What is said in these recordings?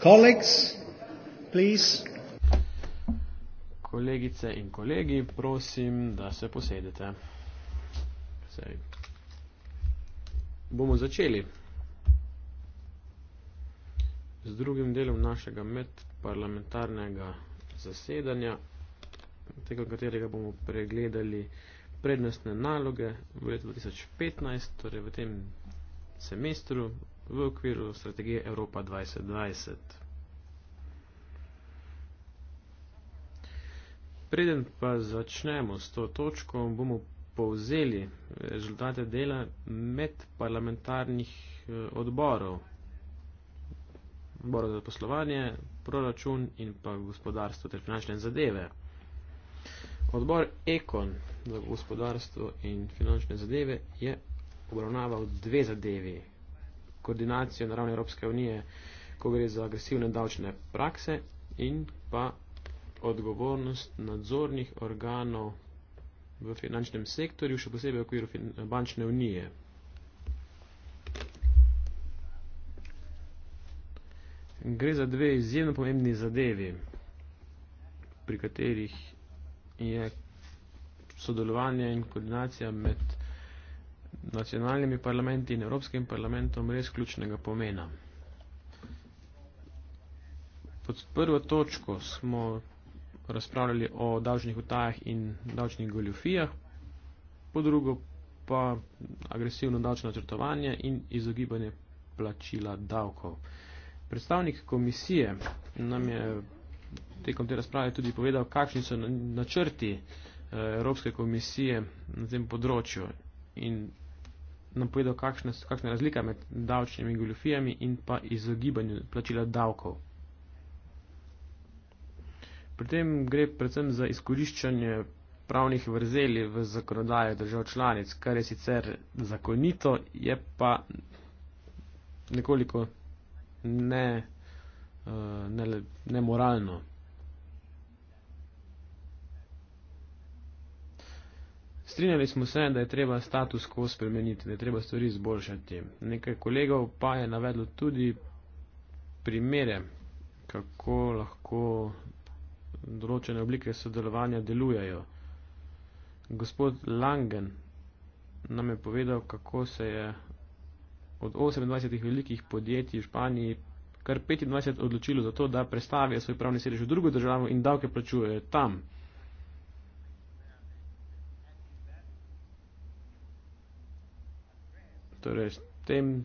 colleagues, please. Kolegice in kolegi, prosim, da se posedete. Sej. Bomo začeli z drugim delom našega medparlamentarnega zasedanja, tega katerega bomo pregledali prednostne naloge v letu 2015, torej v tem semestru, v okviru strategije Evropa 2020. Preden pa začnemo s to točko, bomo povzeli rezultate dela med parlamentarnih eh, odborov. Odbor za poslovanje, proračun in pa gospodarstvo ter finančne zadeve. Odbor Ekon za gospodarstvo in finančne zadeve je obravnaval dve zadevi, koordinacijo na ravni Evropske unije, ko gre za agresivne davčne prakse in pa odgovornost nadzornih organov v finančnem sektorju, še posebej v okviru bančne unije. Gre za dve izjemno pomembni zadevi, pri katerih je sodelovanje in koordinacija med nacionalnimi parlamenti in Evropskim parlamentom res ključnega pomena. Pod prvo točko smo razpravljali o davčnih utajah in davčnih goljofijah, po drugo pa agresivno davčno načrtovanje in izogibanje plačila davkov. Predstavnik komisije nam je tekom te razprave tudi povedal, kakšni so načrti eh, Evropske komisije na tem področju in nam povedal, kakšna, kakšna je razlika med davčnimi goljofijami in pa izogibanju plačila davkov. Pri tem gre predvsem za izkoriščanje pravnih vrzeli v zakonodaji držav članic, kar je sicer zakonito, je pa nekoliko ne, eh, ne, ne moralno. strinjali smo se, da je treba status quo spremeniti, da je treba stvari izboljšati. Nekaj kolegov pa je navedlo tudi primere, kako lahko določene oblike sodelovanja delujejo. Gospod Langen nam je povedal, kako se je od 28 velikih podjetij v Španiji kar 25 odločilo za to, da predstavijo svoj pravni sedež v drugo državo in davke plačujejo tam. Torej, s tem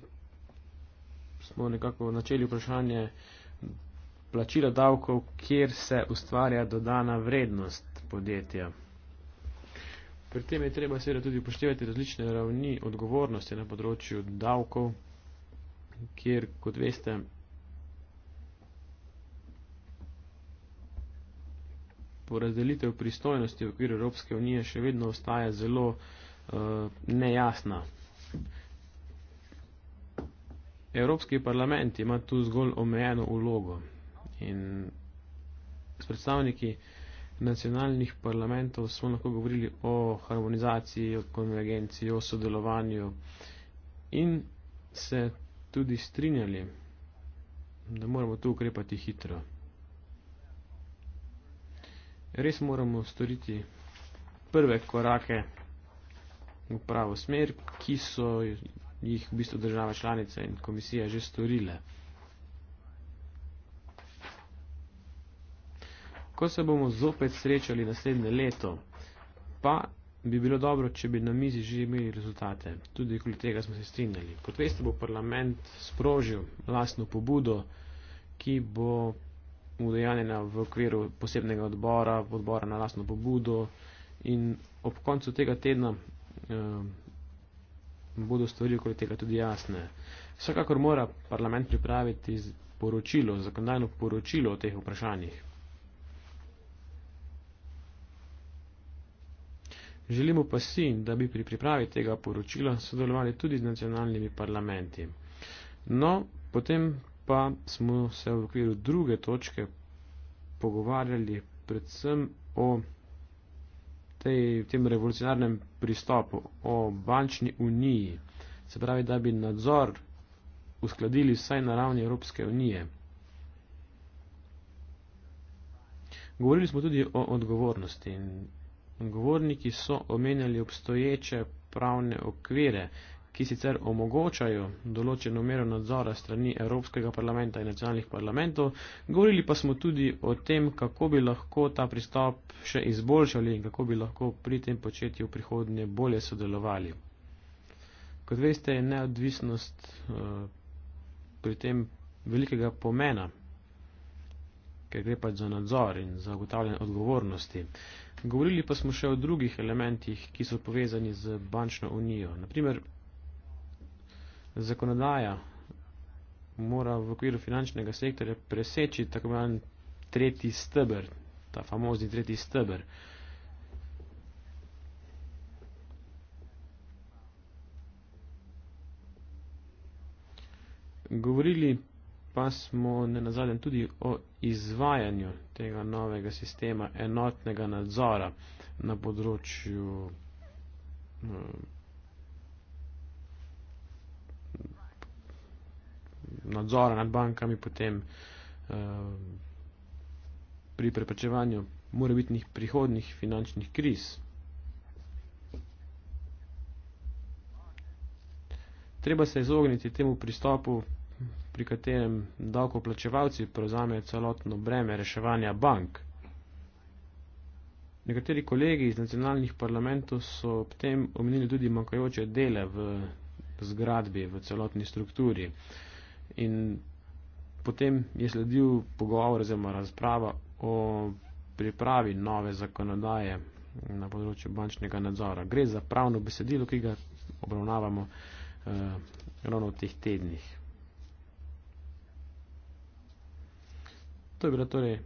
smo nekako načeli vprašanje plačila davkov, kjer se ustvarja dodana vrednost podjetja. Pri tem je treba seveda tudi upoštevati različne ravni odgovornosti na področju davkov, kjer, kot veste, porazdelitev pristojnosti v okviru Evropske unije še vedno ostaja zelo uh, nejasna. Evropski parlament ima tu zgolj omejeno ulogo in s predstavniki nacionalnih parlamentov smo lahko govorili o harmonizaciji, o konvergenciji, o sodelovanju in se tudi strinjali, da moramo tu ukrepati hitro. Res moramo storiti prve korake v pravo smer, ki so jih v bistvu država članica in komisija že storile. Ko se bomo zopet srečali naslednje leto, pa bi bilo dobro, če bi na mizi že imeli rezultate. Tudi okoli tega smo se strinjali. Kot veste, bo parlament sprožil lastno pobudo, ki bo udejanjena v okviru posebnega odbora, odbora na lastno pobudo in ob koncu tega tedna. Eh, bodo stvari okoli tega tudi jasne. Vsekakor mora parlament pripraviti poročilo, zakonodajno poročilo o teh vprašanjih. Želimo pa si, da bi pri pripravi tega poročila sodelovali tudi z nacionalnimi parlamenti. No, potem pa smo se v okviru druge točke pogovarjali predvsem o tej, v tem revolucionarnem pristopu o bančni uniji, se pravi, da bi nadzor uskladili vsaj na ravni Evropske unije. Govorili smo tudi o odgovornosti in govorniki so omenjali obstoječe pravne okvire, ki sicer omogočajo določeno mero nadzora strani Evropskega parlamenta in nacionalnih parlamentov, govorili pa smo tudi o tem, kako bi lahko ta pristop še izboljšali in kako bi lahko pri tem početju prihodnje bolje sodelovali. Kot veste, je neodvisnost eh, pri tem velikega pomena, ker gre pač za nadzor in za ugotavljanje odgovornosti. Govorili pa smo še o drugih elementih, ki so povezani z bančno unijo. Naprimer, zakonodaja mora v okviru finančnega sektorja preseči tako imenovan tretji stebr, ta famozni tretji stebr. Govorili pa smo ne nazadnje tudi o izvajanju tega novega sistema enotnega nadzora na področju. Um, nadzora nad bankami, potem eh, pri preprečevanju morebitnih prihodnih finančnih kriz. Treba se izogniti temu pristopu, pri katerem davkoplačevalci prevzamejo celotno breme reševanja bank. Nekateri kolegi iz nacionalnih parlamentov so ob tem omenili tudi manjkajoče dele v zgradbi, v celotni strukturi. Uh, in potem je sledil pogovor oziroma razprava o pripravi nove zakonodaje na področju bančnega nadzora. Gre za pravno besedilo, ki ga obravnavamo eh, ravno v teh tednih. To je bila torej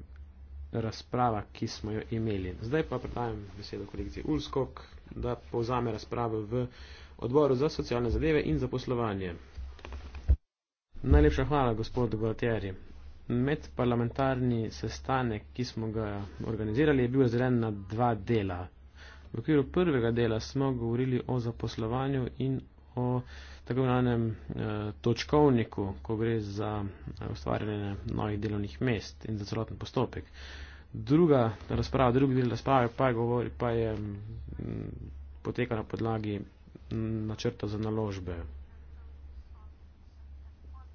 razprava, ki smo jo imeli. Zdaj pa predajam besedo kolegici Ulskok, da povzame razpravo v odboru za socialne zadeve in zaposlovanje. Najlepša hvala, gospod Gualtieri. Medparlamentarni sestanek, ki smo ga organizirali, je bil razdeljen na dva dela. V okviru prvega dela smo govorili o zaposlovanju in o tako imenovanem eh, točkovniku, ko gre za eh, ustvarjanje novih delovnih mest in za celoten postopek. Druga razprava, drugi del razprave pa je, govori, pa je m, mm, poteka na podlagi m, mm, načrta za naložbe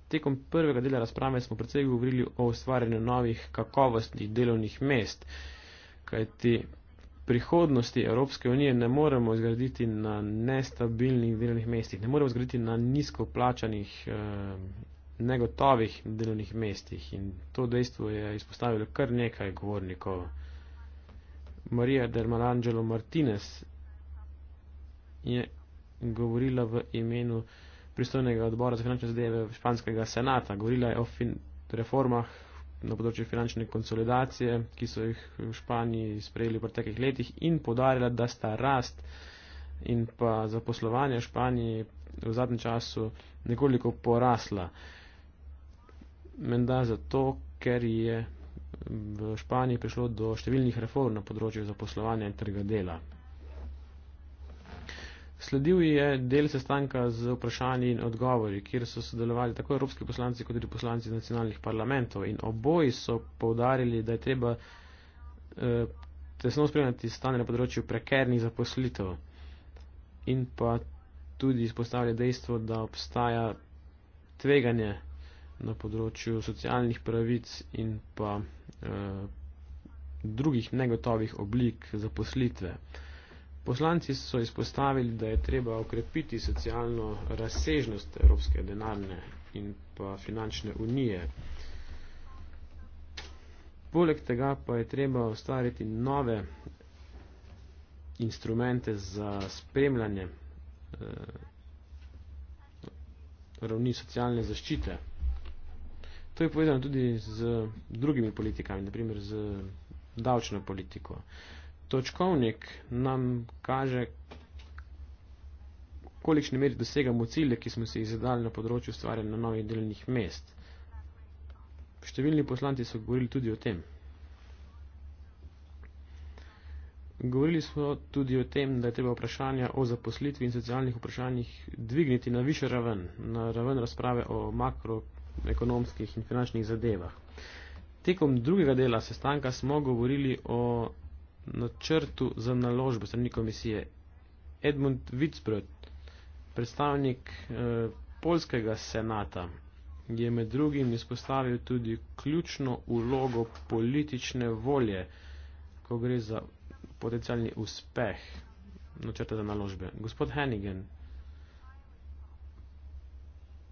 Tekom prvega dela razprave smo predvsej govorili o ustvarjanju novih kakovostnih delovnih mest, kajti prihodnosti Evropske unije ne moremo zgraditi na nestabilnih delovnih mestih, ne moremo zgraditi na nizko plačanih, eh, negotovih delovnih mestih. In to dejstvo je izpostavilo kar nekaj govornikov. Marija Dermalangelo Martinez je govorila v imenu pristojnega odbora za finančne zadeve španskega senata. Govorila je o reformah na področju finančne konsolidacije, ki so jih v Španiji sprejeli v preteklih letih in podarila, da sta rast in pa zaposlovanje v Španiji v zadnjem času nekoliko porasla. Menda zato, ker je v Španiji prišlo do številnih reform na področju zaposlovanja in trga dela. Sledil je del sestanka z vprašanji in odgovori, kjer so sodelovali tako evropski poslanci kot tudi poslanci nacionalnih parlamentov in oboji so povdarili, da je treba eh, tesno spremljati stanje na področju prekernih zaposlitev in pa tudi izpostavljali dejstvo, da obstaja tveganje na področju socialnih pravic in pa eh, drugih negotovih oblik zaposlitve. Poslanci so izpostavili, da je treba okrepiti socialno razsežnost Evropske denarne in pa finančne unije. Poleg tega pa je treba ustvariti nove instrumente za spremljanje eh, ravni socialne zaščite. To je povezano tudi z drugimi politikami, naprimer z davčno politiko. Eh, točkovnik nam kaže, kolikšni meri dosegamo cilje, ki smo si jih zadali na področju ustvarjanja novih delovnih mest. Številni poslanci so govorili tudi o tem. Govorili smo tudi o tem, da je treba vprašanja o zaposlitvi in socialnih vprašanjih dvigniti na više raven, na raven razprave o makroekonomskih in finančnih zadevah. Tekom drugega dela sestanka smo govorili o načrtu za naložbe strani komisije. Edmund Witzbrod, predstavnik eh, Polskega senata, je med drugim izpostavil tudi ključno ulogo politične volje, ko gre za potencialni uspeh načrta za naložbe. Gospod Hennigan,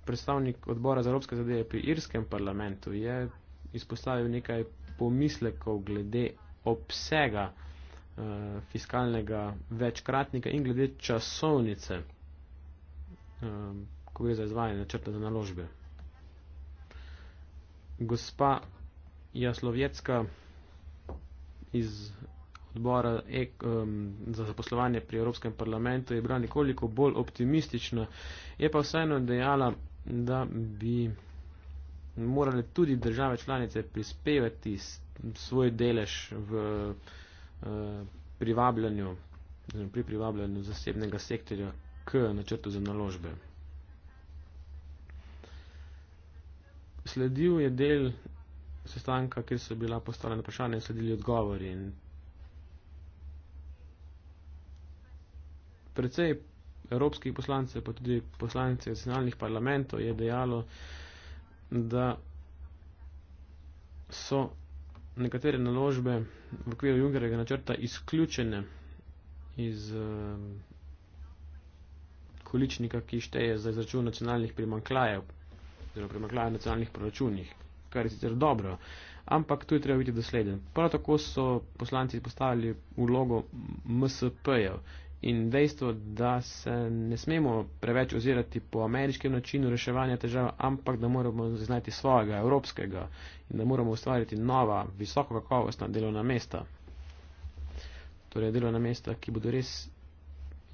predstavnik odbora za evropske zadeve pri irskem parlamentu, je izpostavil nekaj pomislekov glede obsega uh, fiskalnega večkratnika in glede časovnice, um, ko gre za izvajanje načrta za naložbe. Gospa Jaslovjecka iz odbora ek, um, za zaposlovanje pri Evropskem parlamentu je bila nekoliko bolj optimistična, je pa vseeno dejala, da bi morale tudi države članice prispevati svoj delež v eh, privabljanju, pri privabljanju zasebnega sektorja k načrtu za naložbe. Sledil je del sestanka, kjer so bila postavljena vprašanja in sledili odgovori. In precej evropskih poslancev, pa tudi poslancev nacionalnih parlamentov je dejalo, da da so nekatere naložbe v okviru Junkerjega načrta izključene iz eh, količnika, ki šteje za izračun nacionalnih primanklajev, oziroma primanklaje v nacionalnih proračunih, kar je sicer dobro, ampak tu je treba biti dosleden. Prav tako so poslanci postavili vlogo MSP-jev in dejstvo, da se ne smemo preveč ozirati po ameriškem načinu reševanja težav, ampak da moramo zaznati svojega evropskega in da moramo ustvariti nova, visoko kakovostna delovna mesta. Torej delovna mesta, ki bodo res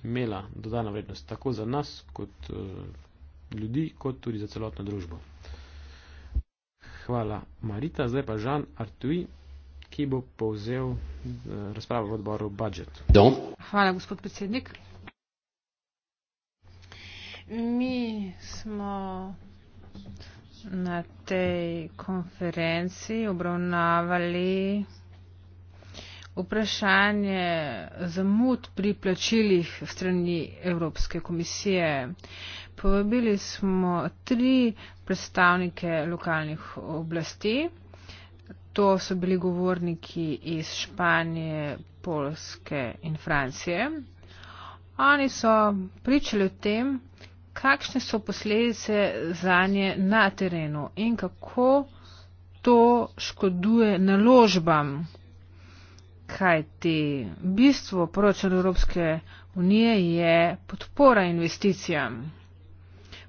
imela dodano vrednost tako za nas, kot eh, ljudi, kot tudi za celotno družbo. Hvala Marita, zdaj pa Žan Artui ki bo povzel eh, razpravo v odboru budžet. Hvala, gospod predsednik. Mi smo na tej konferenci obravnavali vprašanje zamud pri plačilih strani Evropske komisije. Povabili smo tri predstavnike lokalnih oblasti to so bili govorniki iz Španije, Polske in Francije. Oni so pričali o tem, kakšne so posledice za nje na terenu in kako to škoduje naložbam. Kaj ti bistvo poročila Evropske unije je podpora investicijam.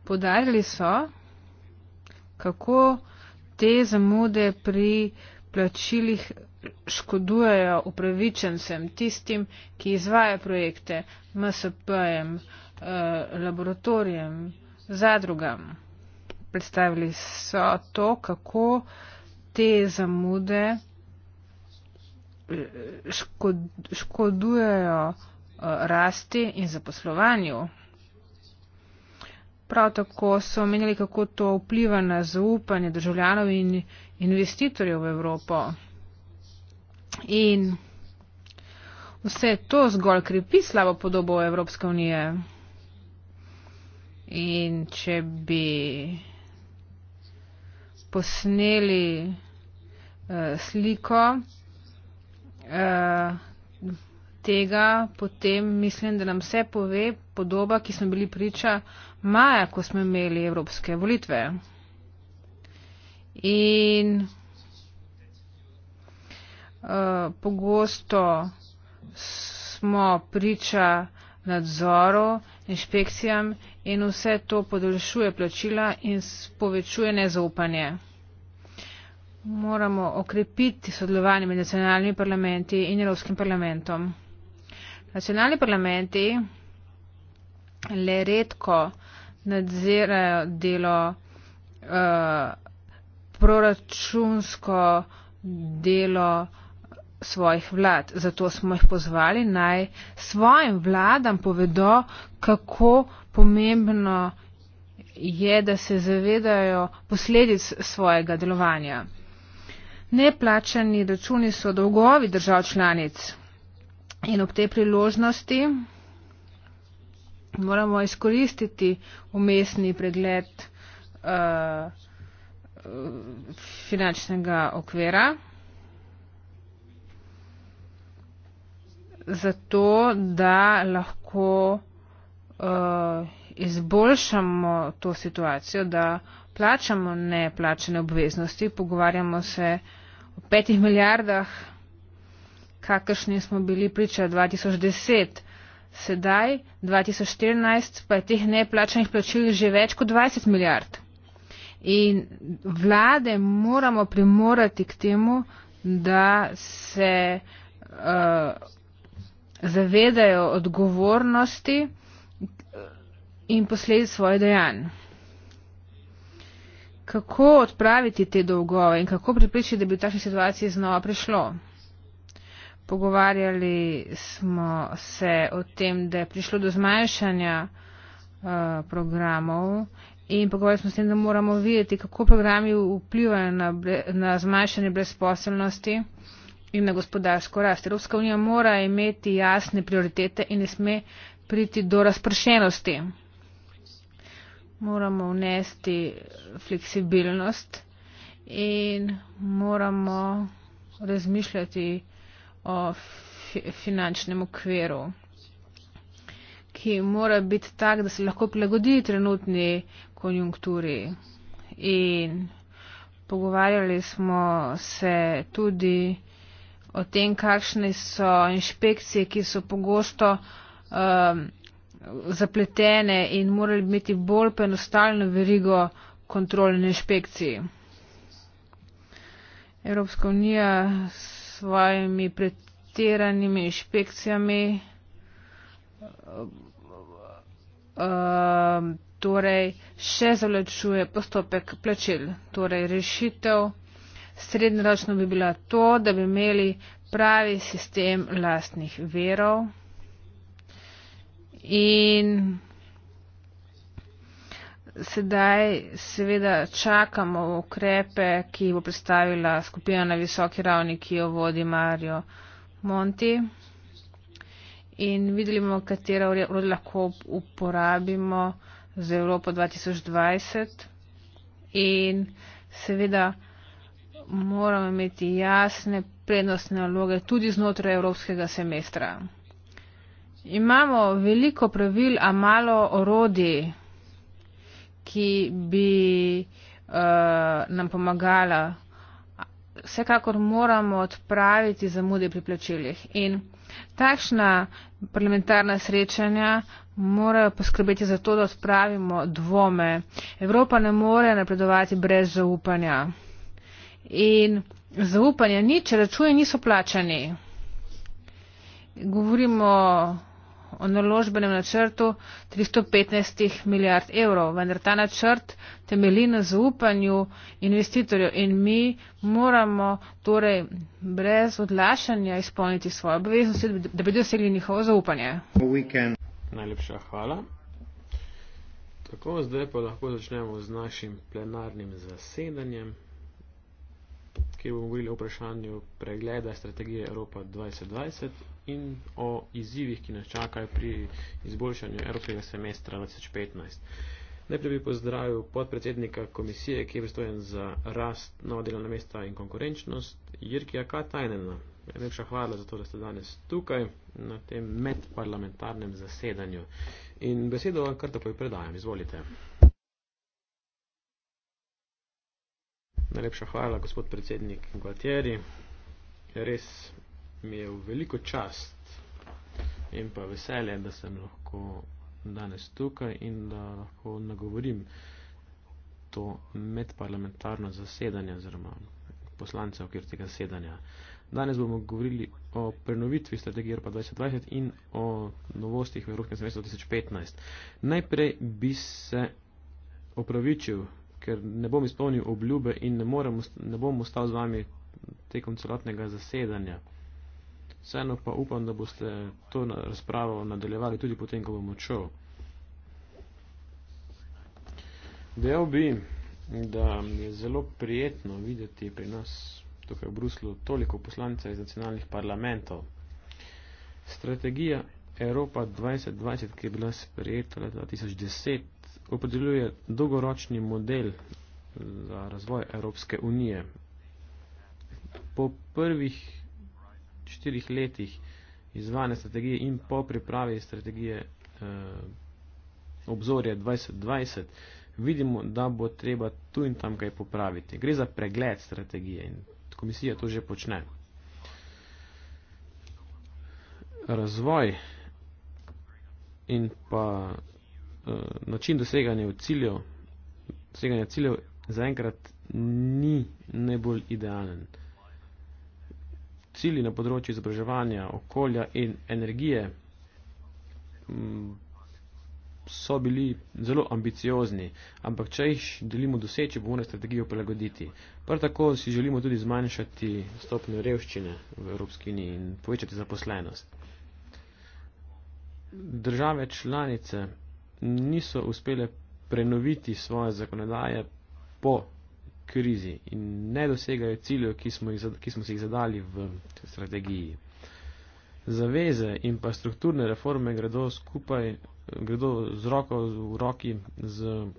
Podarili so, kako te zamude pri plačilih škodujejo upravičencem, tistim, ki izvaja projekte, MSP-jem, eh, laboratorijem, zadrugam. Predstavili so to, kako te zamude eh, škodujejo eh, rasti in zaposlovanju. Prav tako so omenjali, kako to vpliva na zaupanje državljanov in investitorjev v Evropo. In vse to zgolj krepi slabo podobo Evropske unije. In če bi posneli eh, sliko eh, tega, potem mislim, da nam vse pove podoba, ki smo bili priča eh, maja, ko smo imeli evropske volitve. In uh, pogosto smo priča nadzoru, inšpekcijam in vse to podaljšuje plačila in povečuje nezaupanje. Moramo okrepiti sodelovanje med nacionalnimi parlamenti in Evropskim parlamentom. Nacionalni parlamenti le redko nadzirajo delo uh, proračunsko delo svojih vlad. Zato smo jih pozvali naj svojim vladam povedo, kako pomembno je, da se zavedajo posledic svojega delovanja. Neplačani računi so dolgovi držav članic in ob tej priložnosti moramo izkoristiti umestni pregled uh, finančnega okvira. Zato, da lahko uh, izboljšamo to situacijo, da plačamo neplačene obveznosti, pogovarjamo se o petih milijardah, kakršni smo bili priča 2010 sedaj, 2014, pa je teh neplačanih plačil že več kot 20 milijard. In vlade moramo primorati k temu, da se uh, zavedajo odgovornosti eh, in posledic svoje dejanj. Kako odpraviti te dolgove in kako pripričati, da bi v takšni situaciji znova prišlo? pogovarjali smo se o tem, da je prišlo do zmanjšanja uh, programov in pogovarjali smo se, da moramo videti, kako programi vplivajo na, na zmanjšanje brezposelnosti in na gospodarsko rast. Evropska unija mora imeti jasne prioritete in ne sme priti do razpršenosti. Moramo vnesti fleksibilnost in moramo razmišljati, o finančnem okviru, ki mora biti tak, da se lahko prilagodi trenutni konjunkturi. In pogovarjali smo se tudi o tem, kakšne so inšpekcije, ki so pogosto um, zapletene in morali imeti bolj poenostavljeno verigo kontrolne inšpekcije. Evropska unija s svojimi pretiranimi inšpekcijami. Uh, torej, še zalečuje postopek plačil. Torej, rešitev srednjeročno bi bila to, da bi imeli pravi sistem lastnih verov in Sedaj seveda čakamo ukrepe, ki jih bo predstavila skupina na visoki ravni, ki jo vodi Mario Monti. In videli bomo, katera urodja lahko uporabimo za Evropo 2020. In seveda moramo imeti jasne prednostne naloge tudi znotraj evropskega semestra. Imamo veliko pravil, a malo orodij ki bi uh, nam pomagala. Vsekakor moramo odpraviti zamude pri plačilih in takšna parlamentarna srečanja morajo poskrbeti za to, da odpravimo dvome. Evropa ne more napredovati brez zaupanja. In zaupanja ni, če račune niso plačani. Govorimo o naložbenem načrtu 315 milijard evrov, vendar ta načrt temelji na zaupanju investitorjev in mi moramo torej brez odlašanja izpolniti svoje obveznosti, da bi dosegli njihovo zaupanje. Najlepša hvala. Tako, zdaj pa lahko začnemo z našim plenarnim zasedanjem, ki bomo govorili o vprašanju pregleda strategije Evropa 2020 in o izzivih, ki nas čakajo pri izboljšanju evropskega semestra 2015. Najprej bi pozdravil podpredsednika komisije, ki je pristojen za rast nova delovna mesta in konkurenčnost, Jirkija Katajnena. Lepša hvala za to, da ste danes tukaj na tem medparlamentarnem zasedanju. In besedo vam kar takoj predajam. Izvolite. Najlepša hvala, gospod predsednik Gualtieri. Res mi je v veliko čast in pa veselje, da sem lahko danes tukaj in da lahko nagovorim to medparlamentarno zasedanje oziroma poslancev, kjer tega sedanja. Danes bomo govorili o prenovitvi strategije Evropa 2020 in o novostih v Evropskem semestru 2015. Najprej bi se opravičil, ker ne bom izpolnil obljube in ne, morem, ne bom ostal z vami tekom celotnega zasedanja. Vseeno pa upam, da boste to razpravo nadaljevali tudi potem, ko bom odšel. Dejal bi, da je zelo prijetno videti pri nas tukaj v Bruslu toliko poslancev iz nacionalnih parlamentov. Strategija Evropa 2020, ki je bila sprejeta leta 2010, opredeljuje dolgoročni model eh, za razvoj Evropske unije. Po prvih štirih letih izvane strategije in po pripravi strategije eh, obzorja 2020 vidimo, da bo treba tu in tam kaj popraviti. Gre za pregled strategije in komisija to že počne. Razvoj in pa eh, način doseganja ciljev, doseganja ciljev zaenkrat ni najbolj idealen cilji na področju izobraževanja, okolja in energije mm, so bili zelo ambiciozni, ampak če jih želimo doseči, bomo na strategijo prilagoditi. Prav tako si želimo tudi zmanjšati stopnjo revščine v Evropski uniji in povečati zaposlenost. Države članice niso uspele prenoviti svoje zakonodaje po krizi in ne dosegajo ciljev, ki, ki smo si jih zadali v strategiji. Zaveze in pa strukturne reforme gredo skupaj, gredo z roko v roki z um,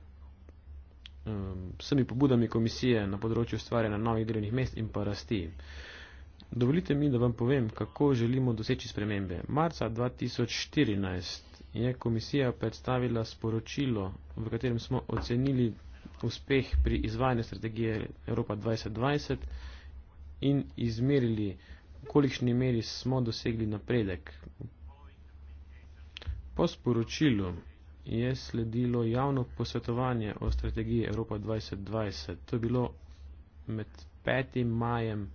vsemi um, pobudami komisije na področju stvarjanja novih delovnih mest in pa rasti. Dovolite mi, da vam povem, kako želimo doseči spremembe. Marca 2014 je komisija predstavila sporočilo, v katerem smo ocenili uspeh pri izvajanju strategije Evropa 2020 in izmerili, v kolikšni meri smo dosegli napredek. Po sporočilu je sledilo javno posvetovanje o strategiji Evropa 2020. To je bilo med 5. majem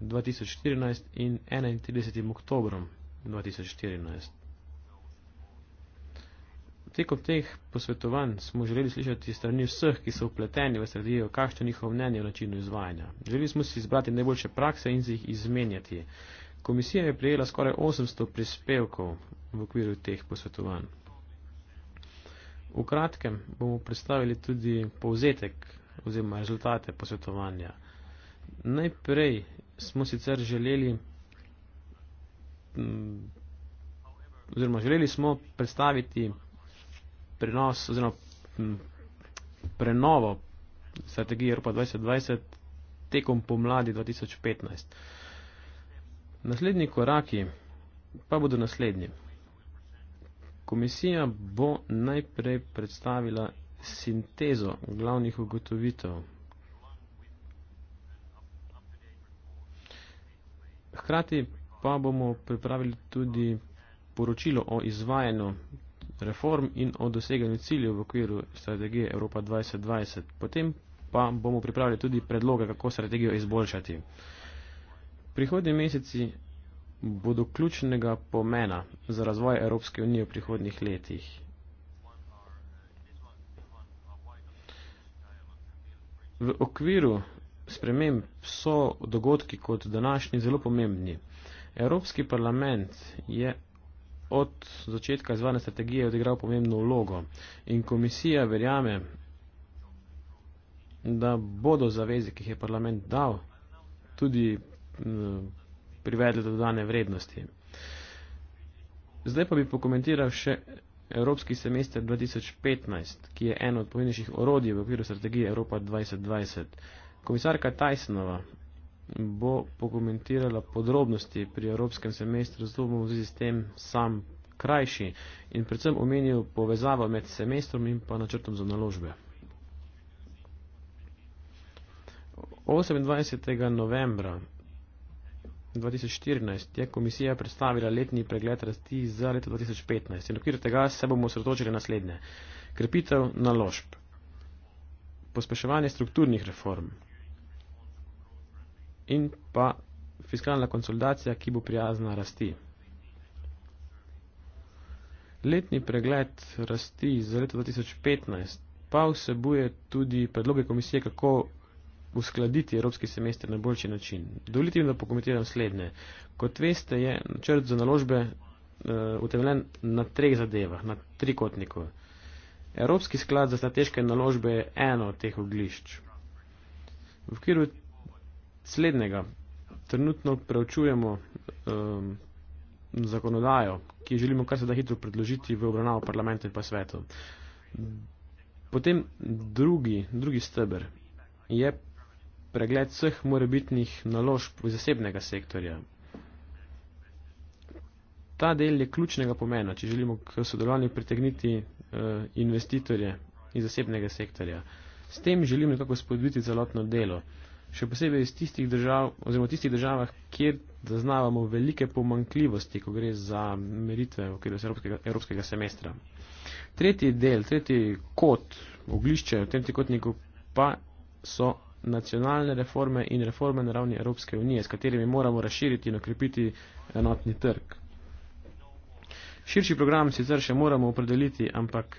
2014 in 31. oktobrom 2014. Tekom teh posvetovanj smo želeli slišati strani vseh, ki so vpleteni v strategijo, kakšno njihovo mnenje o načinu izvajanja. Želeli smo si izbrati najboljše prakse in si jih izmenjati. Komisija je prejela skoraj 800 prispevkov v okviru teh posvetovanj. V kratkem bomo predstavili tudi povzetek oziroma rezultate posvetovanja. Najprej smo sicer želeli. Mm, oziroma, želeli smo predstaviti prenos oziroma prenovo strategije Evropa 2020 tekom pomladi 2015. Naslednji koraki pa bodo naslednji. Komisija bo najprej predstavila sintezo glavnih ugotovitev. Hkrati pa bomo pripravili tudi poročilo o izvajanju reform in o doseganju ciljev v okviru strategije Evropa 2020. Potem pa bomo pripravili tudi predloge, kako strategijo izboljšati. Prihodnji meseci bodo ključnega pomena za razvoj Evropske unije v prihodnih letih. V okviru sprememb so dogodki kot današnji zelo pomembni. Evropski parlament je od začetka izvane strategije odigral pomembno vlogo in komisija verjame, da bodo zaveze, ki jih je parlament dal, tudi privedli do dodane vrednosti. Zdaj pa bi pokomentiral še Evropski semester 2015, ki je eno od pomembnejših orodij v okviru strategije Evropa 2020. Komisarka Tajsenova bo pokomentirala podrobnosti pri evropskem semestru, zato bom v zvezi s tem sam krajši in predvsem omenil povezavo med semestrom in pa načrtom za naložbe. 28. novembra 2014 je komisija predstavila letni pregled rasti za leto 2015 in okvir tega se bomo osredotočili naslednje. Krepitev naložb. Pospeševanje strukturnih reform, in pa fiskalna konsolidacija, ki bo prijazna rasti. Letni pregled rasti za leto 2015 pa vsebuje tudi predloge komisije, kako uskladiti evropski semester na boljši način. Dovolite mi, da pokomentiram slednje. Kot veste, je načrt za naložbe uh, utemeljen na treh zadevah, na trikotniku. Evropski sklad za strateške naložbe je eno od teh oglišč. V okviru slednjega. Trenutno preučujemo um, zakonodajo, ki želimo kar se da hitro predložiti v obravnavo parlamentu in pa svetu. Potem drugi, drugi steber je pregled vseh morebitnih naložb v zasebnega sektorja. Ta del je ključnega pomena, če želimo k sodelovanju pritegniti uh, investitorje iz zasebnega sektorja. S tem želim nekako spodbiti celotno delo še posebej iz tistih držav, oziroma tistih državah, kjer zaznavamo velike pomankljivosti, ko gre za meritve v okviru evropskega, evropskega semestra. Tretji del, tretji kot oglišče v tem trikotniku pa so nacionalne reforme in reforme na ravni Evropske unije, s katerimi moramo razširiti in okrepiti enotni trg. Širši program sicer še moramo opredeliti, ampak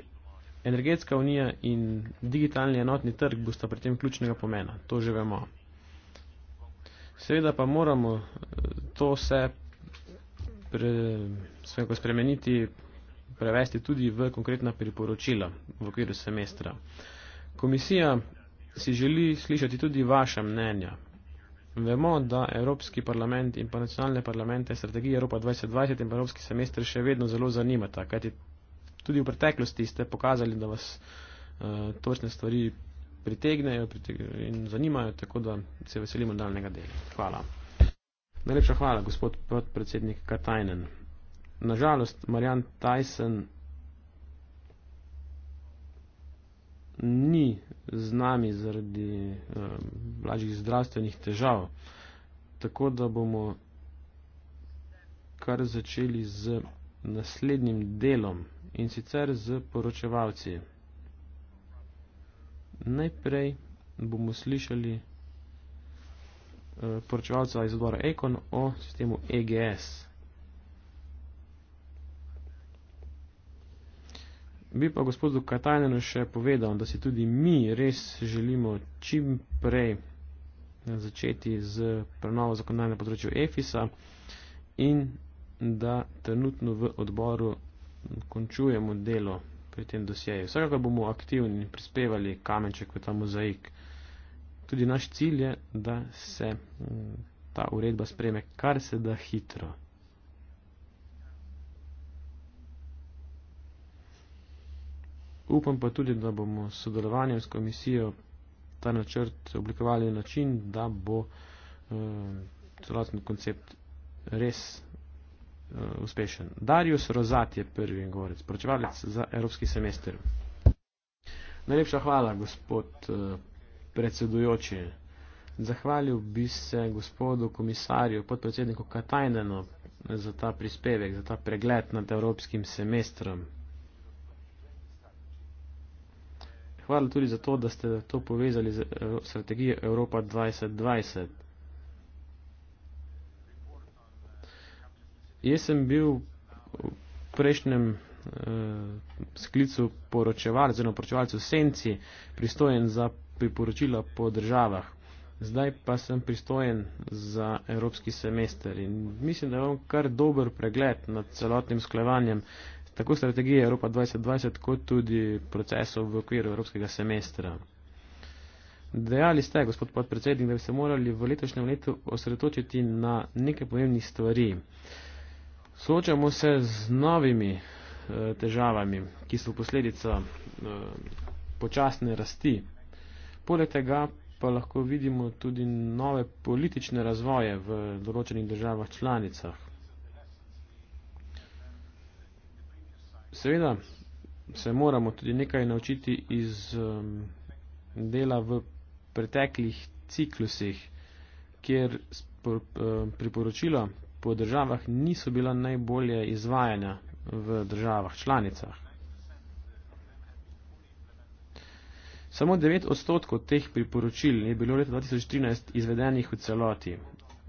energetska unija in digitalni enotni trg bosta pri tem ključnega pomena. To že vemo. Seveda pa moramo eh, to vse pre, spremeniti, prevesti tudi v konkretna priporočila v okviru semestra. Komisija si želi slišati tudi vaše mnenja. Vemo, da Evropski parlament in pa nacionalne parlamente strategije Evropa 2020 in pa Evropski semester še vedno zelo zanimata, kajti tudi v preteklosti ste pokazali, da vas uh, točne stvari pritegnejo, pritegnejo in zanimajo, tako da se veselimo daljnega dela. Hvala. Najlepša hvala, gospod podpredsednik Katajnen. Nažalost, Marjan Tyson ni z nami zaradi uh, eh, lažjih zdravstvenih težav, tako da bomo kar začeli z naslednjim delom in sicer z poročevalci. Najprej bomo slišali uh, poročevalca iz odbora Econ o sistemu EGS. Bi pa gospodu Katajnenu še povedal, da si tudi mi res želimo čim prej eh, začeti z prenovo zakonodajne področju EFISA in da trenutno v odboru končujemo delo pri tem dosjeju. Vsekakor bomo aktivni in prispevali kamenček v ta mozaik. Tudi naš cilj je, da se mm, ta uredba spreme kar se da hitro. Upam pa tudi, da bomo s sodelovanjem s komisijo ta načrt oblikovali na način, da bo mm, celoten koncept res uh, uspešen. Darius Rozat je prvi govorec, poročevalec za evropski semester. Najlepša hvala, gospod uh, predsedujoči. Zahvalil bi se gospodu komisarju, podpredsedniku Katajneno za ta prispevek, za ta pregled nad evropskim semestrom. Hvala tudi za to, da ste to povezali z eh, strategijo Evropa 2020. Jaz sem bil v prejšnjem eh, sklicu poročevalcev, oziroma poročevalcev senci, pristojen za priporočila po državah. Zdaj pa sem pristojen za evropski semester in mislim, da imam kar dober pregled nad celotnim sklevanjem tako strategije Evropa 2020, kot tudi procesov v okviru evropskega semestra. Dejali ste, gospod podpredsednik, da bi se morali v letošnjem letu osredotočiti na nekaj pomembnih stvari. Uh, Soočamo se z novimi eh, težavami, ki so posledica eh, počasne rasti. Poleg tega pa lahko vidimo tudi nove politične razvoje v določenih državah članicah. Seveda se moramo tudi nekaj naučiti iz eh, dela v preteklih ciklusih, kjer eh, priporočila po državah niso bila najbolje izvajanja v državah članicah. Samo 9 odstotkov teh priporočil je bilo leta 2013 izvedenih v celoti.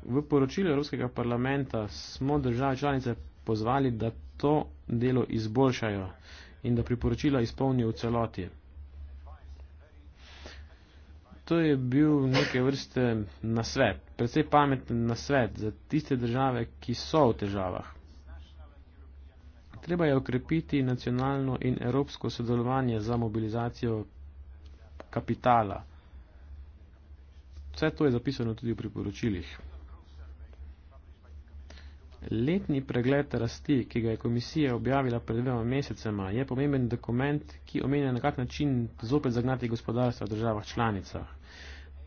V poročilu Evropskega parlamenta smo države članice pozvali, da to delo izboljšajo in da priporočila izpolnijo v celoti to je bil neke vrste nasvet, precej pameten nasvet za tiste države, ki so v težavah. Treba je okrepiti nacionalno in evropsko sodelovanje za mobilizacijo kapitala. Vse to je zapisano tudi v priporočilih. Letni pregled rasti, ki ga je komisija objavila pred dvema mesecema, je pomemben dokument, ki omenja na kak način zopet zagnati gospodarstva v državah članicah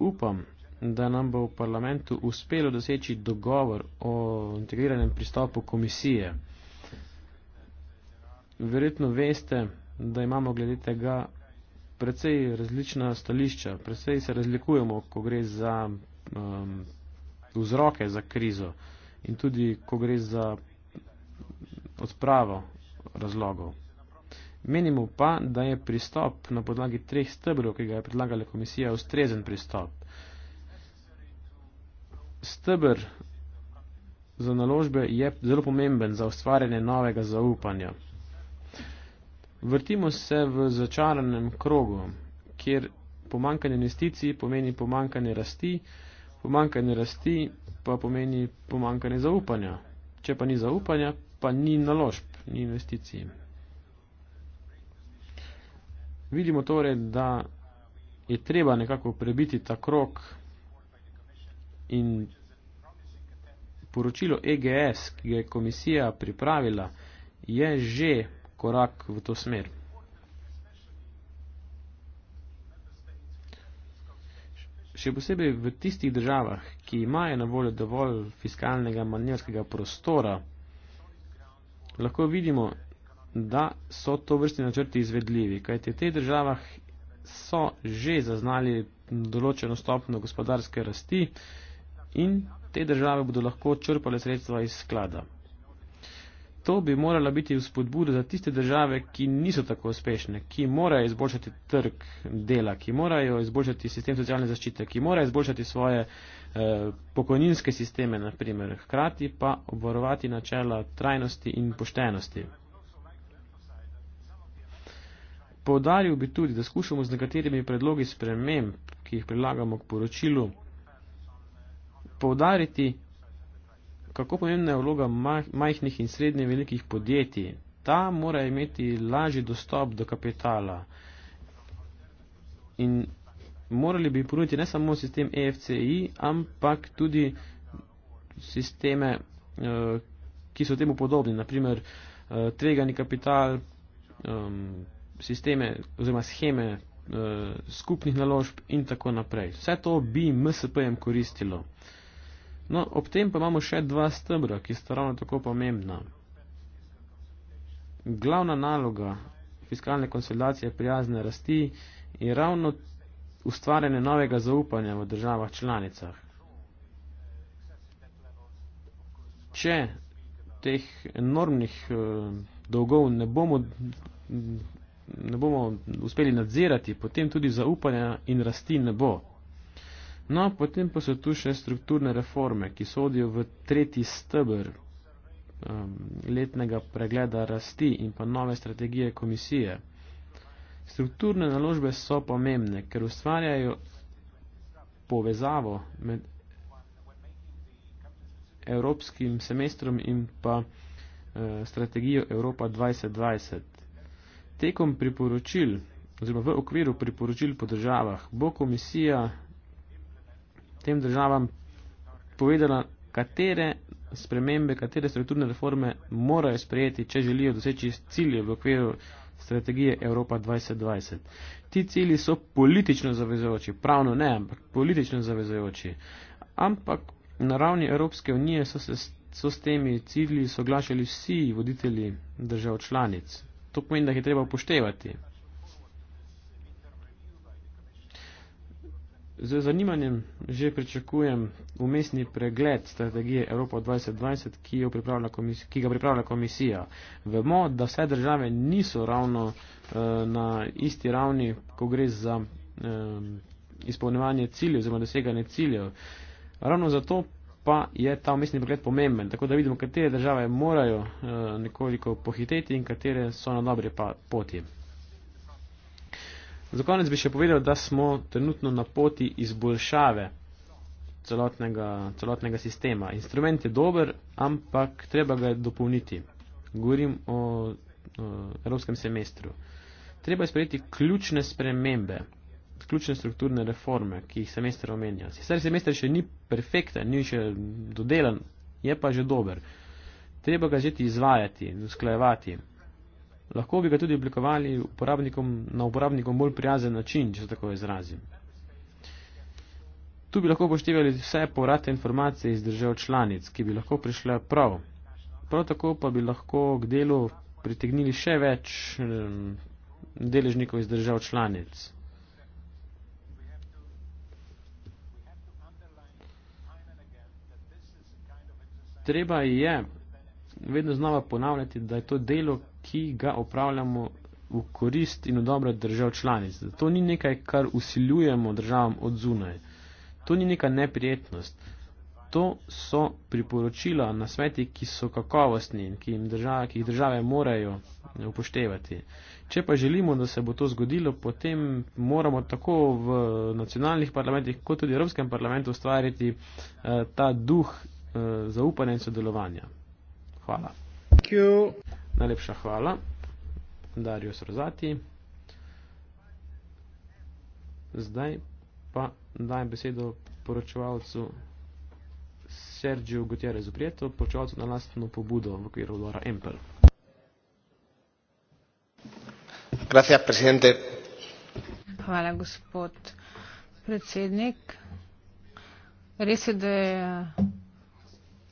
upam, da nam bo v parlamentu uspelo doseči dogovor o integriranem pristopu komisije. Verjetno veste, da imamo glede tega precej različna stališča, precej se razlikujemo, ko gre za um, vzroke za krizo in tudi, ko gre za odpravo razlogov. Menimo pa, da je pristop na podlagi treh stebrov, ki ga je predlagala komisija, ustrezen pristop. Stebr za naložbe je zelo pomemben za ustvarjanje novega zaupanja. Vrtimo se v začaranem krogu, kjer pomankanje investicij pomeni pomankanje rasti, pomankanje rasti pa pomeni pomankanje zaupanja. Če pa ni zaupanja, pa ni naložb, ni investicij. Vidimo torej, da je treba nekako prebiti ta krok in poročilo EGS, ki ga je komisija pripravila, je že korak v to smer. Še posebej v tistih državah, ki imajo na voljo dovolj fiskalnega manjerskega prostora, lahko vidimo, da so to vrsti načrti izvedljivi, kajte v teh državah so že zaznali določeno stopno gospodarske rasti in te države bodo lahko črpale sredstva iz sklada. To bi morala biti vzpodbuda za tiste države, ki niso tako uspešne, ki morajo izboljšati trg dela, ki morajo izboljšati sistem socialne zaščite, ki morajo izboljšati svoje eh, pokojninske sisteme, naprimer, hkrati pa obvarovati načela trajnosti in poštenosti. Povdaril bi tudi, da skušamo z nekaterimi predlogi sprememb, ki jih predlagamo k poročilu, povdariti, kako pomembna je vloga majhnih in srednje velikih podjetij. Ta mora imeti lažji dostop do kapitala in morali bi ponuditi ne samo sistem EFCI, ampak tudi sisteme, eh, ki so temu podobni, naprimer eh, tvegani kapital. Um, sisteme oziroma scheme uh, skupnih naložb in tako naprej. Vse to bi MSP-jem koristilo. No, ob tem pa imamo še dva stebra, ki sta ravno tako pomembna. Glavna naloga fiskalne konsolidacije prijazne rasti je ravno ustvarjanje novega zaupanja v državah članicah. Če teh enormnih uh, dolgov ne bomo ne bomo uspeli nadzirati, potem tudi zaupanja in rasti ne bo. No, potem pa so tu še strukturne reforme, ki sodijo v tretji stebr um, letnega pregleda rasti in pa nove strategije komisije. Strukturne naložbe so pomembne, ker ustvarjajo povezavo med evropskim semestrom in pa uh, strategijo Evropa 2020. Tekom priporočil oziroma v okviru priporočil po državah bo komisija tem državam povedala, katere spremembe, katere strukturne reforme morajo sprejeti, če želijo doseči cilje v okviru strategije Evropa 2020. Ti cilji so politično zavezojoči, pravno ne, ampak politično zavezojoči. Ampak na ravni Evropske unije so, se, so s temi cilji soglašali vsi voditelji držav članic. To pomeni, da jih je treba upoštevati. Z zanimanjem že pričakujem umestni pregled strategije Evropa 2020, ki, jo pripravlja ki ga pripravlja komisija. Vemo, da vse države niso ravno eh, na isti ravni, ko gre za eh, izpolnevanje ciljev oziroma doseganje ciljev. Ravno zato pa je ta umestni pregled pomemben, tako da vidimo, katere države morajo eh, nekoliko pohiteti in katere so na dobre pa poti. Za konec bi še povedal, da smo trenutno na poti izboljšave celotnega, celotnega sistema. Instrument je dober, ampak treba ga je dopolniti. Govorim o, o evropskem semestru. Treba je sprejeti ključne spremembe ključne strukturne reforme, ki jih semester omenja. Sicer semester še ni perfekten, ni še dodelan, je pa že dober. Treba ga začeti izvajati, usklajevati. Lahko bi ga tudi oblikovali uporabnikom, na uporabnikom bolj prijazen način, če se tako izrazim. Tu bi lahko poštevali vse povratne informacije iz držav članic, ki bi lahko prišle prav. Prav tako pa bi lahko k delu pritegnili še več deležnikov iz držav članic. treba je vedno znova ponavljati, da je to delo, ki ga opravljamo v korist in v dobro držav članic. To ni nekaj, kar usiljujemo državam od zunaj. To ni neka neprijetnost. To so priporočila na sveti, ki so kakovostni in ki, država, ki jih države morajo upoštevati. Če pa želimo, da se bo to zgodilo, potem moramo tako v nacionalnih parlamentih, kot tudi v Evropskem parlamentu ustvariti eh, ta duh Eh, zaupanja in sodelovanja. Hvala. Najlepša hvala, Dario Srozati. Zdaj pa dajem besedo poročevalcu Sergiju Gutierrezu Prijetu, poročevalcu na lastno pobudo v okviru Lora Empel. Gracias, presidente. Hvala, gospod predsednik. Res je, da je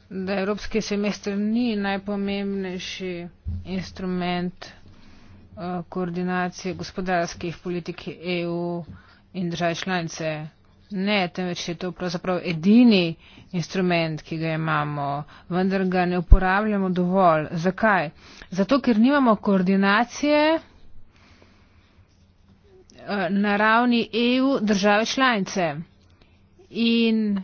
da evropski semester ni najpomembnejši instrument eh, koordinacije gospodarskih politik EU in države članice. Ne, temveč je to pravzaprav edini instrument, ki ga imamo, vendar ga ne uporabljamo dovolj. Zakaj? Zato, ker nimamo koordinacije eh, na ravni EU države članice. In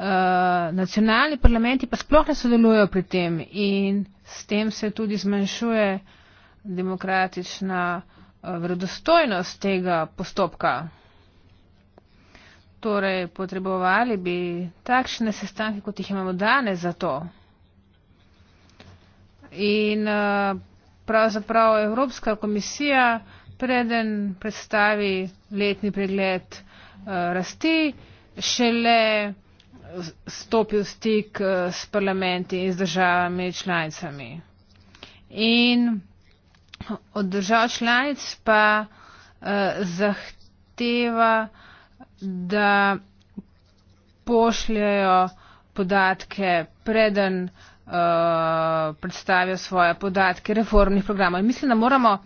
Eh, nacionalni parlamenti pa sploh ne sodelujo pri tem in s tem se tudi zmanjšuje demokratična eh, vredostojnost tega postopka. Torej, potrebovali bi takšne sestanke, kot jih imamo danes za to. In eh, pravzaprav Evropska komisija preden predstavi letni pregled rasti, šele stopil stik eh, s parlamenti in z državami članicami. In od držav članic pa eh, zahteva, da pošljajo podatke preden eh, predstavijo svoje podatke reformnih programov. In mislim, da moramo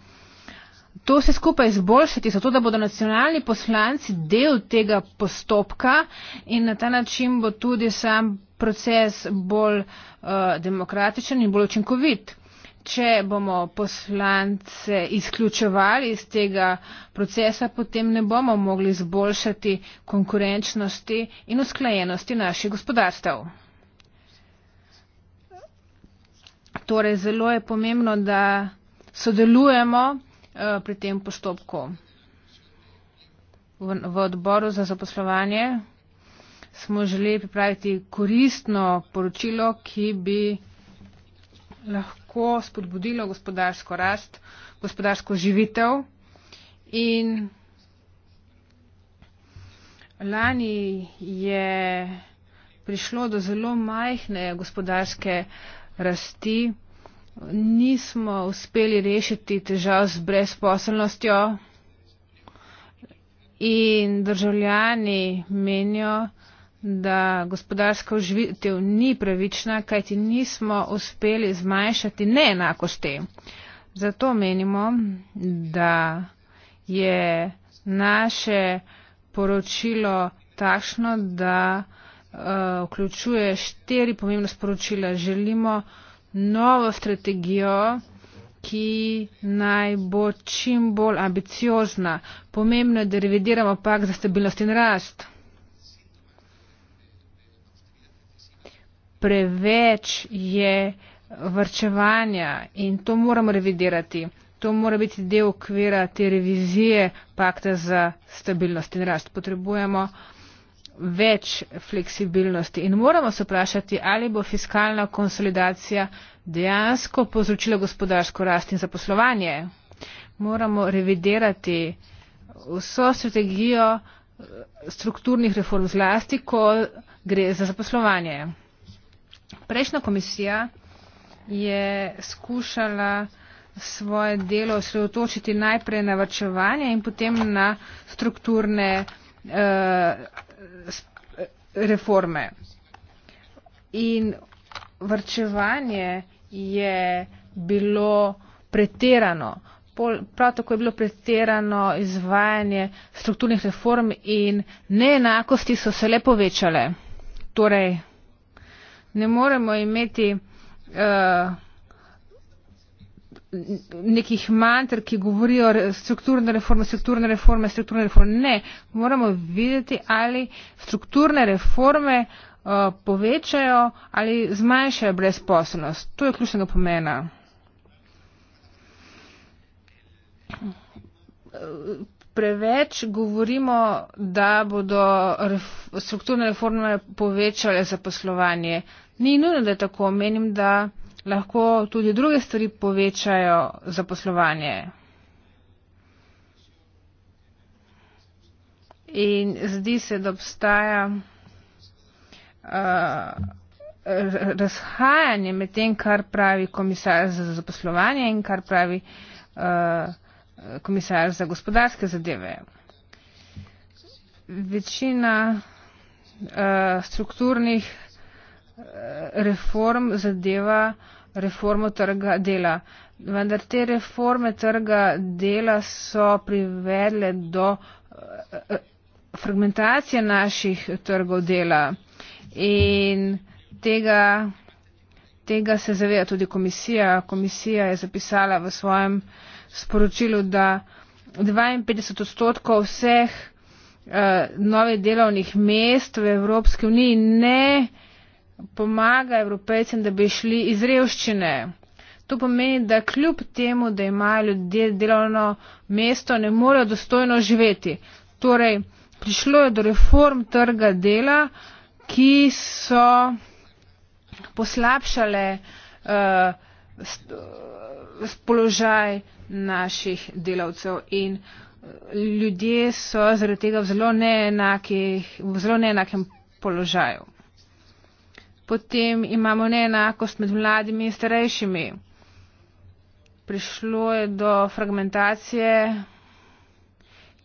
to se skupaj izboljšati, zato da bodo nacionalni poslanci del tega postopka in na ta način bo tudi sam proces bolj uh, demokratičen in bolj učinkovit. Če bomo poslance izključevali iz tega procesa, potem ne bomo mogli izboljšati konkurenčnosti in usklajenosti naših gospodarstev. Torej, zelo je pomembno, da sodelujemo Eh, pri tem postopku. V, v odboru za zaposlovanje smo želeli pripraviti koristno poročilo, ki bi lahko spodbudilo gospodarsko rast, gospodarsko živitev in lani je prišlo do zelo majhne gospodarske rasti nismo uspeli rešiti težav z brezposelnostjo in državljani menijo, da gospodarska oživitev ni pravična, kajti nismo uspeli zmanjšati neenakosti. Zato menimo, da je naše poročilo takšno, da uh, vključuje štiri pomembne sporočila. Želimo uh, novo strategijo, ki naj bo čim bolj ambiciozna. Pomembno je, da revidiramo pak za stabilnost in rast. Preveč je vrčevanja in to moramo revidirati. To mora biti del okvira te revizije pakta za stabilnost in rast. Potrebujemo uh, več fleksibilnosti in moramo se vprašati, ali bo fiskalna konsolidacija dejansko povzročila gospodarsko rast in zaposlovanje. Moramo revidirati vso strategijo eh, strukturnih reform zlasti, ko gre za zaposlovanje. Prejšnja komisija je skušala svoje delo osredotočiti najprej na vrčevanje in potem na strukturne reforme uh, reforme. In vrčevanje je bilo pretirano. Prav tako je bilo pretirano izvajanje strukturnih reform in neenakosti so se le povečale. Torej, ne moremo imeti uh, nekih mantr, ki govorijo strukturne reforme, strukturne reforme, strukturne reforme. Ne, moramo videti, ali strukturne reforme uh, povečajo ali zmanjšajo brezposobnost. To je ključnega pomena. Preveč govorimo, da bodo ref, strukturne reforme povečale zaposlovanje. Ni nujno, da je tako. Menim, da lahko tudi druge stvari povečajo zaposlovanje. In zdi se, da obstaja uh, razhajanje med tem, kar pravi komisar za zaposlovanje in kar pravi uh, komisar za gospodarske zadeve. Večina uh, strukturnih uh, reform zadeva reformo trga dela. Vendar te reforme trga dela so privedle do eh, fragmentacije naših trgov dela in tega, tega se zaveda tudi komisija. Komisija je zapisala v svojem sporočilu, da 52 odstotkov vseh uh, novih delovnih mest v Evropski uniji ne pomaga evropejcem, da bi šli iz revščine. To pomeni, da kljub temu, da imajo ljudje delovno mesto, ne morejo dostojno živeti. Torej, prišlo je do reform trga dela, ki so poslabšale uh, položaj naših delavcev in eh, ljudje so zaradi tega v zelo, neenaki, v zelo neenakem položaju. Potem imamo neenakost med mladimi in starejšimi. Prišlo je do fragmentacije,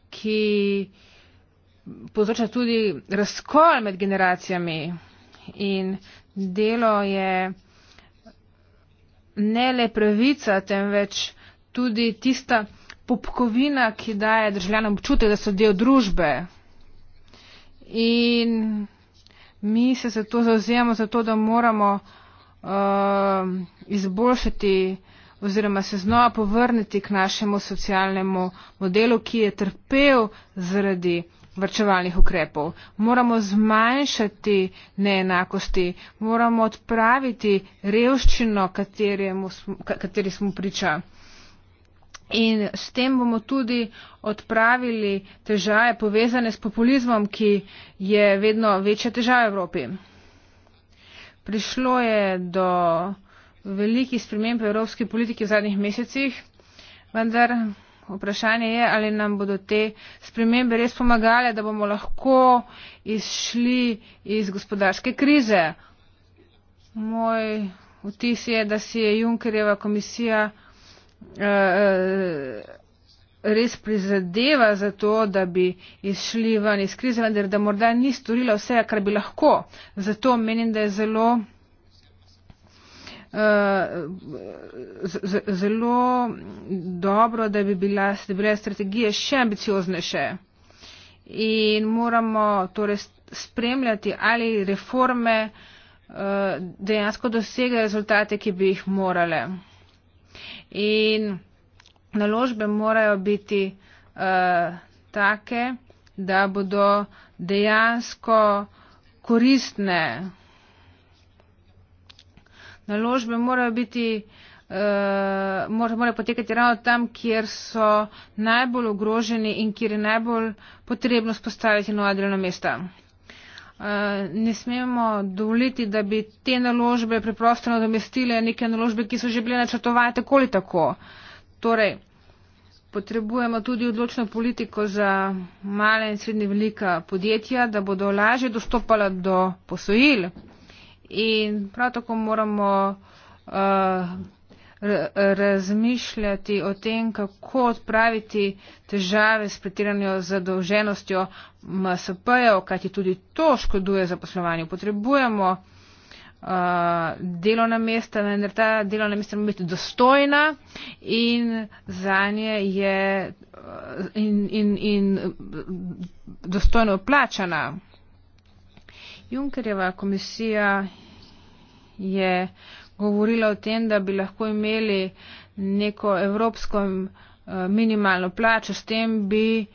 ki povzroča tudi razkol med generacijami. In delo je ne le pravica, temveč tudi tista popkovina, ki daje državljanom občutek, da so del družbe. In mi se zato zauzemamo, zato da moramo uh, izboljšati oziroma se znova povrniti k našemu socialnemu modelu, ki je trpel zaradi vrčevalnih ukrepov. Moramo zmanjšati neenakosti, moramo odpraviti revščino, smo, kateri smo pričali. In s tem bomo tudi odpravili težave povezane s populizmom, ki je vedno večja težava v Evropi. Prišlo je do velikih sprememb v evropski politiki v zadnjih mesecih, vendar vprašanje je, ali nam bodo te spremembe res pomagale, da bomo lahko izšli iz gospodarske krize. Moj vtis je, da si je Junkerjeva komisija. Eh, eh, res prizadeva za to, da bi izšli ven iz krize, vendar da morda ni storila vse, kar bi lahko. Zato menim, da je zelo, eh, zelo dobro, da bi, bila, da bi bile strategije še ambicioznejše. In moramo torej spremljati, ali reforme dejansko dosegajo rezultate, ki bi jih morale. In naložbe morajo biti uh, take, da bodo dejansko koristne. Naložbe morajo biti. Uh, mora potekati ravno tam, kjer so najbolj ogroženi in kjer je najbolj potrebno spostaviti nova delovna mesta. Eh, ne smemo dovoliti, da bi te naložbe preprosto nadomestile neke naložbe, ki so že bile načrtovane tako ali tako. Torej, potrebujemo tudi odločno politiko za male in srednje velika podjetja, da bodo lažje dostopala do posojil. In prav tako moramo. Uh, razmišljati o tem, kako odpraviti težave s pretiranjo zadolženostjo MSP-jev, kajti tudi to škoduje zaposlovanju. Potrebujemo uh, delovna mesta, vendar ta delovna mesta mora biti dostojna in za nje je in, in, in dostojno plačana. Junkerjeva komisija je govorila o tem, da bi lahko imeli neko evropsko eh, minimalno plačo, s tem bi eh,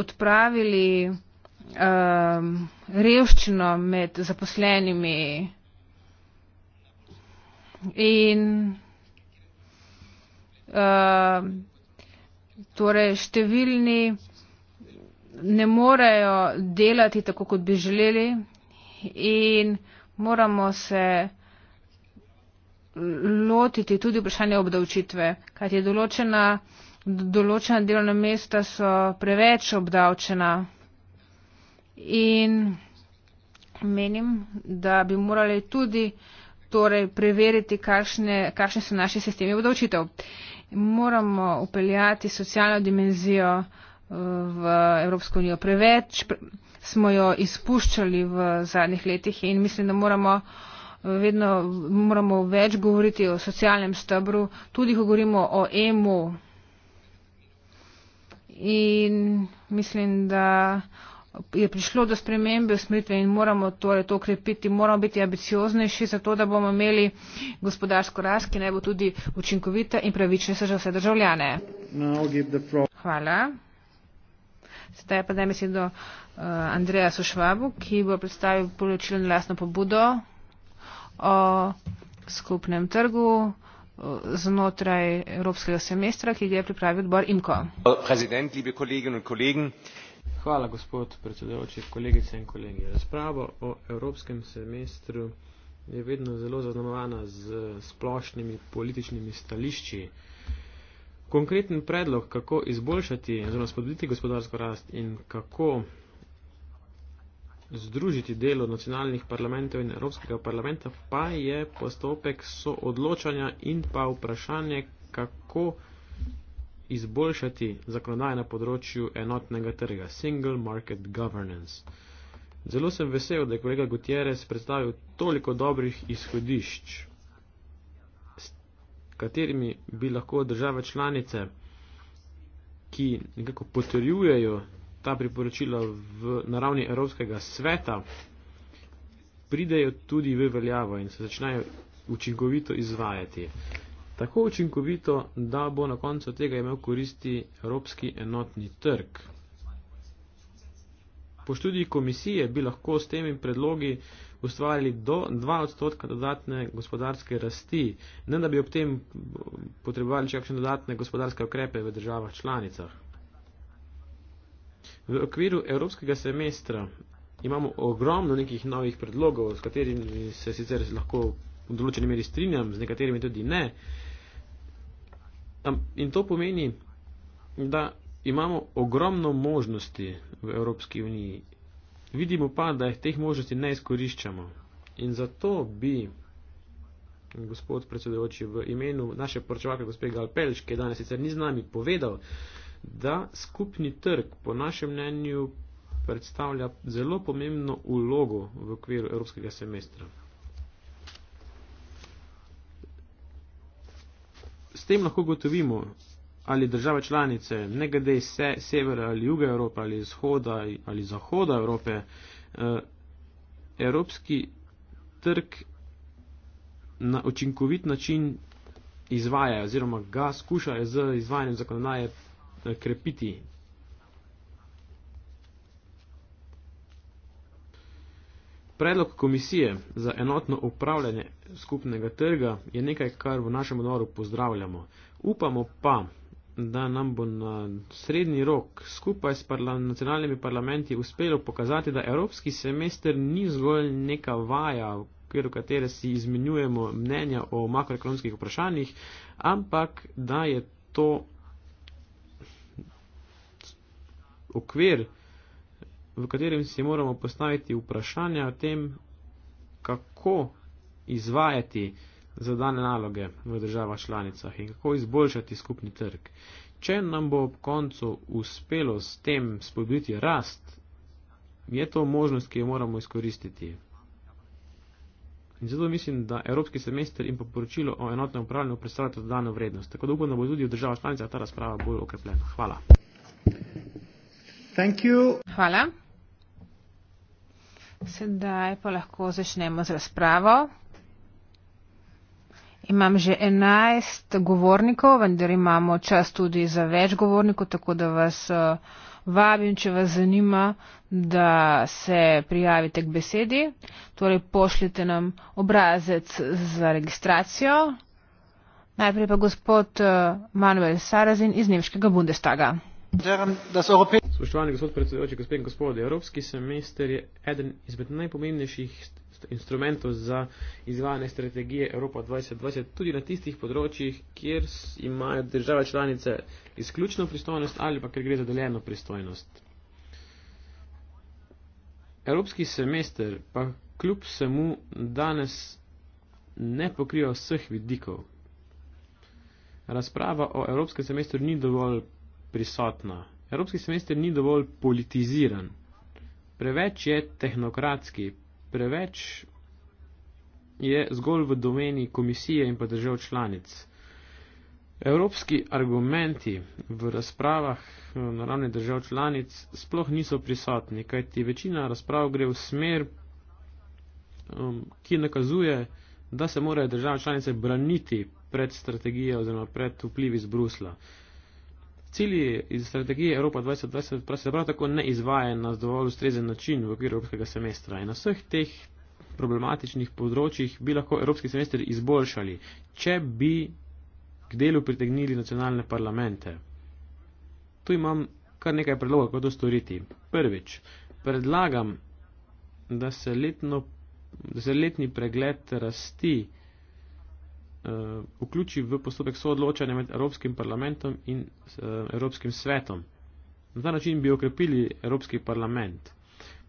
odpravili um, revščino med zaposlenimi. In uh, torej številni ne morejo delati tako, kot bi želeli in moramo se uh, lotiti tudi vprašanje obdavčitve, kaj je določena, določena delovna mesta so preveč obdavčena. In menim, da bi morali tudi torej, preveriti, kakšne, kakšne so naše sistemi obdavčitev. Moramo upeljati socialno dimenzijo eh, v Evropsko unijo. Preveč smo jo izpuščali v zadnjih letih in mislim, da moramo vedno moramo več govoriti o socialnem stebru, tudi ko govorimo o emu. In mislim, da je prišlo do spremembe usmeritve in moramo torej to ukrepiti, moramo biti ambicioznejši za to, da bomo imeli gospodarsko rast, ki naj bo tudi učinkovita in pravična za vse državljane. Hvala. Zdaj pa daj mi se do uh, eh, Andreja Sošvabu, ki bo predstavil poročilo na lasno pobudo o skupnem trgu znotraj evropskega semestra, ki ga je pripravil odbor IMKO. Hvala, gospod predsedovoči, kolegice in kolegi. Razpravo o evropskem semestru je vedno zelo zaznamovana z splošnimi političnimi stališči. Konkreten predlog, kako izboljšati oziroma spodbuditi gospodarsko rast in kako združiti delo nacionalnih parlamentov in Evropskega parlamenta, pa je postopek soodločanja in pa vprašanje, kako izboljšati zakonodaje na področju enotnega trga, single market governance. Zelo sem vesel, da je kolega Gutierrez predstavil toliko dobrih izhodišč, s katerimi bi lahko države članice, ki nekako potrjujejo ta priporočila v naravni Evropskega sveta pridejo tudi v veljavo in se začnejo učinkovito izvajati. Tako učinkovito, da bo na koncu tega imel koristi Evropski enotni trg. Po študiji komisije bi lahko s temi predlogi ustvarili do 2 odstotka dodatne gospodarske rasti, ne da bi ob tem potrebovali še kakšne dodatne gospodarske okrepe v državah članicah. V okviru evropskega semestra imamo ogromno nekih novih predlogov, s katerimi se sicer lahko v določeni meri strinjam, z nekaterimi tudi ne. In to pomeni, da imamo ogromno možnosti v Evropski uniji. Vidimo pa, da jih teh možnosti ne izkoriščamo. In zato bi, gospod predsedujoči, v imenu naše poročevalke gospe Galpelč, ki je danes sicer ni z nami, povedal, da skupni trg po našem mnenju predstavlja zelo pomembno ulogo v okviru evropskega semestra. S tem lahko gotovimo, ali države članice, ne glede se severa ali juga Evrope ali izhoda ali zahoda Evrope, eh, evropski trg na učinkovit način izvaja oziroma ga skušajo z izvajanjem zakonodaje Eh, krepiti. Predlog komisije za enotno upravljanje skupnega trga je nekaj, kar v našem odboru pozdravljamo. Upamo pa, da nam bo na srednji rok skupaj s parla nacionalnimi parlamenti uspelo pokazati, da evropski semester ni zgolj neka vaja, v okviru katere si izmenjujemo mnenja o makroekonomskih vprašanjih, ampak da je to okvir, v katerem si moramo postaviti vprašanja o tem, kako izvajati zadane naloge v državah članicah in kako izboljšati skupni trg. Če nam bo ob koncu uspelo s tem spodbiti rast, je to možnost, ki jo moramo izkoristiti. In zato mislim, da Evropski semester in pa poročilo o enotnem upravljanju predstavljata dodano vrednost. Tako da upam, da bo tudi v državah članicah ta razprava bolj okrepljena. Hvala. Hvala. Sedaj pa lahko začnemo z razpravo. Imam že 11 govornikov, vendar imamo čas tudi za več govornikov, tako da vas eh, vabim, če vas zanima, da se prijavite k besedi. Torej, pošljite nam obrazec za registracijo. Najprej pa gospod eh, Manuel Sarazin iz Nemškega Bundestaga. Spoštovani gospod predsedujoči, gospod in gospod, Evropski semester je eden izmed najpomembnejših instrumentov za izvajanje strategije Evropa 2020 tudi na tistih področjih, kjer imajo države članice izključno pristojnost ali pa ker gre za deljeno pristojnost. Evropski semester pa kljub semu danes ne pokriva vseh vidikov. Razprava o Evropskem semestru ni dovolj prisotno. Evropski semester ni dovolj politiziran, preveč je tehnokratski, preveč je zgolj v domeni komisije in pa držav članic. Evropski argumenti v razpravah eh, na ravni držav članic sploh niso prisotni, kajti večina razprav gre v smer, um, ki nakazuje, da se morajo države članice braniti pred strategijo oziroma pred vplivi iz Brusla cilji iz strategije Evropa 2020 se prav tako ne izvaja na dovolj ustrezen način v okviru evropskega semestra. In na vseh teh problematičnih področjih bi lahko evropski semester izboljšali, če bi k delu pritegnili nacionalne parlamente. Tu imam kar nekaj predlogov, kako to storiti. Prvič, predlagam, da se, letno, da se letni pregled rasti uh, vključi v postopek soodločanja med Evropskim parlamentom in uh, Evropskim svetom. Na ta način bi okrepili Evropski parlament.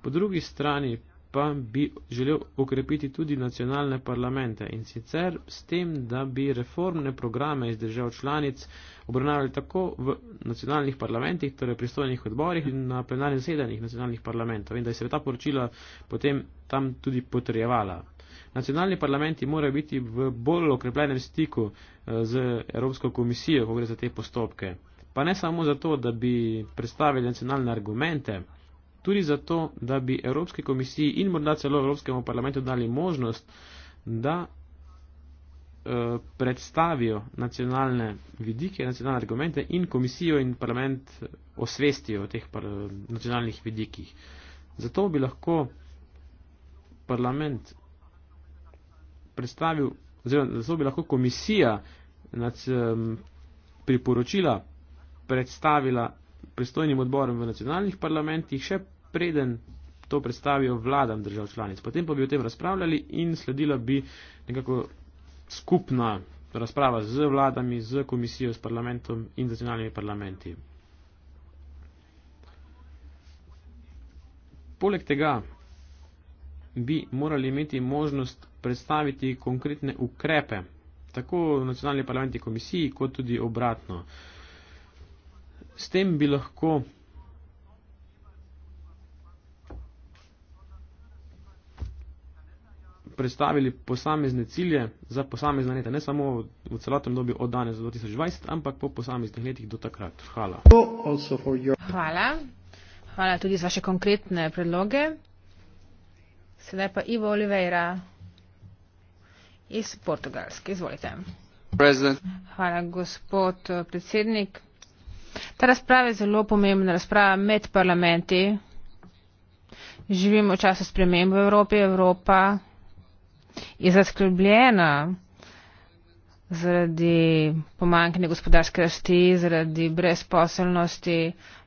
Po drugi strani pa bi želel okrepiti tudi nacionalne parlamente in sicer s tem, da bi reformne programe iz držav članic obravnavali tako v nacionalnih parlamentih, torej pristojnih odborih in na plenarnih sedanjih nacionalnih parlamentov in da bi se ta poročila potem tam tudi potrjevala. Nacionalni parlamenti morajo biti v bolj okrepljenem stiku eh, z Evropsko komisijo, ko gre za te postopke. Pa ne samo zato, da bi predstavili nacionalne argumente, tudi zato, da bi Evropski komisiji in morda celo Evropskemu parlamentu dali možnost, da eh, predstavijo nacionalne vidike, nacionalne argumente in komisijo in parlament eh, osvestijo o teh nacionalnih vidikih. Zato bi lahko parlament predstavil, oziroma zato bi lahko komisija nad, um, priporočila predstavila pristojnim odborom v nacionalnih parlamentih, še preden to predstavijo vladam držav članic. Potem pa bi o tem razpravljali in sledila bi nekako skupna razprava z vladami, z komisijo, s parlamentom in nacionalnimi parlamenti. Poleg tega, bi morali imeti možnost predstaviti konkretne ukrepe, tako v nacionalni parlamenti komisiji, kot tudi obratno. S tem bi lahko predstavili posamezne cilje za posamezne leta, ne samo v celotnem dobi od danes do 2020, ampak po posameznih letih do takrat. Hvala. Hvala. Hvala tudi za vaše konkretne predloge. Sedaj pa Ivo Oliveira iz Portugalske. Izvolite. President. Hvala, gospod eh, predsednik. Ta razprava je zelo pomembna, razprava med parlamenti. Živimo v času sprememb v Evropi. Evropa je zaskrbljena zaradi pomankanja gospodarske rasti, zaradi brezposelnosti,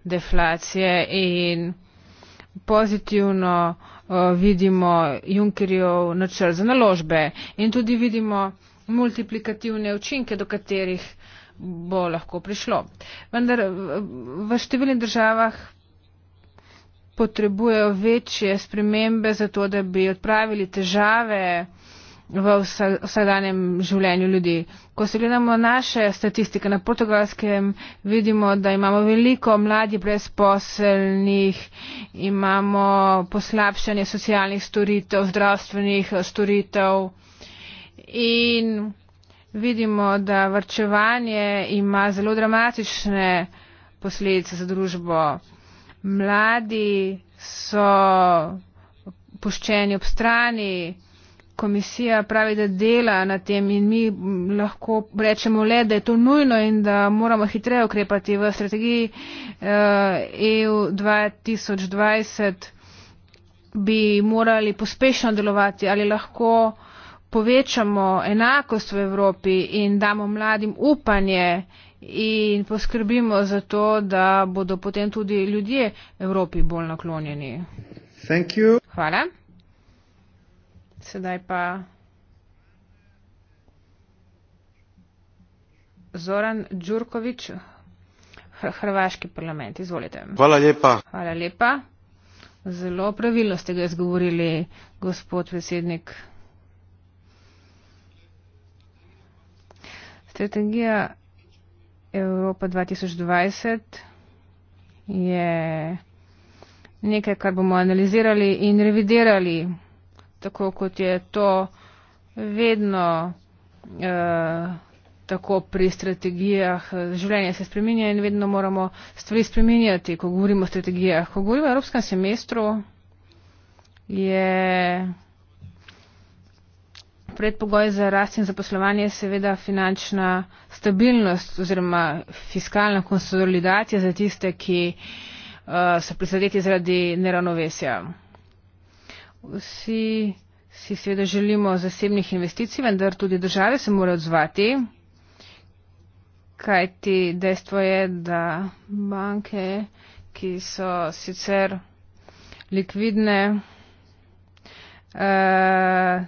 deflacije in pozitivno eh, vidimo Junkerjev načrt za naložbe in tudi vidimo multiplikativne učinke, do katerih bo lahko prišlo. Vendar v številnih državah potrebujejo večje spremembe za to, da bi odpravili težave v vsakdanjem življenju ljudi. Ko se gledamo naše statistike na portugalskem, vidimo, da imamo veliko mladih brezposelnih, imamo poslabšanje socialnih storitev, zdravstvenih storitev in vidimo, da vrčevanje ima zelo dramatične posledice za družbo. Mladi so puščeni ob strani, komisija pravi, da dela na tem in mi lahko rečemo le, da je to nujno in da moramo hitreje ukrepati v strategiji eh, EU 2020, bi morali pospešno delovati ali lahko povečamo enakost v Evropi in damo mladim upanje in poskrbimo za to, da bodo potem tudi ljudje Evropi bolj naklonjeni. Hvala. Sedaj pa Zoran Đurković, Hrvaški parlament. Izvolite. Hvala lepa. Hvala lepa. Zelo pravilno ste ga izgovorili, gospod predsednik. Strategija Evropa 2020 je nekaj, kar bomo analizirali in revidirali tako kot je to vedno eh, tako pri strategijah. Življenje se spreminja in vedno moramo stvari spreminjati, ko govorimo o strategijah. Ko govorimo o evropskem semestru, je predpogoj za rast in zaposlovanje seveda finančna stabilnost oziroma fiskalna konsolidacija za tiste, ki eh, so prizadeti zaradi neravnovesja vsi si seveda želimo zasebnih investicij, vendar tudi države se morajo odzvati, kajti dejstvo je, da banke, ki so sicer likvidne, eh,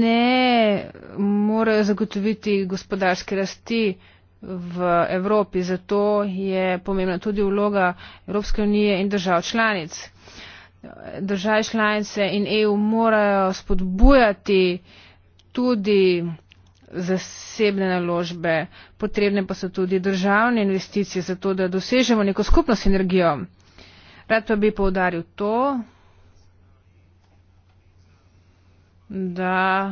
ne morejo zagotoviti gospodarske rasti v Evropi. Zato je pomembna tudi vloga Evropske unije in držav članic. Države članice in EU morajo spodbujati tudi zasebne naložbe, potrebne pa so tudi državne investicije, zato da dosežemo neko skupno sinergijo. Rad pa bi poudaril to, da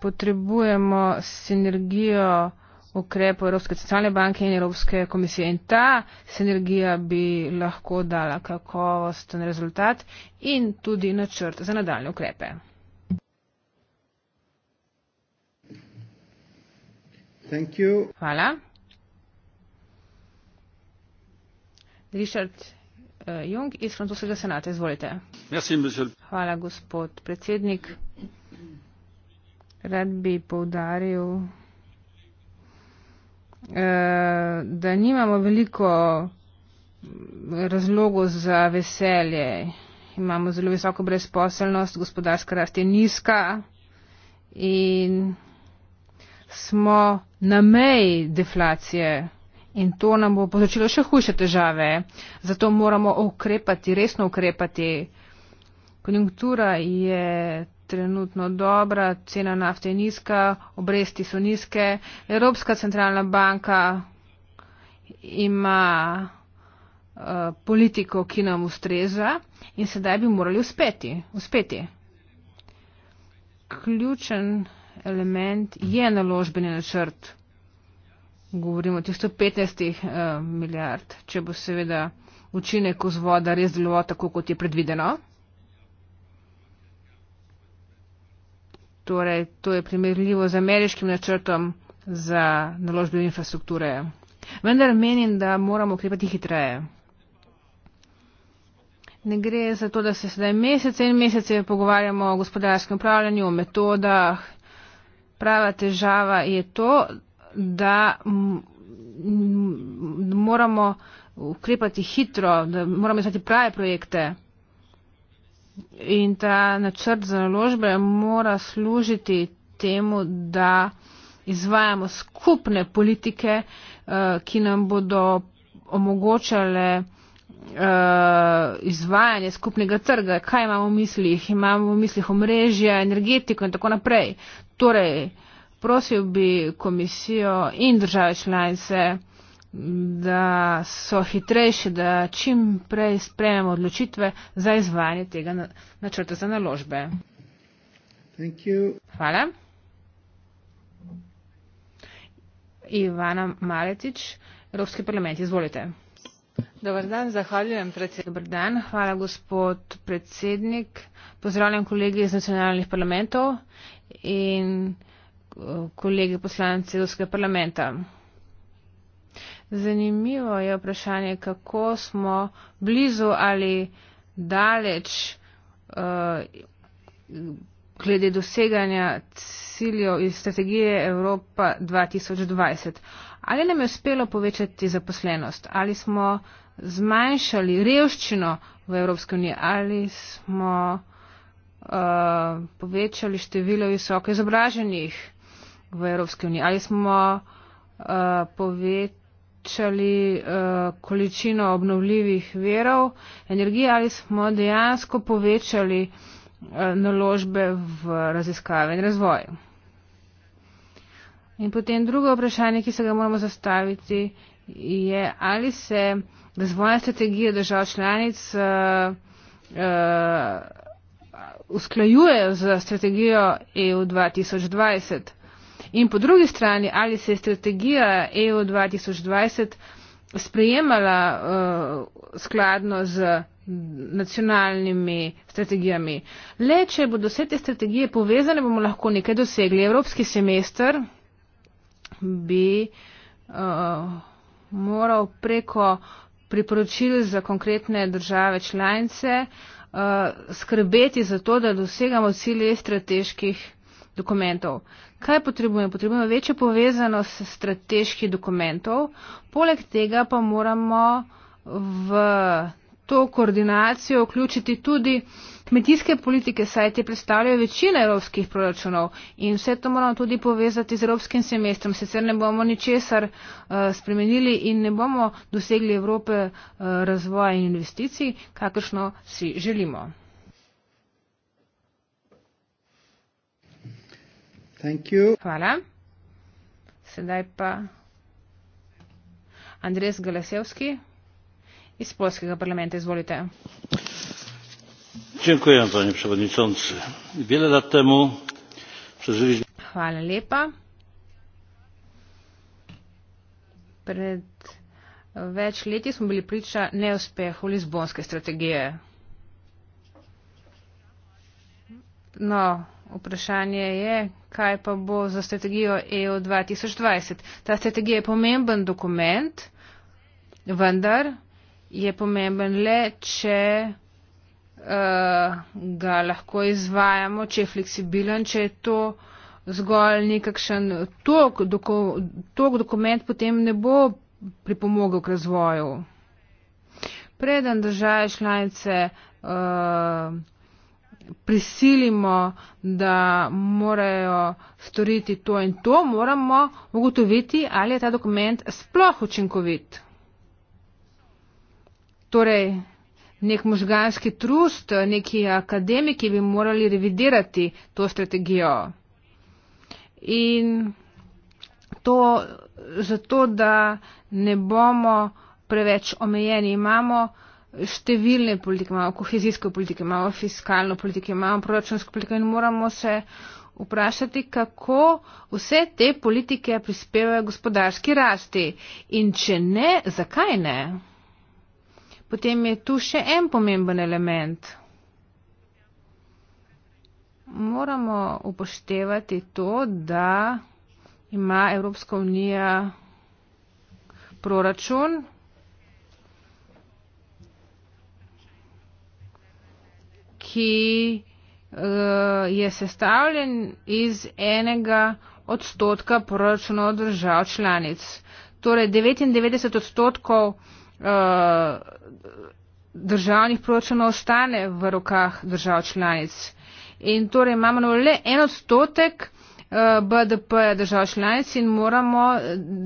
potrebujemo sinergijo ukrepov Evropske centralne banke in Evropske komisije. In ta sinergija bi lahko dala kakovosten rezultat in tudi načrt za nadaljne ukrepe. Hvala. Richard eh, Jung iz francoskega senata, izvolite. Hvala, gospod predsednik rad bi povdaril, eh, da nimamo veliko razlogov za veselje. Imamo zelo visoko brezposelnost, gospodarska rast je nizka in smo na meji deflacije in to nam bo povzročilo še hujše težave. Zato moramo ukrepati, resno ukrepati. Konjunktura je trenutno dobra, cena nafte je nizka, obresti so nizke. Evropska centralna banka ima uh, politiko, ki nam ustreza in sedaj bi morali uspeti. uspeti. Ključen element je naložbeni načrt. Govorimo o 115 uh, eh, milijard, če bo seveda učinek vzvoda res deloval tako, kot je predvideno. Torej, to je primerljivo z ameriškim načrtom za naložbe v infrastrukture. Vendar menim, da moramo ukrepati hitreje. Ne gre za to, da se sedaj mesece in mesece pogovarjamo o gospodarskem upravljanju, o metodah. Prava težava je to, da moramo ukrepati hitro, da moramo izvati prave projekte in ta načrt za naložbe mora služiti temu, da izvajamo skupne politike, eh, ki nam bodo omogočale eh, izvajanje skupnega trga. Kaj imamo v mislih? Imamo v mislih omrežja, energetiko in tako naprej. Torej, prosil bi komisijo in države članice, da so hitrejši, da čim prej sprejemo odločitve za izvajanje tega načrta za naložbe. Hvala. Ivana Maletič, Evropski parlament, izvolite. Dobar dan, zahvaljujem predsednik. Dobar dan, hvala gospod predsednik. Pozdravljam kolege iz nacionalnih parlamentov in eh, kolege poslance Evropskega parlamenta. Zanimivo je vprašanje, kako smo blizu ali daleč uh, glede doseganja ciljev iz strategije Evropa 2020. Ali nam je uspelo povečati zaposlenost? Ali smo zmanjšali revščino v Evropski uniji? Ali smo uh, povečali število visoko izobraženih v Evropski uniji? Ali smo uh, povečali povečali uh, eh, količino obnovljivih verov energije ali smo dejansko povečali uh, naložbe v raziskave in razvoj. In potem drugo vprašanje, ki se ga moramo zastaviti, je, ali se razvojna strategija držav članic uh, eh, uh, usklajuje z strategijo EU 2020. In po drugi strani, ali se je strategija EU 2020 sprejemala uh, skladno z nacionalnimi strategijami. Le, če bodo vse te strategije povezane, bomo lahko nekaj dosegli. Evropski semester bi uh, moral preko priporočil za konkretne države članice uh, skrbeti za to, da dosegamo cilje strateških dokumentov. Kaj potrebujemo? Potrebujemo večjo povezanost strateških dokumentov, poleg tega pa moramo v to koordinacijo vključiti tudi kmetijske politike, saj te predstavljajo večino evropskih proračunov in vse to moramo tudi povezati z evropskim semestrom, sicer ne bomo ničesar uh, spremenili in ne bomo dosegli Evrope uh, razvoja in investicij, kakršno si želimo. Hvala. Sedaj pa Andres Galasevski iz Polskega parlamenta. Izvolite. Hvala lepa. Pred več leti smo bili priča neuspehu Lizbonske strategije. No, Vprašanje je, kaj pa bo za strategijo EU 2020. Ta strategija je pomemben dokument, vendar je pomemben le, če uh, ga lahko izvajamo, če je fleksibilen, če je to zgolj nekakšen tok, doko, tok dokument potem ne bo pripomogel k razvoju. Preden države članice uh, prisilimo, da morajo storiti to in to, moramo ugotoviti, ali je ta dokument sploh učinkovit. Torej, nek možganski trust, neki akademiki bi morali revidirati to strategijo. In to zato, da ne bomo preveč omejeni. Imamo uh, številne politike, imamo kohezijsko politike, imamo fiskalno politike, imamo proračunsko politike in moramo se vprašati, kako vse te politike prispevajo gospodarski rasti in če ne, zakaj ne. Potem je tu še en pomemben element. Moramo upoštevati to, da ima Evropska unija proračun, ki uh, je sestavljen iz enega odstotka proračuna od držav članic. Torej 99 odstotkov uh, državnih proračunov ostane v rokah držav članic. In torej imamo le en odstotek uh, BDP držav članic in moramo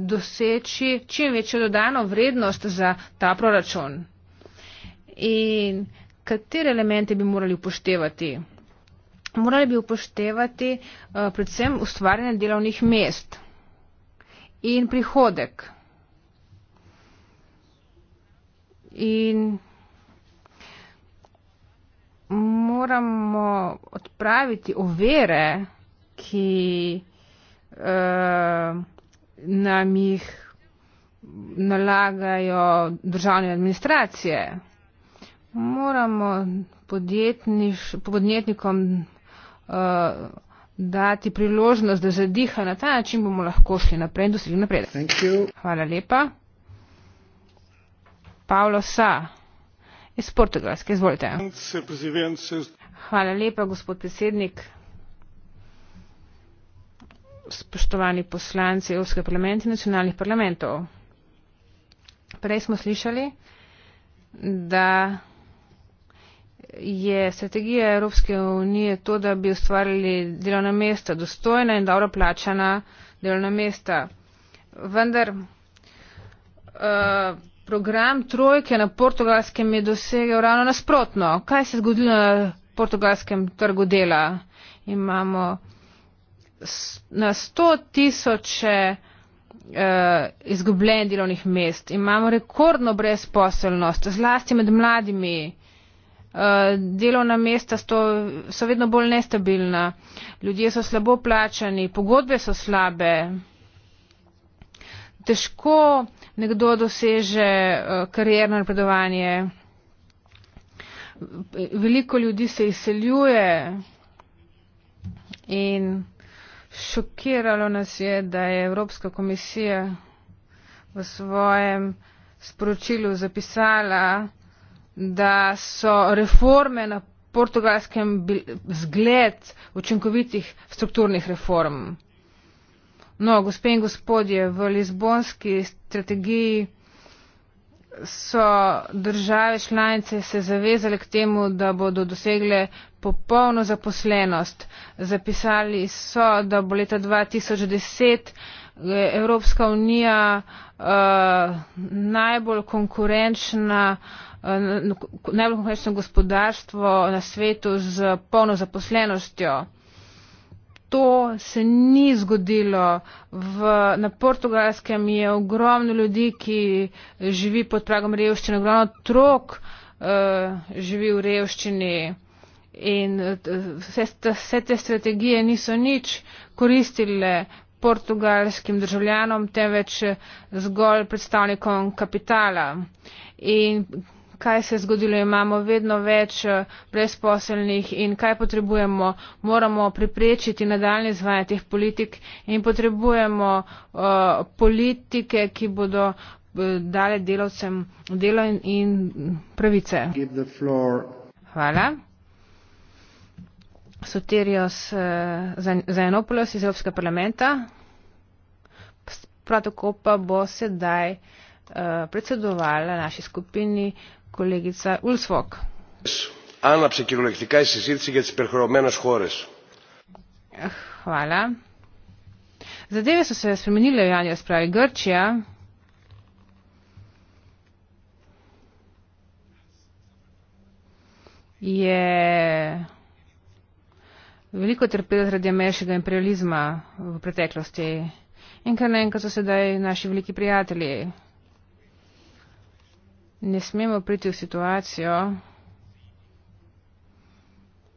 doseči čim večjo dodano vrednost za ta proračun. In uh, katere elemente bi morali upoštevati? Morali bi upoštevati uh, predvsem ustvarjanje delovnih mest in prihodek. In moramo odpraviti ovire, ki uh, nam jih nalagajo državne administracije moramo podjetniš, podjetnikom uh, dati priložnost, da zadiha na ta način, bomo lahko šli naprej in dosegli napredek. Hvala lepa. Pavlo Sa iz Portugalske, izvolite. Hvala lepa, gospod predsednik. Spoštovani poslanci Evropskega parlamenta in nacionalnih parlamentov. Prej smo slišali, da je strategija Evropske unije to, da bi ustvarili delovna mesta, dostojna in dobro plačana delovna mesta. Vendar uh, program trojke na portugalskem je dosegel ravno nasprotno. Kaj se je zgodilo na portugalskem trgu dela? Imamo na sto tisoče uh, izgubljenih delovnih mest, imamo rekordno brezposelnost, zlasti med mladimi. Eh, delovna mesta sto, so vedno bolj nestabilna, ljudje so slabo plačani, pogodbe so slabe. Težko nekdo doseže eh, karjerno napredovanje. Veliko ljudi se izseljuje in šokiralo nas je, da je Evropska komisija v svojem sporočilu zapisala, da so reforme na portugalskem zgled učinkovitih strukturnih reform. No, gospe in gospodje, v lizbonski strategiji so države članice se zavezali k temu, da bodo dosegle popolno zaposlenost. Zapisali so, da bo leta 2010 eh, Evropska unija uh, najbolj konkurenčna uh, najbolj gospodarstvo na svetu z polno zaposlenostjo. To se ni zgodilo. V, na portugalskem je ogromno ljudi, ki živi pod pragom revščine, ogromno otrok uh, živi v revščini in eh, vse, vse te strategije niso nič koristile portugalskim državljanom, temveč zgolj predstavnikom kapitala. In kaj se je zgodilo, imamo vedno več eh, brezposelnih in kaj potrebujemo. Moramo preprečiti nadaljne izvajanje teh politik in potrebujemo uh, politike, ki bodo eh, dale delovcem delo in, in pravice. Hvala. Soterios Zajanopoulos iz Evropske parlamenta. Prav tako pa bo sedaj uh, predsedovala naši skupini uh, kolegica ulvsvok zadeve so se spremenile janja spravi grčija je veliko trpela zaradi ameriškega imperializma v preteklosti in kar naenkrat so sedaj naši veliki prijatelji ne smemo priti v situacijo,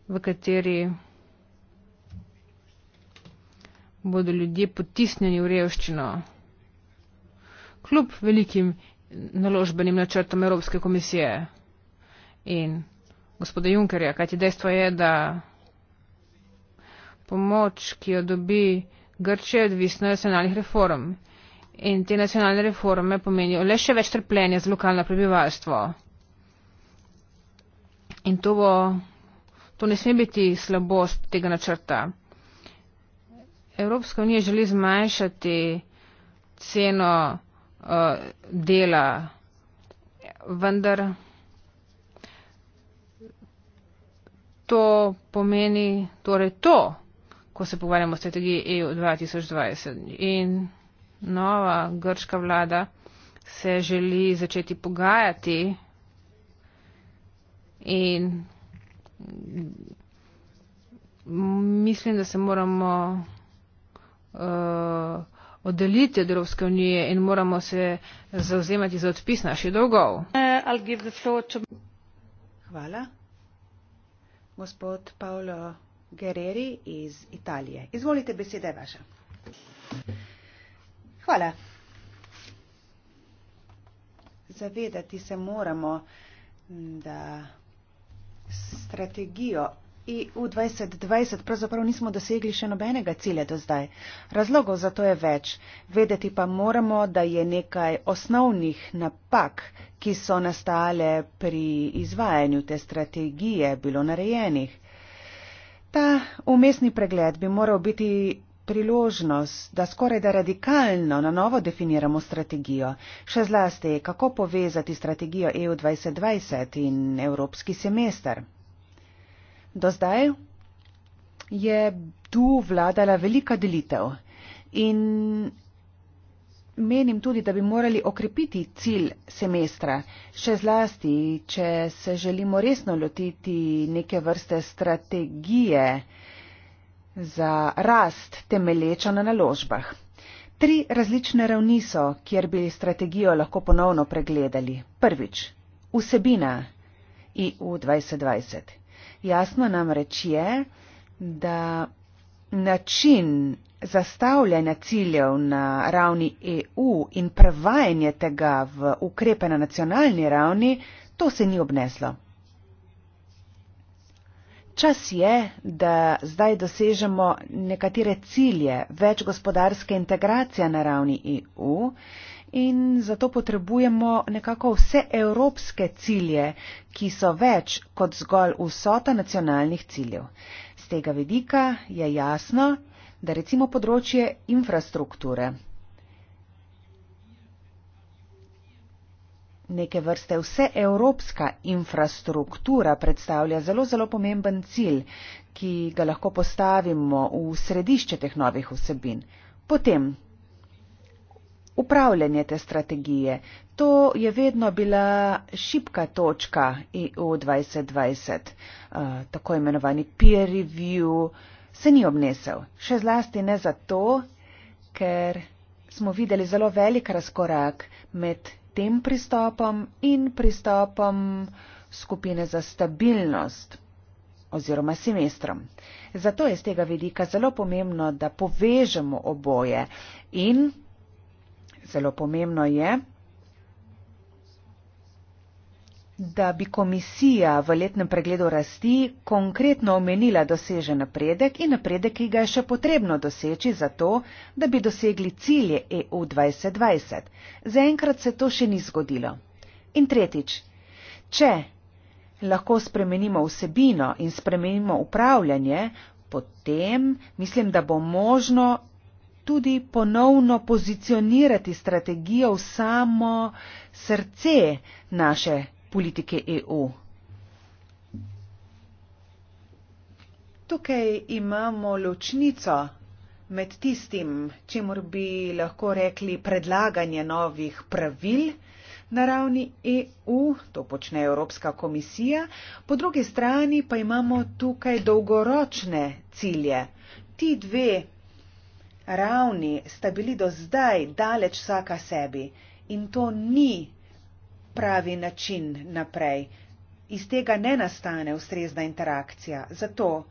v kateri bodo ljudje potisnjeni v revščino. Kljub velikim naložbenim načrtom Evropske komisije in gospoda Junkerja, kajti dejstvo je, da pomoč, ki jo dobi Grče, je odvisna od nacionalnih reform in te nacionalne reforme pomenijo le še več trpljenja za lokalno prebivalstvo. In to, bo, to ne sme biti slabost tega načrta. Evropska unija želi zmanjšati ceno uh, dela, vendar to pomeni torej to, ko se pogovarjamo o strategiji EU 2020. In nova grška vlada se želi začeti pogajati in mislim, da se moramo uh, eh, oddaliti od Evropske unije in moramo se zauzemati za odpis naših dolgov. Eh, Hvala. Gospod Paolo Gereri iz Italije. Izvolite, beseda je vaša. Hvala. Zavedati se moramo, da strategijo EU 2020 pravzaprav nismo dosegli še nobenega cilja do zdaj. Razlogov za to je več. Vedeti pa moramo, da je nekaj osnovnih napak, ki so nastale pri izvajanju te strategije, bilo narejenih. Ta umestni pregled bi moral biti priložnost, da skoraj da radikalno na novo definiramo strategijo, še zlasti kako povezati strategijo EU 2020 in evropski semester. Do zdaj je tu vladala velika delitev in menim tudi, da bi morali okrepiti cilj semestra, še zlasti, če se želimo resno lotiti neke vrste strategije, za rast temelječo na naložbah. Tri različne ravni so, kjer bi strategijo lahko ponovno pregledali. Prvič, vsebina EU 2020. Jasno nam reč je, da način zastavljanja ciljev na ravni EU in prevajanje tega v ukrepe na nacionalni ravni, to se ni obneslo. Čas je, da zdaj dosežemo nekatere cilje več gospodarske integracije na ravni EU in zato potrebujemo nekako vse evropske cilje, ki so več kot zgolj vsota nacionalnih ciljev. Z tega vidika je jasno, da recimo področje infrastrukture neke vrste vse evropska infrastruktura predstavlja zelo, zelo pomemben cilj, ki ga lahko postavimo v središče teh novih vsebin. Potem, upravljanje te strategije. To je vedno bila šipka točka EU 2020, uh, tako imenovani peer review, se ni obnesel. Še zlasti ne zato, ker smo videli zelo velik razkorak med tem pristopom in pristopom skupine za stabilnost oziroma semestrom. Zato je z tega vidika zelo pomembno, da povežemo oboje in zelo pomembno je, da bi komisija v letnem pregledu rasti konkretno omenila dosežen napredek in napredek, ki ga je še potrebno doseči za to, da bi dosegli cilje EU 2020. Zaenkrat se to še ni zgodilo. In tretjič, če lahko spremenimo vsebino in spremenimo upravljanje, potem mislim, da bo možno tudi ponovno pozicionirati strategijo v samo srce naše politike EU? Tukaj imamo ločnico med tistim, čemur bi lahko rekli predlaganje novih pravil na ravni EU, to počne Evropska komisija, po drugi strani pa imamo tukaj dolgoročne cilje. Ti dve ravni sta bili do zdaj daleč vsaka sebi in to ni pravi način naprej. Iz tega ne nastane ustrezna interakcija. Zato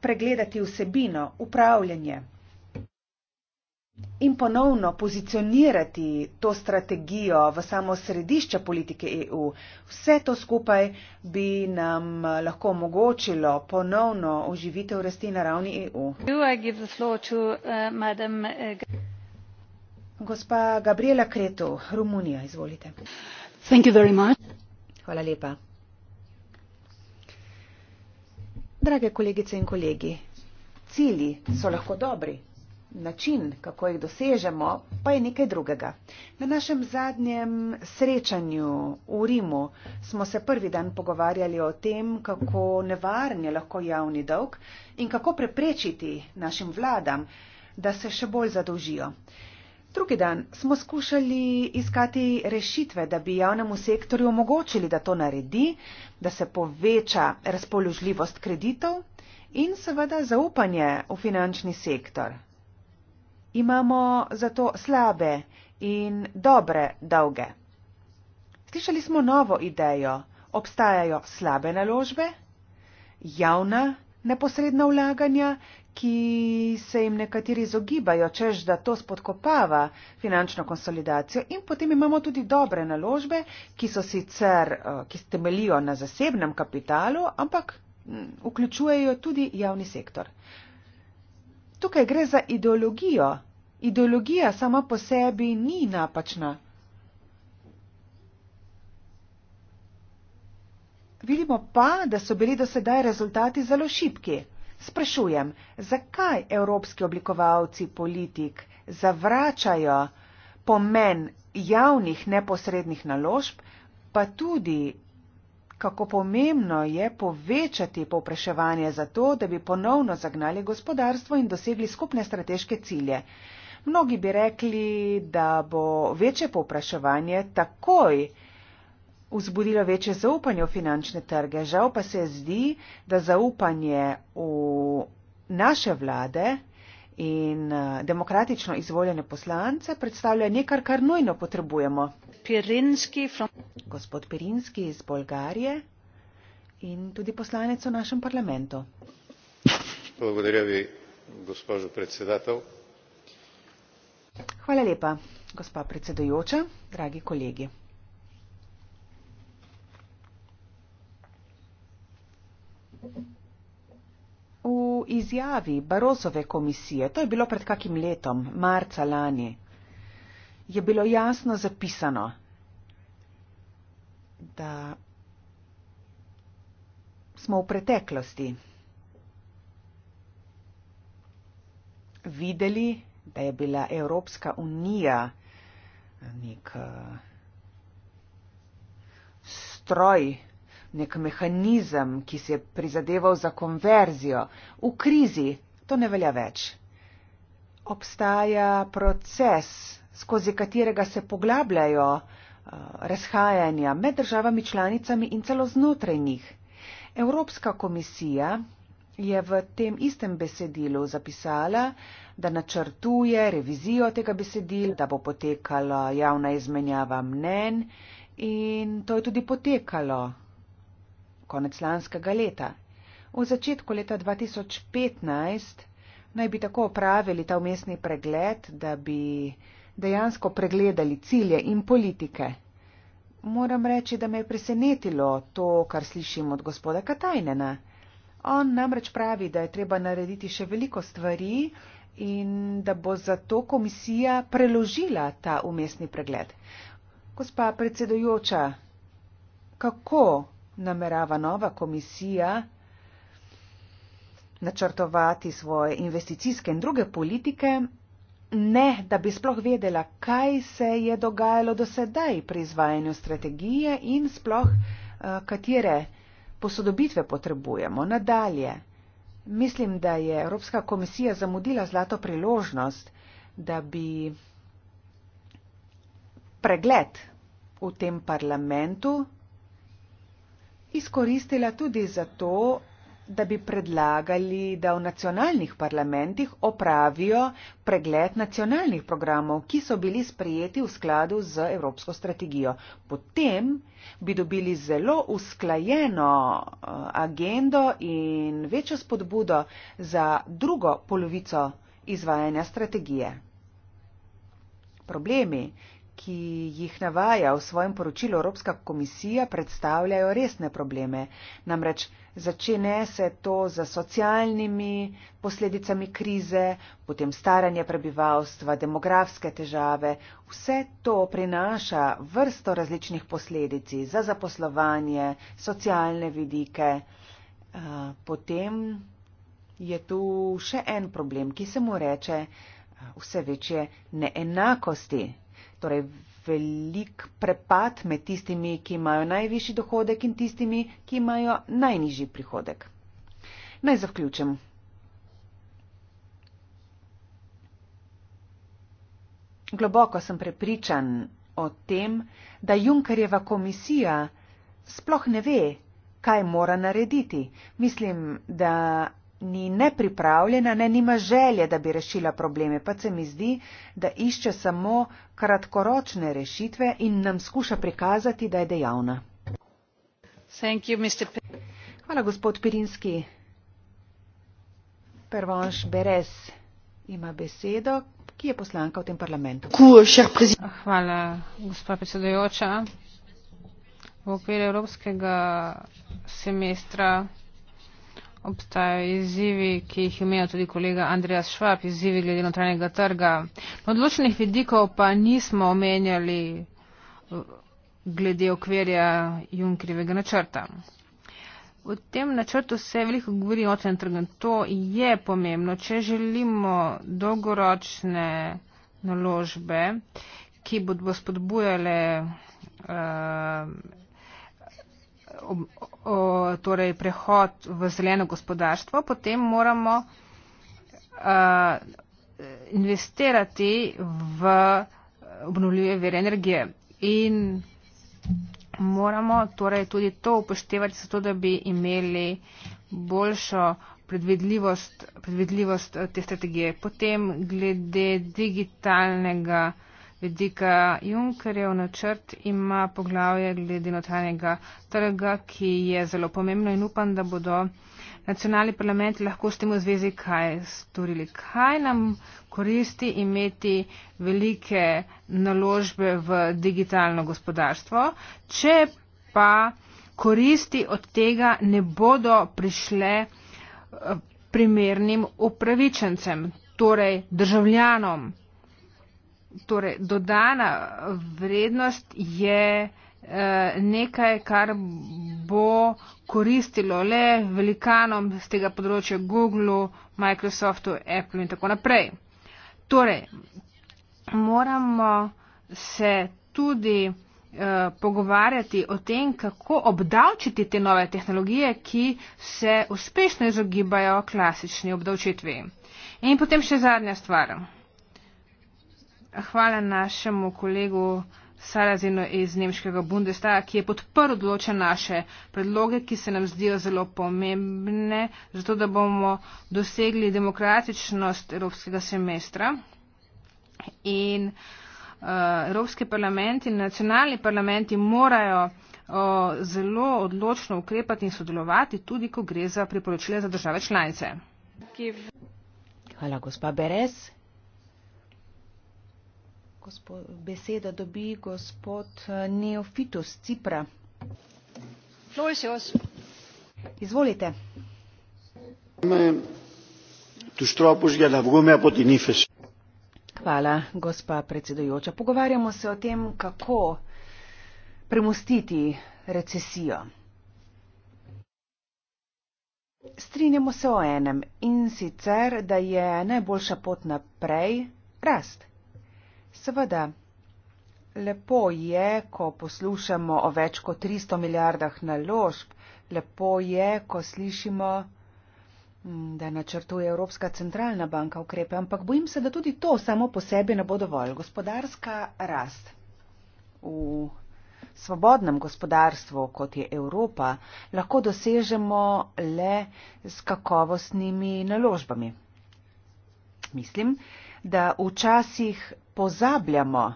pregledati vsebino, upravljanje in ponovno pozicionirati to strategijo v samo središče politike EU, vse to skupaj bi nam lahko omogočilo ponovno oživitev rasti na ravni EU. Uh, uh, Gospa Gabriela Kretu, Romunija, izvolite drage kolegice in kolegi cilji so lahko dobri način kako jih dosežemo pa je nekaj drugega na našem zadnjem srečanju v rimu smo se prvi dan pogovarjali o tem kako nevaren je lahko javni dolg in kako preprečiti našim vladam da se še bolj zadolžijo. Drugi dan smo skušali iskati rešitve, da bi javnemu sektorju omogočili, da to naredi, da se poveča razpoložljivost kreditov in seveda zaupanje v finančni sektor. Imamo zato slabe in dobre dolge. Slišali smo novo idejo. Obstajajo slabe naložbe, javna neposredna vlaganja, ki se jim nekateri izogibajo, čež da to spodkopava finančno konsolidacijo. In potem imamo tudi dobre naložbe, ki so sicer, eh, ki temelijo na zasebnem kapitalu, ampak mm, vključujejo tudi javni sektor. Tukaj gre za ideologijo. Ideologija sama po sebi ni napačna. Vidimo pa, da so bili do sedaj rezultati zelo šipki. Sprašujem, zakaj evropski oblikovalci politik zavračajo pomen javnih neposrednih naložb, pa tudi kako pomembno je povečati povpraševanje za to, da bi ponovno zagnali gospodarstvo in dosegli skupne strateške cilje. Mnogi bi rekli, da bo večje povpraševanje takoj vzbudilo večje zaupanje v finančne trge. Žal pa se zdi, da zaupanje v naše vlade in eh, demokratično izvoljene poslance predstavlja nekaj, kar nujno potrebujemo. Pirinski from... Gospod Pirinski iz Bolgarije in tudi poslanec v našem parlamentu. Hvala, bi, Hvala lepa, gospa predsedujoča, dragi kolegi. V izjavi Barozove komisije, to je bilo pred kakim letom, marca lani, je bilo jasno zapisano, da smo v preteklosti videli, da je bila Evropska unija nek eh, stroj, nek mehanizem, ki si je prizadeval za konverzijo, v krizi to ne velja več. Obstaja proces, skozi katerega se poglabljajo uh, razhajanja med državami članicami in celo znotraj njih. Evropska komisija je v tem istem besedilu zapisala, da načrtuje revizijo tega besedila, da bo potekala javna izmenjava mnen in to je tudi potekalo konec lanskega leta. V začetku leta 2015 naj bi tako opravili ta umestni pregled, da bi dejansko pregledali cilje in politike. Moram reči, da me je presenetilo to, kar slišim od gospoda Katajnena. On namreč pravi, da je treba narediti še veliko stvari in da bo zato komisija preložila ta umestni pregled. Gospa predsedujoča, kako namerava nova komisija načrtovati svoje investicijske in druge politike, ne da bi sploh vedela, kaj se je dogajalo do sedaj pri izvajanju strategije in sploh eh, katere posodobitve potrebujemo nadalje. Mislim, da je Evropska komisija zamudila zlato priložnost, da bi pregled v tem parlamentu izkoristila tudi zato, da bi predlagali, da v nacionalnih parlamentih opravijo pregled nacionalnih programov, ki so bili sprejeti v skladu z Evropsko strategijo. Potem bi dobili zelo usklajeno eh, agendo in večjo spodbudo za drugo polovico izvajanja strategije. Problemi, ki jih navaja v svojem poročilu Evropska komisija, predstavljajo resne probleme. Namreč začne se to za socialnimi posledicami krize, potem staranje prebivalstva, demografske težave. Vse to prinaša vrsto različnih posledic za zaposlovanje, socialne vidike. Eh, potem je tu še en problem, ki se mu reče eh, vse večje neenakosti torej velik prepad med tistimi, ki imajo najvišji dohodek in tistimi, ki imajo najnižji prihodek. Naj zaključim. Globoko sem prepričan o tem, da Junkerjeva komisija sploh ne ve, kaj mora narediti. Mislim, da ni ne pripravljena, ne nima želje, da bi rešila probleme, pa se mi zdi, da išče samo kratkoročne rešitve in nam skuša prikazati, da je dejavna. You, Hvala, gospod Pirinski. Pervanš Beres ima besedo, ki je poslanka v tem parlamentu. Hvala, gospod predsedojoča. V okviru evropskega semestra obstajajo izzivi, ki jih imel tudi kolega Andreas Švab, izzivi glede notranjega trga. Odločenih vidikov pa nismo omenjali eh, glede okvirja Junkrivega načrta. V tem načrtu se veliko govori o notranjem trgu. To je pomembno, če želimo dolgoročne naložbe, ki bodo spodbujale uh, torej prehod v zeleno gospodarstvo, potem moramo investirati v obnovljive vere energije. In moramo torej tudi to upoštevati, zato da bi imeli boljšo predvidljivost, predvidljivost te strategije. Potem glede digitalnega vidika Junkerjev načrt ima poglavje glede notranjega trga, ki je zelo pomembno in upam, da bodo nacionalni parlamenti lahko s tem v zvezi kaj storili. Kaj nam koristi imeti velike naložbe v digitalno gospodarstvo, če pa koristi od tega ne bodo prišle eh, primernim upravičencem, torej državljanom torej dodana vrednost je eh, nekaj, kar bo koristilo le velikanom z tega področja Google, Microsoftu, Apple in tako naprej. Torej, moramo se tudi eh, pogovarjati o tem, kako obdavčiti te nove tehnologije, ki se uspešno izogibajo klasični obdavčitvi. In potem še zadnja stvar hvala našemu kolegu Sarazinu iz Nemškega Bundestaga, ki je podprl določen naše predloge, ki se nam zdijo zelo pomembne, zato da bomo dosegli demokratičnost Evropskega semestra. In uh, Evropski parlament in nacionalni parlamenti morajo zelo odločno ukrepati in sodelovati, tudi ko gre za priporočile za države članice. Hvala, gospa Beres. Gospod, beseda dobi gospod eh, Neofitus Cipra. Floisios. Izvolite. Hvala, gospa predsedujoča. Pogovarjamo se o tem, kako premustiti recesijo. Strinjamo se o enem in sicer, da je najboljša pot naprej rast. Seveda, lepo je, ko poslušamo o več kot 300 milijardah naložb, lepo je, ko slišimo, mm, da načrtuje Evropska centralna banka ukrepe, ampak bojim se, da tudi to samo po sebi ne bo dovolj. Gospodarska rast v svobodnem gospodarstvu, kot je Evropa, lahko dosežemo le s kakovostnimi naložbami. Mislim, da včasih pozabljamo,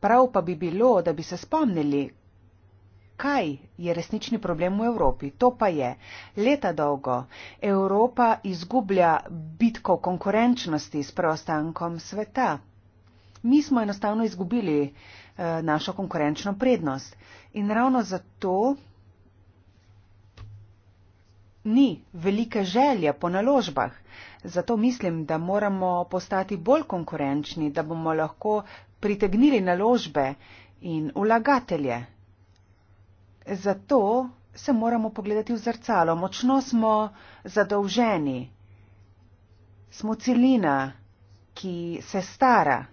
prav pa bi bilo, da bi se spomnili, kaj je resnični problem v Evropi. To pa je, leta dolgo Evropa izgublja bitko konkurenčnosti s preostankom sveta. Mi smo enostavno izgubili eh, našo konkurenčno prednost in ravno zato ni velike želje po naložbah. Zato mislim, da moramo postati bolj konkurenčni, da bomo lahko pritegnili naložbe in vlagatelje. Zato se moramo pogledati v zrcalo. Močno smo zadolženi. Smo celina, ki se stara.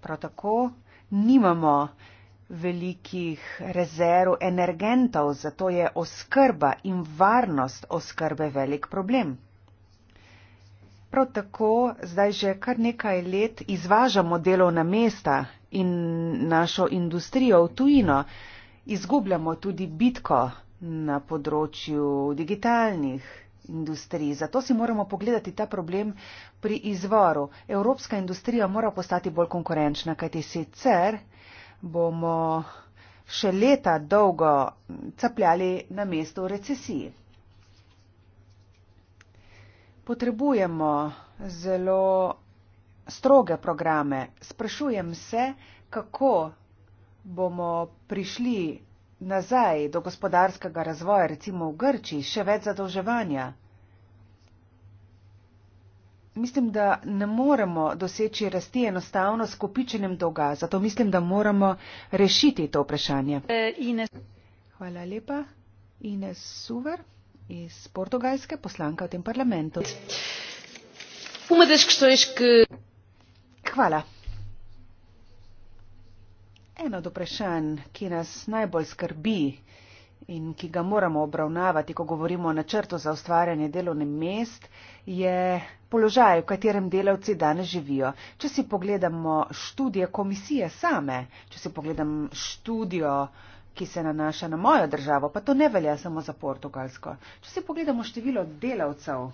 Prav tako nimamo velikih rezerv energentov, zato je oskrba in varnost oskrbe velik problem. Prav tako zdaj že kar nekaj let izvažamo delovna mesta in našo industrijo v tujino. Izgubljamo tudi bitko na področju digitalnih industrij. Zato si moramo pogledati ta problem pri izvoru. Evropska industrija mora postati bolj konkurenčna, kajti sicer bomo še leta dolgo capljali na mestu recesiji. Potrebujemo zelo stroge programe. Sprašujem se, kako bomo prišli nazaj do gospodarskega razvoja, recimo v Grčiji, še več zadolževanja mislim, da ne moremo doseči rasti enostavno s kopičenjem dolga. Zato mislim, da moramo rešiti to vprašanje. E, Hvala lepa. Ines Suver iz Portugalske, poslanka v tem parlamentu. Uma das questões que... Hvala. Eno od vprašanj, ki nas najbolj skrbi, in ki ga moramo obravnavati, ko govorimo o načrtu za ustvarjanje delovnih mest, je položaj, v katerem delavci danes živijo. Če si pogledamo študije komisije same, če si pogledam študijo, ki se nanaša na mojo državo, pa to ne velja samo za Portugalsko. Če si pogledamo število delavcev,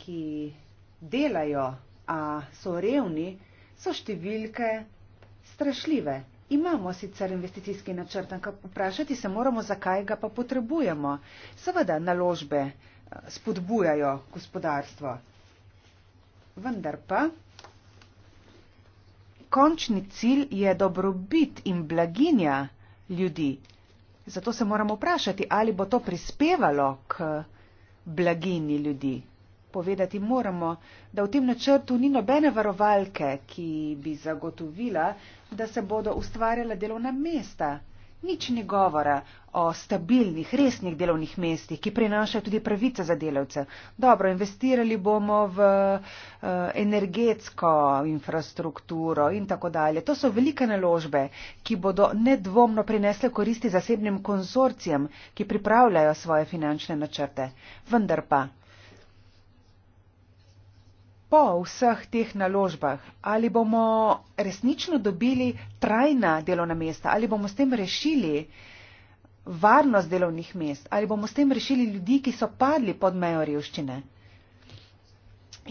ki delajo, a so revni, so številke strašljive. Imamo sicer investicijski načrt, ampak vprašati se moramo, zakaj ga pa potrebujemo. Seveda naložbe eh, spodbujajo gospodarstvo. Vendar pa končni cilj je dobrobit in blaginja ljudi. Zato se moramo vprašati, ali bo to prispevalo k blaginji ljudi. Povedati moramo, da v tem načrtu ni nobene varovalke, ki bi zagotovila, da se bodo ustvarjala delovna mesta. Nič ni govora o stabilnih, resnih delovnih mestih, ki prinašajo tudi pravice za delavce. Dobro, investirali bomo v uh, energetsko infrastrukturo in tako dalje. To so velike naložbe, ki bodo nedvomno prinesle koristi zasebnim konzorcijem, ki pripravljajo svoje finančne načrte. Vendar pa po vseh teh naložbah? Ali bomo resnično dobili trajna delovna mesta? Ali bomo s tem rešili varnost delovnih mest? Ali bomo s tem rešili ljudi, ki so padli pod mejo revščine?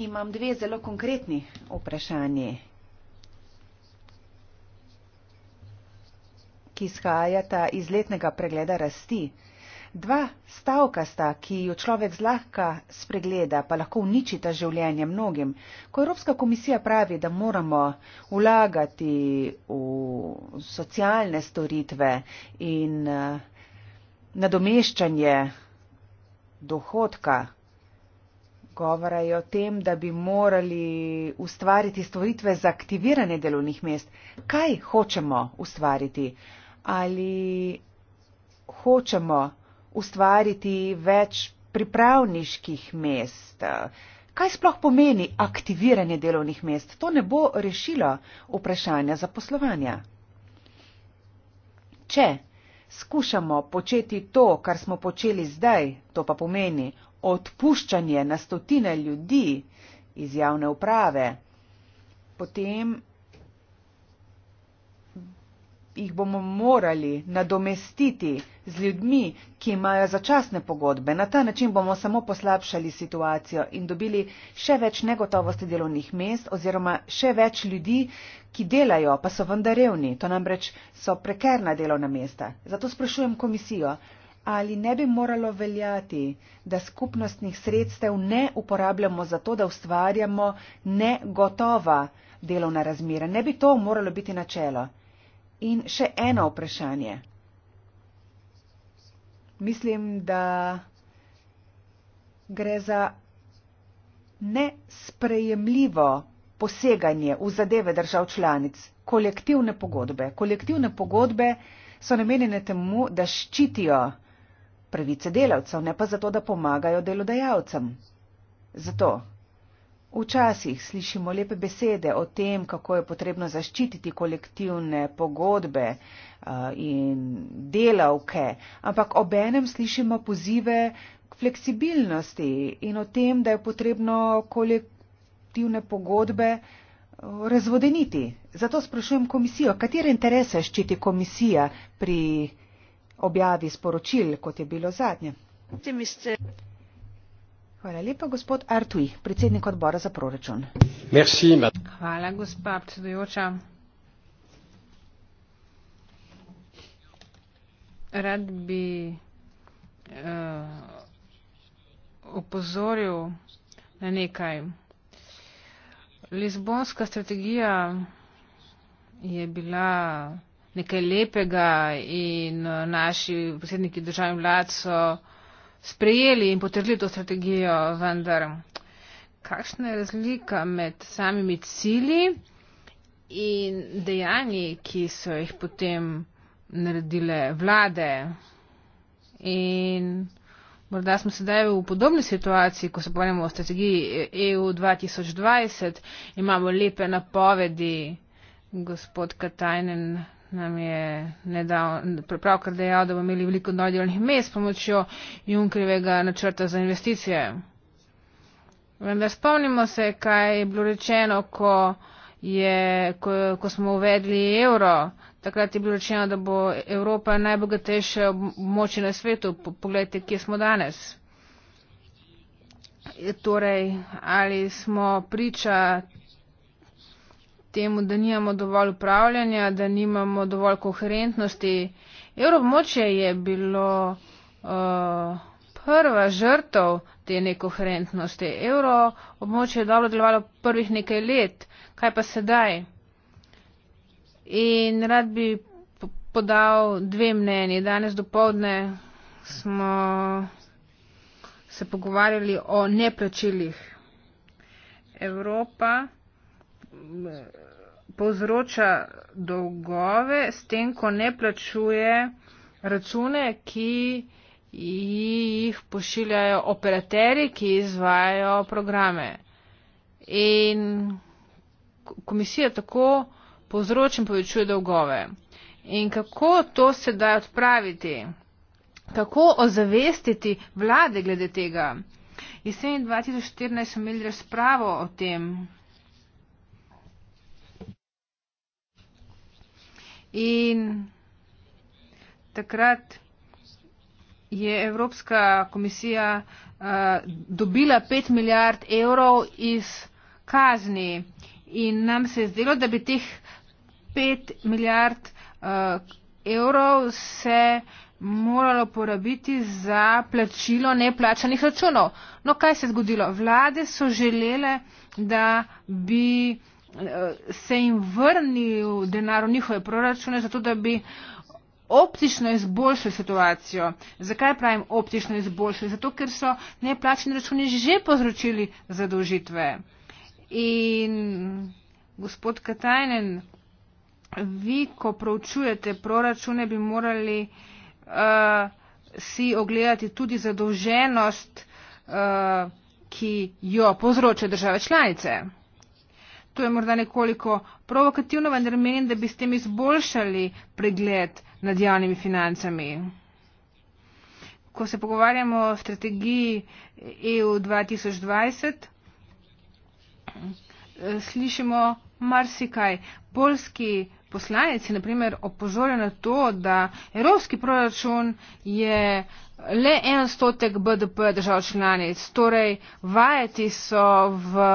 Imam dve zelo konkretni vprašanji, ki izhajata iz letnega pregleda rasti. Dva stavka sta, ki jo človek zlahka spregleda, pa lahko uničita življenje mnogim. Ko Evropska komisija pravi, da moramo vlagati v socialne storitve in eh, nadomeščanje dohodka, govora je o tem, da bi morali ustvariti storitve za aktiviranje delovnih mest. Kaj hočemo ustvariti? Ali hočemo ustvariti več pripravniških mest. Kaj sploh pomeni aktiviranje delovnih mest? To ne bo rešilo vprašanja zaposlovanja. Če skušamo početi to, kar smo počeli zdaj, to pa pomeni odpuščanje na stotine ljudi iz javne uprave, potem jih bomo morali nadomestiti z ljudmi, ki imajo začasne pogodbe. Na ta način bomo samo poslabšali situacijo in dobili še več negotovosti delovnih mest oziroma še več ljudi, ki delajo, pa so vendar revni. To namreč so prekerna delovna mesta. Zato sprašujem komisijo, ali ne bi moralo veljati, da skupnostnih sredstev ne uporabljamo za to, da ustvarjamo negotova delovna razmera. Ne bi to moralo biti načelo. In še eno vprašanje. Mislim, da gre za nesprejemljivo poseganje v zadeve držav članic, kolektivne pogodbe. Kolektivne pogodbe so namenjene temu, da ščitijo pravice delavcev, ne pa zato, da pomagajo delodajalcem. Zato Včasih slišimo lepe besede o tem, kako je potrebno zaščititi kolektivne pogodbe uh, in delavke, ampak obenem slišimo pozive k fleksibilnosti in o tem, da je potrebno kolektivne pogodbe uh, razvodeniti. Zato sprašujem komisijo, katere interese ščiti komisija pri objavi sporočil, kot je bilo zadnje. Hvala lepa, gospod Artui, predsednik odbora za proračun. Merci, Hvala, gospa predsedujoča. Rad bi uh, opozoril na nekaj. Lizbonska strategija je bila nekaj lepega in eh, naši predsedniki državnih vlad so sprejeli in potrdili to strategijo, vendar kakšna je razlika med samimi cili in dejanji, ki so jih potem naredile vlade. In morda smo sedaj v podobni situaciji, ko se pogovarjamo o strategiji EU 2020, imamo lepe napovedi, gospod Katajnen, nam je nedav, pravkar dejal, da bomo imeli veliko dodelnih mest s pomočjo Junkrivega načrta za investicije. Vendar spomnimo se, kaj je bilo rečeno, ko, je, ko, ko smo uvedli evro. Takrat je bilo rečeno, da bo Evropa najbogatejša moči na svetu. Poglejte, kje smo danes. Torej, ali smo priča temu, da nimamo dovolj upravljanja, da nimamo dovolj koherentnosti. Evropmočje je bilo uh, prva žrtov te nekoherentnosti. Evropmočje je dobro delovalo prvih nekaj let, kaj pa sedaj? In rad bi podal dve mnenji. Danes do povdne smo se pogovarjali o neplačilih. Evropa povzroča dolgove s tem, ko ne plačuje račune, ki jih pošiljajo operateri, ki izvajajo programe. In komisija tako povzroča in povečuje dolgove. In kako to se da odpraviti? Kako ozavestiti vlade glede tega? Jesen 2014 smo imeli razpravo o tem. In takrat je Evropska komisija uh, dobila 5 milijard evrov iz kazni. In nam se je zdelo, da bi teh 5 milijard uh, evrov se moralo porabiti za plačilo neplačanih računov. No, kaj se je zgodilo? Vlade so želele, da bi uh, se jim vrnil denar v njihove proračune, zato da bi optično izboljšali situacijo. Zakaj pravim optično izboljšali? Zato, ker so neplačeni računi že povzročili zadolžitve. In gospod Katajnen, vi, ko pravčujete proračune, bi morali uh, si ogledati tudi zadolženost, uh, ki jo povzročajo države članice. To je morda nekoliko provokativno, vendar menim, da bi s tem izboljšali pregled nad javnimi financami. Ko se pogovarjamo o strategiji EU 2020, slišimo marsikaj. Polski poslanec je naprimer opozoril na to, da evropski proračun je le en stotek BDP držav članic, torej vajeti so v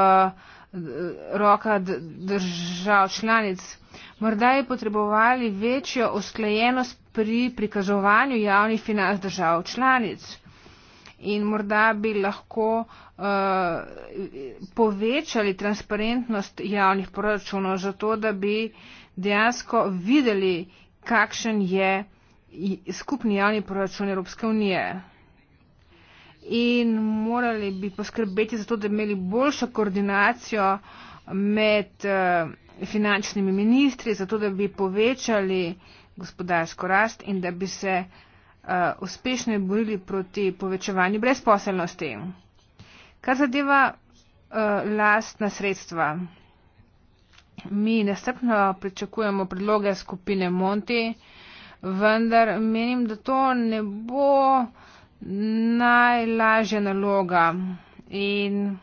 roka držav članic. Morda je potrebovali večjo usklajenost pri prikazovanju javnih financ držav članic. In morda bi lahko uh, povečali transparentnost javnih proračunov, zato da bi dejansko videli, kakšen je skupni javni proračun Evropske unije in morali bi poskrbeti za to, da bi imeli boljšo koordinacijo med eh, finančnimi ministri, zato da bi povečali gospodarsko rast in da bi se eh, uspešno borili proti povečevanju brezposelnosti. Kar zadeva eh, lastna sredstva. Mi nestrpno pričakujemo predloge skupine Monti, vendar menim, da to ne bo uh, najlažja naloga in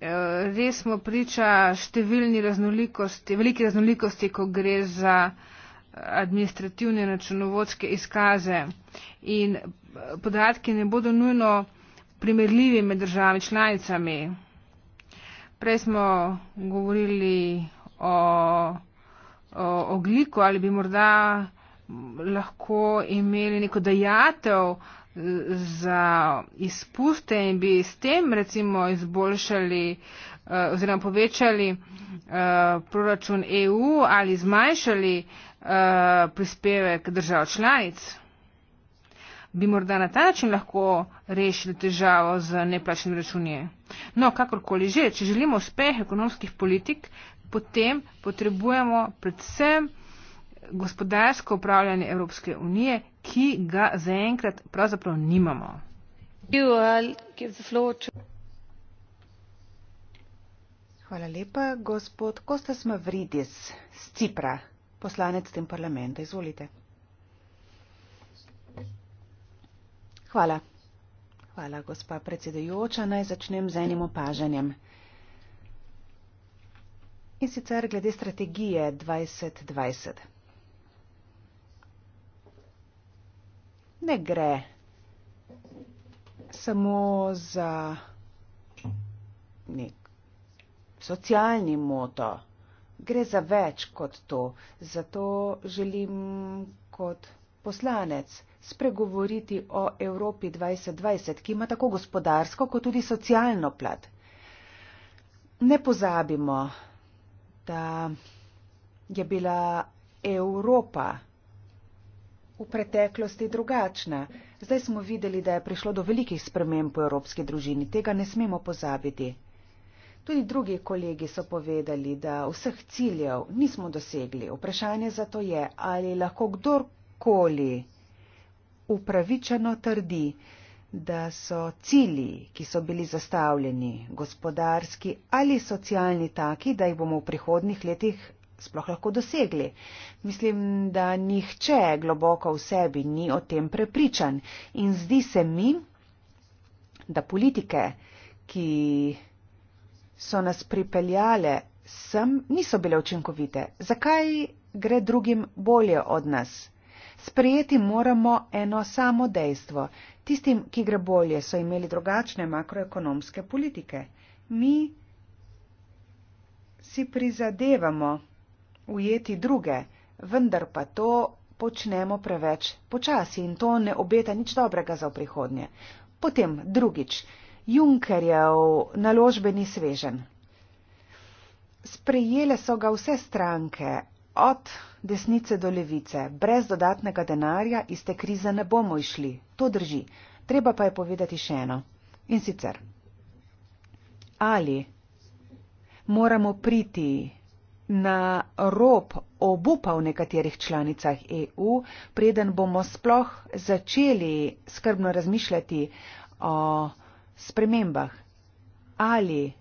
eh, res smo priča številni raznolikosti, veliki raznolikosti, ko gre za eh, administrativne računovodske izkaze in eh, podatki ne bodo nujno primerljivi med državami članicami. Prej smo govorili o, o ogliku ali bi morda lahko imeli neko dajatev eh, za izpuste in bi s tem recimo izboljšali eh, oziroma povečali eh, proračun EU ali zmanjšali prispevek držav članic, bi morda na ta način lahko rešili težavo z neplačnim računje. No, kakorkoli že, če želimo uspeh ekonomskih politik, potem potrebujemo predvsem gospodarsko upravljanje Evropske unije, ki ga zaenkrat pravzaprav nimamo. Hvala lepa, gospod Kostas Mavridis z Cipra, poslanec tem parlamenta. Izvolite. Hvala. Hvala, gospa predsedujoča. Naj začnem z enim opažanjem. In sicer glede strategije 2020. ne gre samo za nek socialni moto. Gre za več kot to. Zato želim kot poslanec spregovoriti o Evropi 2020, ki ima tako gospodarsko kot tudi socialno plat. Ne pozabimo, da je bila Evropa v preteklosti drugačna. Zdaj smo videli, da je prišlo do velikih sprememb v evropski družini. Tega ne smemo pozabiti. Tudi drugi kolegi so povedali, da vseh ciljev nismo dosegli. Vprašanje zato je, ali lahko kdorkoli upravičeno trdi, da so cilji, ki so bili zastavljeni, gospodarski ali socialni taki, da jih bomo v prihodnih letih sploh lahko dosegli. Mislim, da nihče globoko v sebi ni o tem prepričan in zdi se mi, da politike, ki so nas pripeljale sem, niso bile učinkovite. Zakaj gre drugim bolje od nas? Sprejeti moramo eno samo dejstvo. Tistim, ki gre bolje, so imeli drugačne makroekonomske politike. Mi si prizadevamo ujeti druge, vendar pa to počnemo preveč počasi in to ne obeta nič dobrega za prihodnje. Potem drugič, Junkerjev naložbeni svežen. Sprejele so ga vse stranke, od desnice do levice, brez dodatnega denarja iz te krize ne bomo išli, to drži. Treba pa je povedati še eno. In sicer, ali moramo priti na rob obupa v nekaterih članicah EU, preden bomo sploh začeli skrbno razmišljati o spremembah. Ali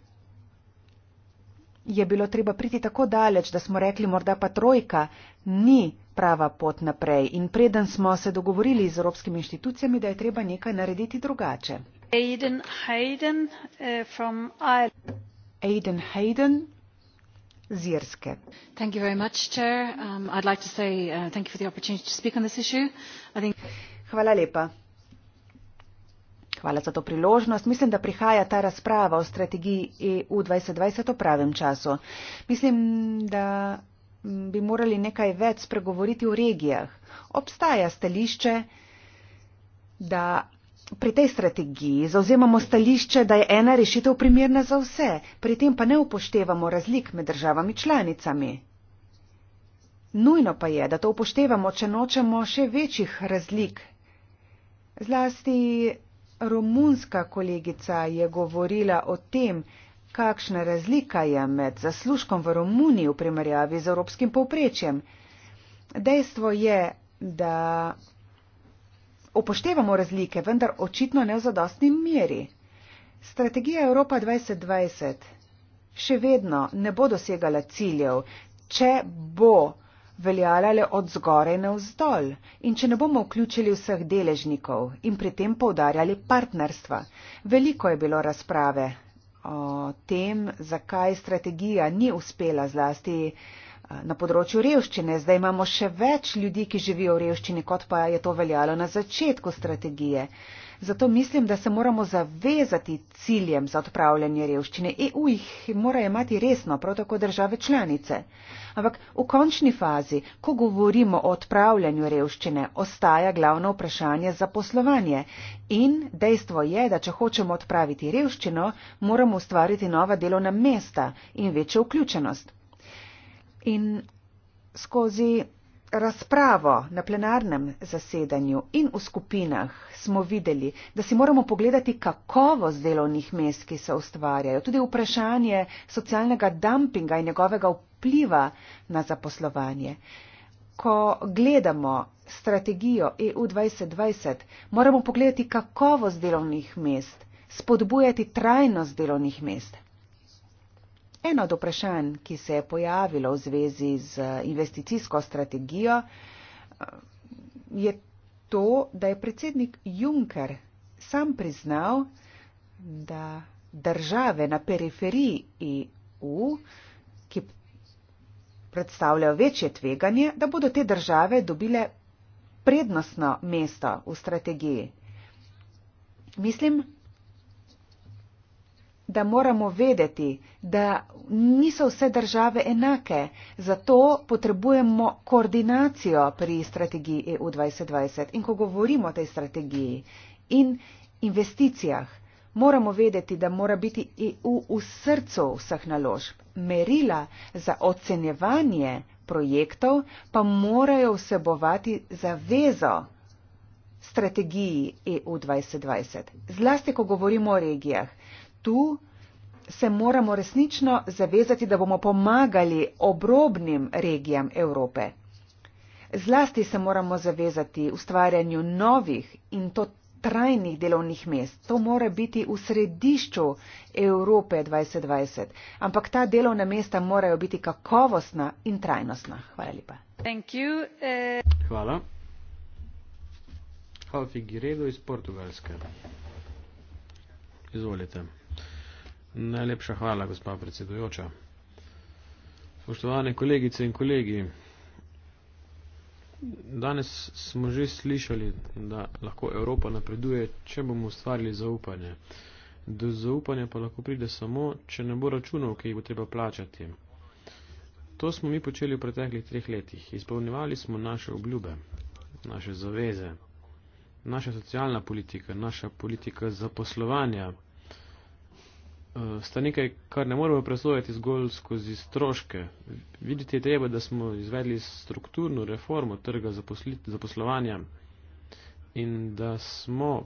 je bilo treba priti tako daleč, da smo rekli, morda pa trojka ni prava pot naprej in preden smo se dogovorili z evropskimi inštitucijami, da je treba nekaj narediti drugače. Aiden Hayden, uh, Aiden Hayden z irske. Um, uh, Hvala lepa. Hvala za to priložnost. Mislim, da prihaja ta razprava o strategiji EU 2020 v pravem času. Mislim, da bi morali nekaj več spregovoriti o regijah. Obstaja stališče, da Pri tej strategiji zauzemamo stališče, da je ena rešitev primerna za vse, pri tem pa ne upoštevamo razlik med državami članicami. Nujno pa je, da to upoštevamo, če nočemo še večjih razlik. Zlasti romunska kolegica je govorila o tem, kakšna razlika je med zasluškom v Romuniji v primerjavi z evropskim povprečjem. Dejstvo je, da upoštevamo razlike, vendar očitno ne v zadostni meri. Strategija Evropa 2020 še vedno ne bo dosegala ciljev, če bo veljala le od zgoraj na vzdolj in če ne bomo vključili vseh deležnikov in pri tem poudarjali partnerstva. Veliko je bilo razprave o tem, zakaj strategija ni uspela zlasti. Eh, na področju revščine. Zdaj imamo še več ljudi, ki živijo v revščini, kot pa je to veljalo na začetku strategije. Zato mislim, da se moramo zavezati ciljem za odpravljanje revščine. EU jih mora imati resno, prav tako države članice. Ampak v končni fazi, ko govorimo o odpravljanju revščine, ostaja glavno vprašanje za poslovanje. In dejstvo je, da če hočemo odpraviti revščino, moramo ustvariti nova delovna mesta in večjo vključenost in skozi razpravo na plenarnem zasedanju in v skupinah smo videli, da si moramo pogledati kakovost delovnih mest, ki se ustvarjajo, tudi vprašanje socialnega dumpinga in njegovega vpliva na zaposlovanje. Ko gledamo strategijo EU 2020, moramo pogledati kakovost delovnih mest, spodbujati trajnost delovnih mest. Eno od vprašanj, ki se je pojavilo v zvezi z eh, investicijsko strategijo, eh, je to, da je predsednik Juncker sam priznal, da države na periferiji EU, ki predstavljajo večje tveganje, da bodo te države dobile prednostno mesto v strategiji. Mislim, da moramo vedeti, da niso vse države enake, zato potrebujemo koordinacijo pri strategiji EU 2020. In ko govorimo o tej strategiji in investicijah, moramo vedeti, da mora biti EU v srcu vseh naložb. Merila za ocenjevanje projektov pa morajo vsebovati zavezo strategiji EU 2020. Zlasti, ko govorimo o regijah tu se moramo resnično zavezati, da bomo pomagali obrobnim regijam Evrope. Zlasti se moramo zavezati ustvarjanju novih in to trajnih delovnih mest. To mora biti v središču Evrope 2020. Ampak ta delovna mesta morajo biti kakovostna in trajnostna. Hvala lepa. Eh. Hvala. Halfi Giredo iz Portugalske. Izvolite. Najlepša hvala, gospa predsedujoča. Spoštovane kolegice in kolegi, danes smo že slišali, da lahko Evropa napreduje, če bomo ustvarili zaupanje. Do zaupanja pa lahko pride samo, če ne bo računov, ki jih bo treba plačati. To smo mi počeli v preteklih treh letih. Izpolnjevali smo naše obljube, naše zaveze, naša socialna politika, naša politika zaposlovanja. Eh, sta nekaj, kar ne moremo presojati zgolj skozi stroške. Videti je treba, da smo izvedli strukturno reformo trga zaposlovanja in da smo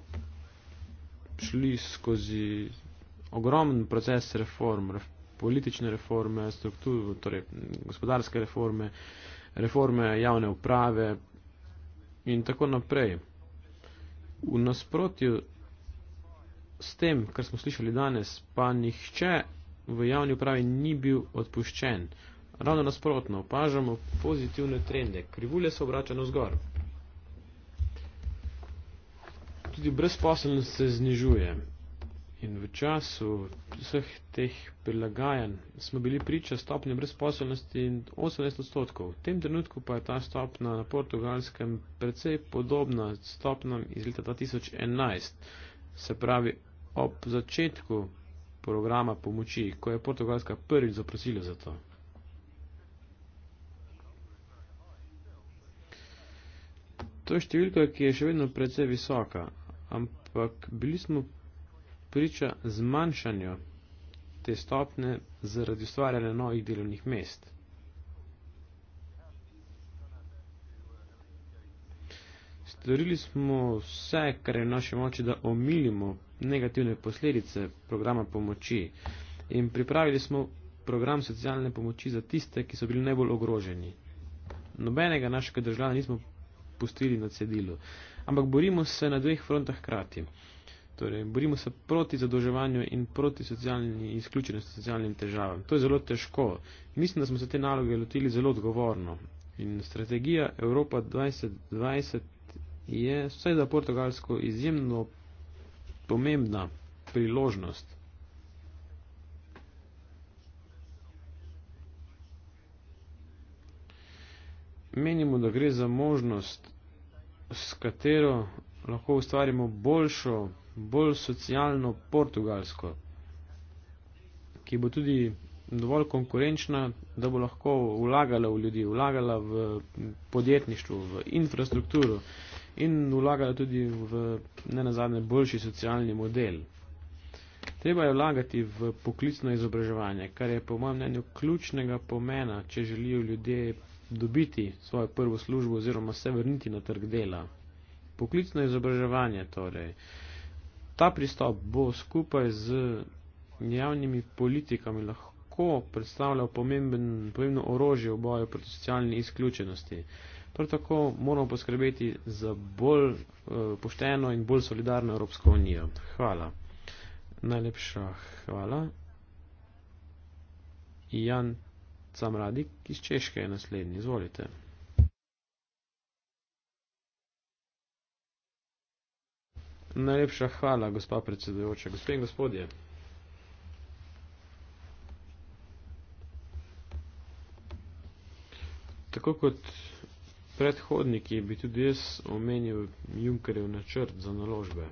šli skozi ogromen proces reform, ref, politične reforme, struktur, torej gospodarske reforme, reforme javne uprave in tako naprej. V nasprotju s tem, kar smo slišali danes, pa nihče v javni upravi ni bil odpuščen. Ravno nasprotno, opažamo pozitivne trende. Krivulje se obrača na vzgor. Tudi brezposelnost se znižuje. In v času vseh teh prilagajanj smo bili priča stopnje brezposelnosti 18 odstotkov. V tem trenutku pa je ta stopna na portugalskem precej podobna stopnjam iz leta 2011. Se pravi, ob začetku programa pomoči, ko je Portugalska prvič zaprosila za to. To je številka, ki je še vedno precej visoka, ampak bili smo priča zmanjšanju te stopne zaradi ustvarjanja novih delovnih mest. Storili smo vse, kar je v naši moči, da omilimo negativne posledice programa pomoči. In pripravili smo program socialne pomoči za tiste, ki so bili najbolj ogroženi. Nobenega našega državljana nismo pustili na cedilu. Ampak borimo se na dveh frontah krati. Torej, borimo se proti zadolževanju in proti socialni izključenosti, socialnim težavam. To je zelo težko. Mislim, da smo se te naloge lotili zelo odgovorno. In strategija Evropa 2020 je vsaj za Portugalsko izjemno pomembna priložnost. Menimo, da gre za možnost, s katero lahko ustvarimo boljšo, bolj socialno portugalsko, ki bo tudi dovolj konkurenčna, da bo lahko vlagala v ljudi, vlagala v podjetništvo, v infrastrukturo in vlagajo tudi v ne nazadnje boljši socialni model. Treba je vlagati v poklicno izobraževanje, kar je po mojem mnenju ključnega pomena, če želijo ljudje dobiti svojo prvo službo oziroma se vrniti na trg dela. Poklicno izobraževanje torej. Ta pristop bo skupaj z javnimi politikami lahko predstavljal pomemben, pomembno orožje v boju proti socialni izključenosti. Prav tako moramo poskrbeti za bolj uh, pošteno in bolj solidarno Evropsko unijo. Hvala. Najlepša hvala. Jan Camradik iz Češke je naslednji. Izvolite. Najlepša hvala, gospa predsedujoča, gospe in gospodje. Tako kot predhodniki bi tudi jaz omenil Junkerjev načrt za naložbe.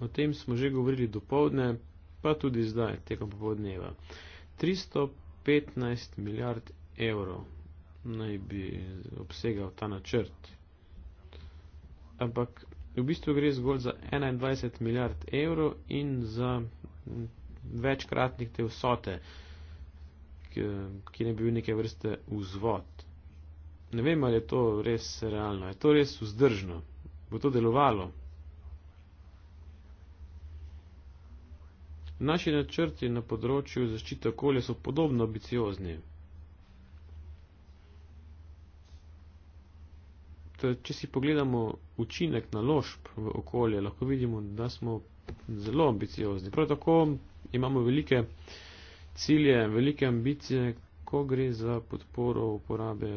O tem smo že govorili dopoledne, pa tudi zdaj, tekom popoldneva. 315 milijard evrov naj bi obsegal ta načrt. Ampak v bistvu gre zgolj za 21 milijard evrov in za večkratnik te vsote, ki, ki ne bi bil neke vrste vzvod ne vem, ali je to res realno, je to res vzdržno, bo to delovalo. Naši načrti na področju zaščite okolja so podobno ambiciozni. Torej, če si pogledamo učinek naložb v okolje, lahko vidimo, da smo zelo ambiciozni. Prav tako imamo velike cilje, velike ambicije, ko gre za podporo uporabe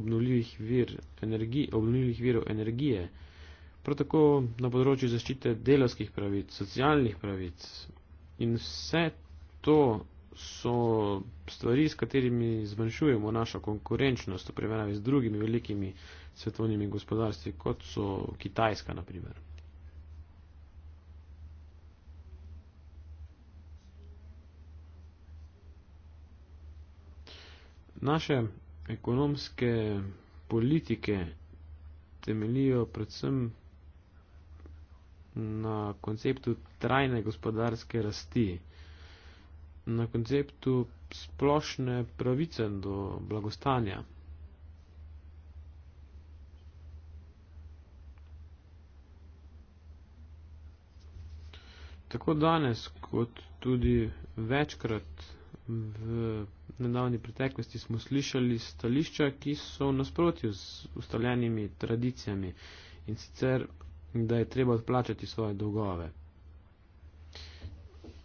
obnovljivih, vir energi, obnovljivih virov energije, prav tako na področju zaščite delovskih pravic, socialnih pravic. In vse to so stvari, s katerimi zmanjšujemo našo konkurenčnost v primerjavi z drugimi velikimi svetovnimi gospodarstvi, kot so Kitajska, naprimer. Naše ekonomske politike temelijo predvsem na konceptu trajne gospodarske rasti, na konceptu splošne pravice do blagostanja. Tako danes, kot tudi večkrat v nedavni preteklosti smo slišali stališča, ki so nasprotju z ustaljenimi tradicijami in sicer, da je treba odplačati svoje dolgove.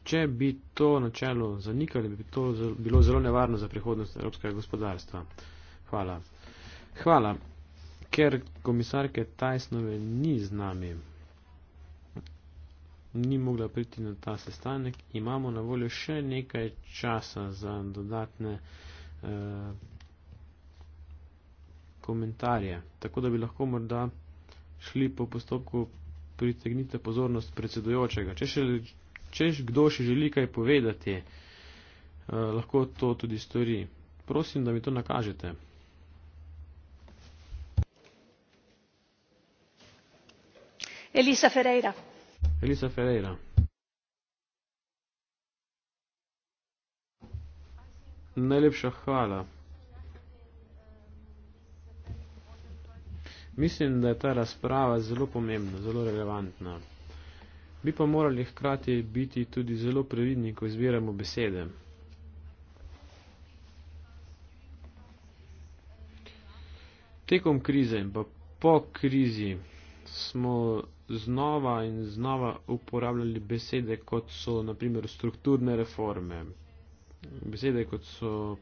Če bi to načelo zanikali, bi to bilo zelo nevarno za prihodnost evropskega gospodarstva. Hvala. Hvala, ker komisarke Tajsnove ni z nami ni mogla priti na ta sestanek, imamo na voljo še nekaj časa za dodatne eh, komentarje. Tako da bi lahko morda šli po postopku pritegnite pozornost predsedujočega. Če, še, če kdo še želi kaj povedati, eh, lahko to tudi stori. Prosim, da mi to nakažete. Elisa Ferreira. Elisa Ferreira. Najlepša hvala. Mislim, da je ta razprava zelo pomembna, zelo relevantna. Bi pa morali hkrati biti tudi zelo previdni, ko izbiramo besede. Tekom krize in pa po krizi smo znova in znova uporabljali besede kot so naprimer strukturne reforme, besede kot so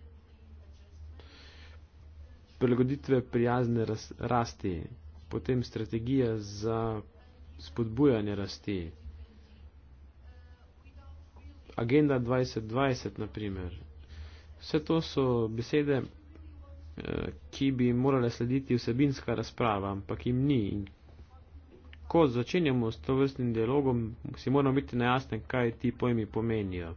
prilagoditve prijazne rasti, potem strategija za spodbujanje rasti, agenda 2020 naprimer. Vse to so besede, eh, ki bi morale slediti vsebinska razprava, ampak jim ni in ko začenjamo s tovrstnim dialogom, si moramo biti najasne, kaj ti pojmi pomenijo.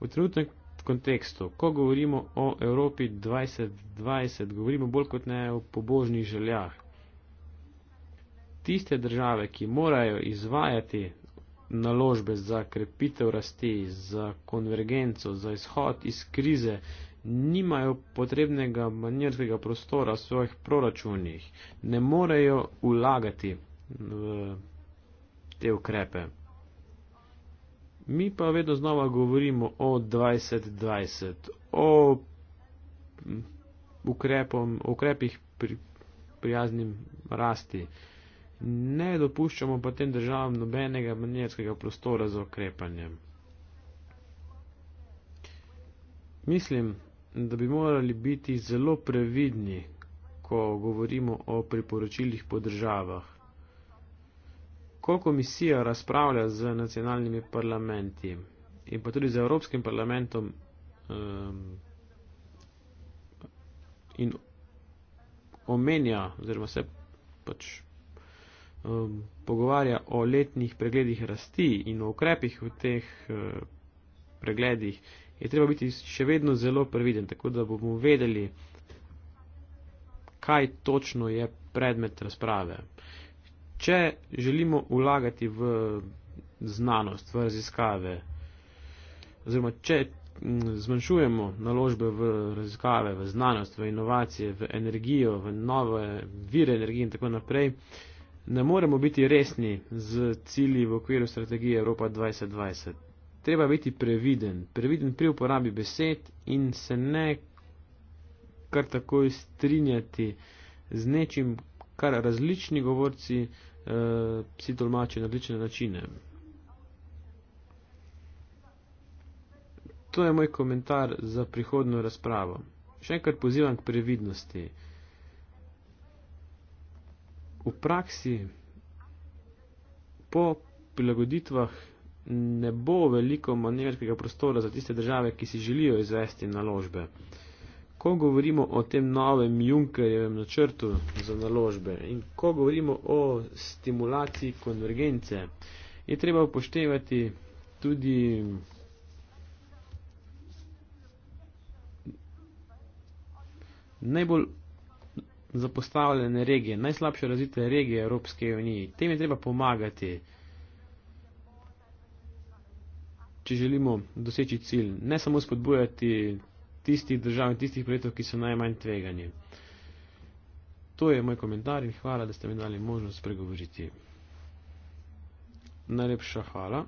V trenutnem kontekstu, ko govorimo o Evropi 2020, govorimo bolj kot ne o pobožnih željah. Tiste države, ki morajo izvajati naložbe za krepitev rasti, za konvergenco, za izhod iz krize, nimajo potrebnega manjerskega prostora v svojih proračunih, ne morejo vlagati v te ukrepe. Mi pa vedno znova govorimo o 2020, o ukrepom, ukrepih pri, prijaznim rasti. Ne dopuščamo pa tem državam nobenega manjerskega prostora za ukrepanje. Mislim, da bi morali biti zelo previdni, ko govorimo o priporočilih po državah ko komisija razpravlja z nacionalnimi parlamenti in pa tudi z Evropskim parlamentom um, in omenja oziroma se pač um, pogovarja o letnih pregledih rasti in o ukrepih v teh uh, pregledih, je treba biti še vedno zelo previden, tako da bomo vedeli, kaj točno je predmet razprave če želimo vlagati v znanost, v raziskave, oziroma če zmanjšujemo naložbe v raziskave, v znanost, v inovacije, v energijo, v nove vire energije in tako naprej, ne moremo biti resni z cilji v okviru strategije Evropa 2020. Treba biti previden, previden pri uporabi besed in se ne kar takoj strinjati z nečim, kar različni govorci psi eh, tolmačijo na različne načine. To je moj komentar za prihodno razpravo. Še enkrat pozivam k previdnosti. V praksi po prilagoditvah ne bo veliko manevrskega prostora za tiste države, ki si želijo izvesti naložbe ko govorimo o tem novem Junckerjevem načrtu za naložbe in ko govorimo o stimulaciji konvergence, je treba upoštevati tudi najbolj zapostavljene regije, najslabše razvite regije Evropske unije. Tem je treba pomagati, če želimo doseči cilj. Ne samo spodbujati tistih držav in tistih projektov, ki so najmanj tvegani. To je moj komentar in hvala, da ste mi dali možnost spregovoriti. Najlepša hvala.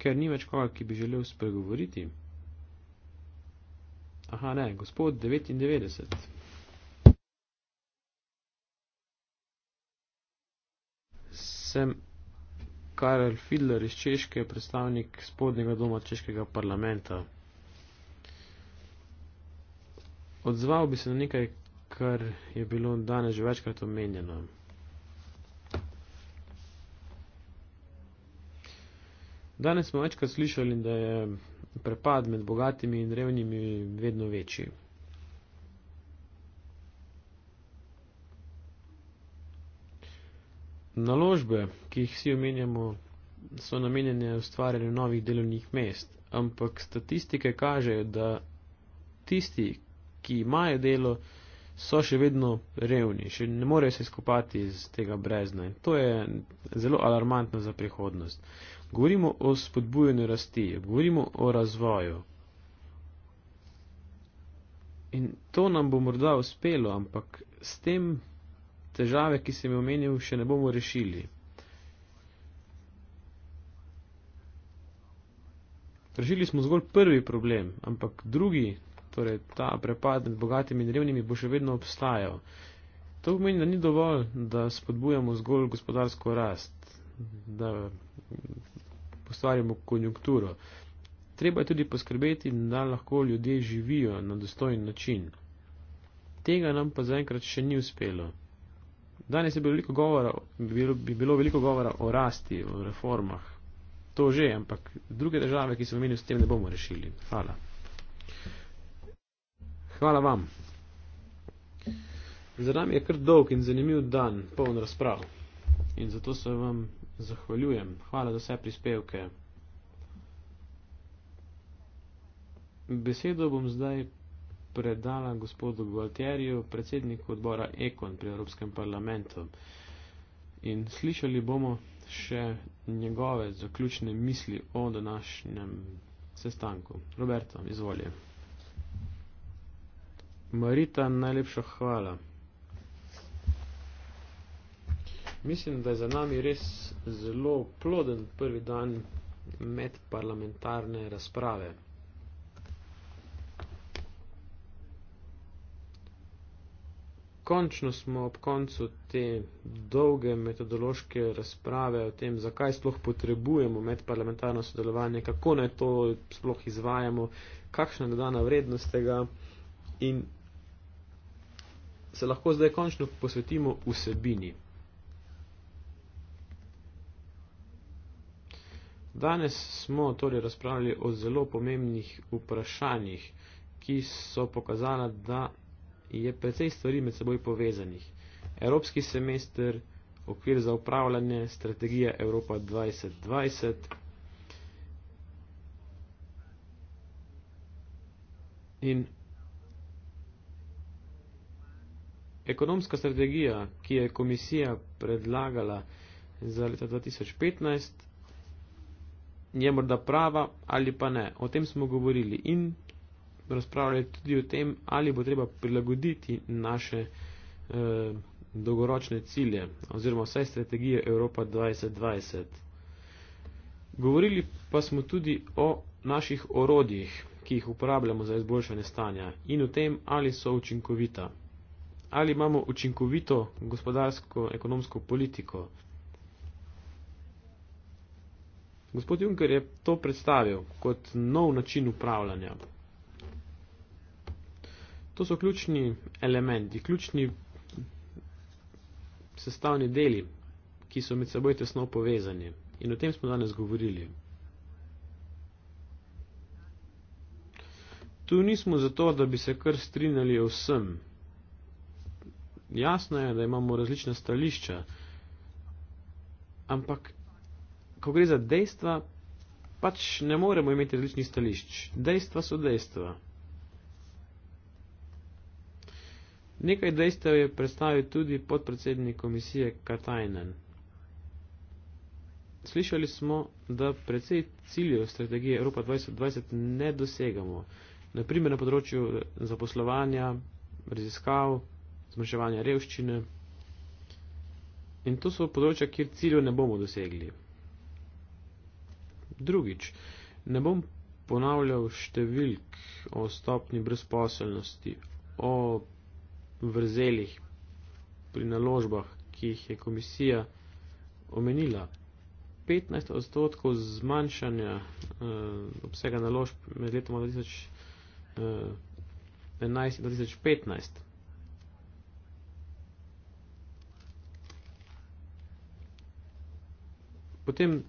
Ker ni več koga, ki bi želel spregovoriti. Aha, ne, gospod 99. Sem Karel Fidler iz Češke, predstavnik spodnjega doma Češkega parlamenta. Odzval bi se na nekaj, kar je bilo danes že večkrat omenjeno. Danes smo večkrat slišali, da je prepad med bogatimi in revnimi vedno večji. Naložbe, ki jih vsi omenjamo, so namenjene ustvarjanju novih delovnih mest, ampak statistike kažejo, da tisti, ki imajo delo, so še vedno revni, še ne morejo se skupati iz tega brezna. In to je zelo alarmantno za prihodnost. Govorimo o spodbujanju rasti, govorimo o razvoju. In to nam bo morda uspelo, ampak s tem težave, ki sem jo omenil, še ne bomo rešili. Rešili smo zgolj prvi problem, ampak drugi, torej ta prepad med bogatimi in revnimi, bo še vedno obstajal. To pomeni, da ni dovolj, da spodbujamo zgolj gospodarsko rast, da postvarjamo konjunkturo. Treba je tudi poskrbeti, da lahko ljudje živijo na dostojen način. Tega nam pa zaenkrat še ni uspelo. Danes je bilo veliko govora, bilo, bi bilo veliko govora o rasti, o reformah. To že, ampak druge države, ki so omenili, s tem ne bomo rešili. Hvala. Hvala vam. Za nami je kar dolg in zanimiv dan, poln razprav. In zato se vam zahvaljujem. Hvala za vse prispevke. Besedo bom zdaj predala gospodu Gualtieriju, predsedniku odbora Ekon pri Evropskem parlamentu. In slišali bomo še njegove zaključne misli o današnjem sestanku. Roberto, izvolje. Marita, najlepša hvala. Mislim, da je za nami res zelo ploden prvi dan medparlamentarne razprave. končno smo ob koncu te dolge metodološke razprave o tem, zakaj sploh potrebujemo medparlamentarno sodelovanje, kako naj to sploh izvajamo, kakšna je dodana vrednost tega in se lahko zdaj končno posvetimo vsebini. Danes smo torej razpravljali o zelo pomembnih vprašanjih, ki so pokazala, da je precej stvari med seboj povezanih. Evropski semester, okvir za upravljanje, strategija Evropa 2020. In ekonomska strategija, ki je komisija predlagala za leta 2015, je morda prava ali pa ne. O tem smo govorili in razpravljali tudi o tem, ali bo treba prilagoditi naše eh, dolgoročne cilje oziroma vse strategije Evropa 2020. Govorili pa smo tudi o naših orodjih, ki jih uporabljamo za izboljšanje stanja in o tem, ali so učinkovita. Ali imamo učinkovito gospodarsko-ekonomsko politiko? Gospod Juncker je to predstavil kot nov način upravljanja, To so ključni elementi, ključni sestavni deli, ki so med seboj tesno povezani. In o tem smo danes govorili. Tu nismo zato, da bi se kar strinjali o vsem. Jasno je, da imamo različna stališča, ampak ko gre za dejstva, pač ne moremo imeti različnih stališč. Dejstva so dejstva. Nekaj dejstev je predstavil tudi podpredsednik komisije Katajnen. Slišali smo, da predvsej ciljev strategije Evropa 2020 ne dosegamo, naprimer na področju zaposlovanja, raziskav, zmanjševanja revščine. In to so področja, kjer ciljev ne bomo dosegli. Drugič, ne bom ponavljal številk o stopni brezposelnosti, o vrzelih pri naložbah, ki jih je komisija omenila. 15 odstotkov zmanjšanja eh, obsega naložb med letom 2011 eh, in 2015. Potem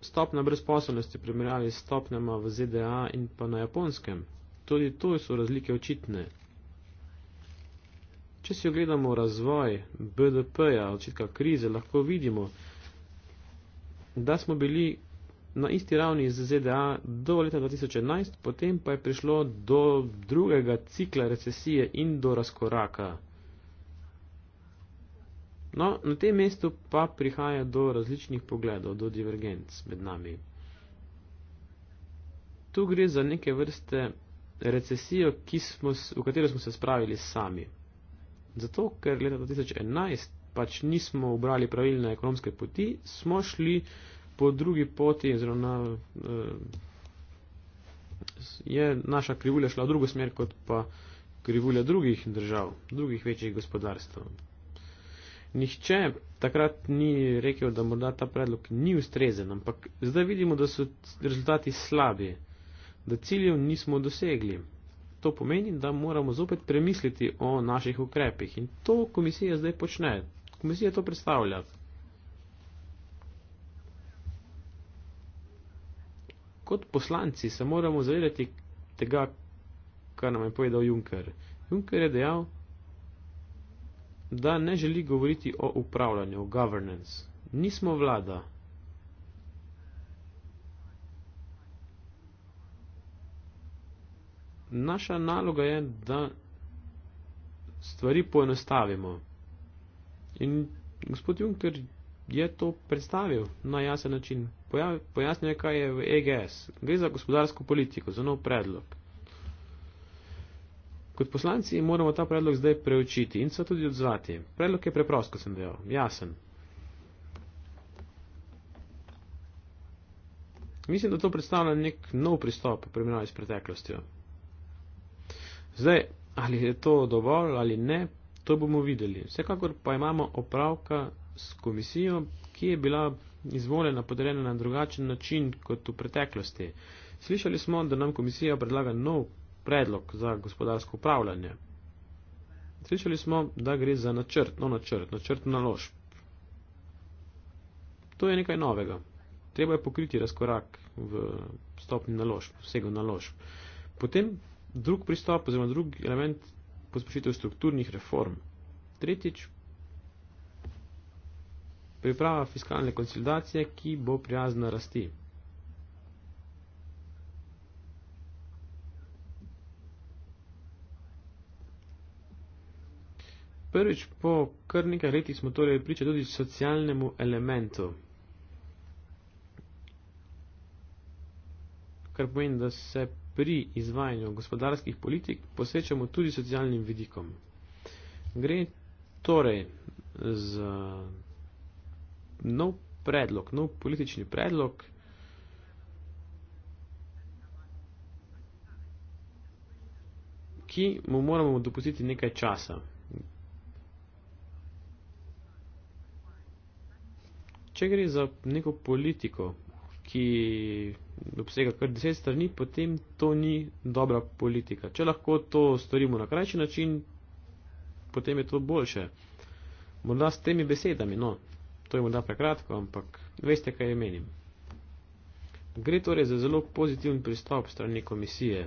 stopna brezposobnosti primerjali s stopnjama v ZDA in pa na japonskem. Tudi tu so razlike očitne. Če si ogledamo razvoj BDP-ja od začetka krize, lahko vidimo, da smo bili na isti ravni z ZDA do leta 2011, potem pa je prišlo do drugega cikla recesije in do razkoraka. No, na tem mestu pa prihaja do različnih pogledov, do divergenc med nami. Tu gre za neke vrste recesijo, v katero smo se spravili sami. Zato, ker leta 2011 pač nismo obrali pravilne ekonomske poti, smo šli po drugi poti, oziroma eh, je naša krivulja šla v drugo smer, kot pa krivulja drugih držav, drugih večjih gospodarstv. Nihče takrat ni rekel, da morda ta predlog ni ustrezen, ampak zdaj vidimo, da so rezultati slabi, da ciljev nismo dosegli. To pomeni, da moramo zopet premisliti o naših ukrepih in to komisija zdaj počne. Komisija to predstavlja. Kot poslanci se moramo zavedati tega, kar nam je povedal Juncker. Juncker je dejal, da ne želi govoriti o upravljanju, o governance. Nismo vlada, naša naloga je, da stvari poenostavimo. In gospod Juncker je to predstavil na jasen način. Pojasnil je, kaj je v EGS. Gre za gospodarsko politiko, za nov predlog. Kot poslanci moramo ta predlog zdaj preučiti in se tudi odzvati. Predlog je preprost, kot sem dejal, jasen. Mislim, da to predstavlja nek nov pristop v primerjavi s preteklostjo. Zdaj, ali je to dovolj ali ne, to bomo videli. Vsekakor pa imamo opravka s komisijo, ki je bila izvoljena, podeljena na drugačen način kot v preteklosti. Slišali smo, da nam komisija predlaga nov predlog za gospodarsko upravljanje. Slišali smo, da gre za načrt, no načrt, načrt naložb. To je nekaj novega. Treba je pokriti razkorak v stopni naložb, vsego naložb. Potem drug pristop oziroma drug element pospešitev strukturnih reform. Tretjič, priprava fiskalne konsolidacije, ki bo prijazna rasti. Prvič po kar nekaj letih smo torej priča tudi socialnemu elementu, kar pomeni, da se pri izvajanju gospodarskih politik posvečamo tudi socialnim vidikom. Gre torej za nov predlog, nov politični predlog, ki mu moramo dopustiti nekaj časa. Če gre za neko politiko, ki obsega kar deset strani, potem to ni dobra politika. Če lahko to storimo na krajši način, potem je to boljše. Morda s temi besedami, no, to je morda prekratko, ampak veste, kaj je menim. Gre torej za zelo pozitiven pristop strani komisije.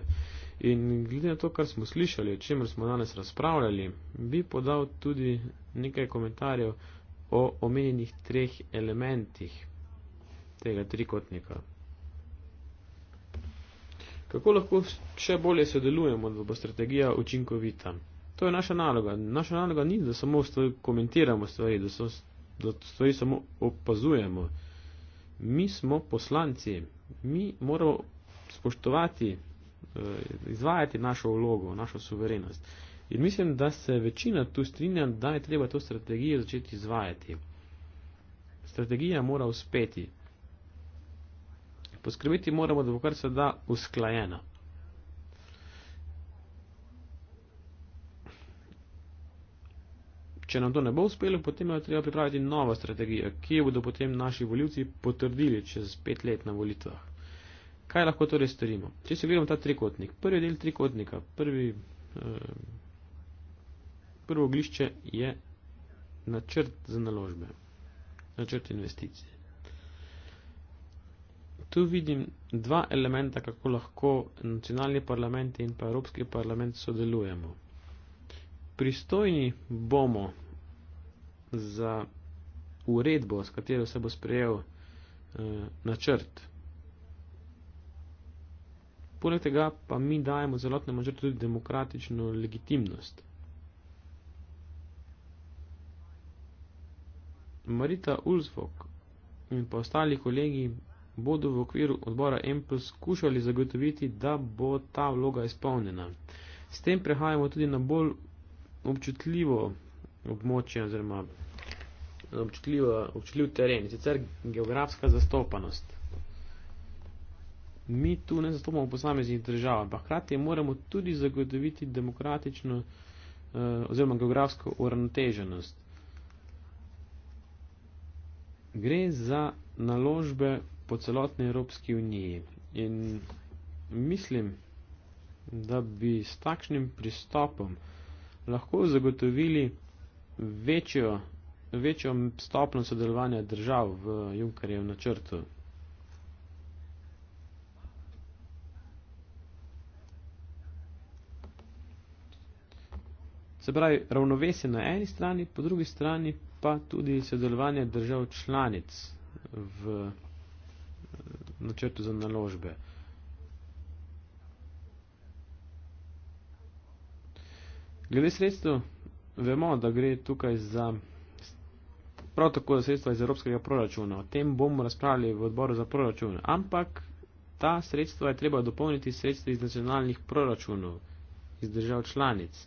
In glede na to, kar smo slišali, o čemer smo danes razpravljali, bi podal tudi nekaj komentarjev o omenjenih treh elementih tega trikotnika. Kako lahko še bolje sodelujemo, da bo strategija učinkovita? To je naša naloga. Naša naloga ni, da samo stvari komentiramo, stvari, da, so, da stvari samo opazujemo. Mi smo poslanci, mi moramo spoštovati, eh, izvajati našo vlogo, našo suverenost. In mislim, da se večina tu strinja, da je treba to strategijo začeti izvajati. Strategija mora uspeti. Poskrbeti moramo, da bo kar se da usklajena. Če nam to ne bo uspelo, potem je treba pripraviti novo strategijo, ki jo bodo potem naši voljivci potrdili čez pet let na volitvah. Kaj lahko torej storimo? Če se gledamo ta trikotnik, prvi del trikotnika, prvi, eh, prvo oglišče je načrt za naložbe, načrt investicije. Tu vidim dva elementa, kako lahko nacionalni parlament in pa Evropski parlament sodelujemo. Pristojni bomo za uredbo, s katero se bo sprejel eh, načrt. Poleg tega pa mi dajemo zelotnemu načrtu tudi demokratično legitimnost. Marita Ulzvok in pa ostali kolegi bodo v okviru odbora EMPL skušali zagotoviti, da bo ta vloga izpolnjena. S tem prehajamo tudi na bolj občutljivo območje oziroma občutljivo, občutljiv teren, sicer geografska zastopanost. Mi tu ne zastopamo posameznih držav, ampak hkrati moramo tudi zagotoviti demokratično eh, oziroma geografsko uravnoteženost. Gre za naložbe po celotni Evropski uniji. In mislim, da bi s takšnim pristopom lahko zagotovili večjo, večjo stopno sodelovanja držav v Junkarjev načrtu. Se pravi, ravnovesje na eni strani, po drugi strani pa tudi sodelovanje držav članic v načrtu za naložbe. Glede sredstva, vemo, da gre tukaj za prav tako za sredstva iz evropskega proračuna. O tem bomo razpravljali v odboru za proračun. Ampak ta sredstva je treba dopolniti s sredstvi iz nacionalnih proračunov, iz držav članic.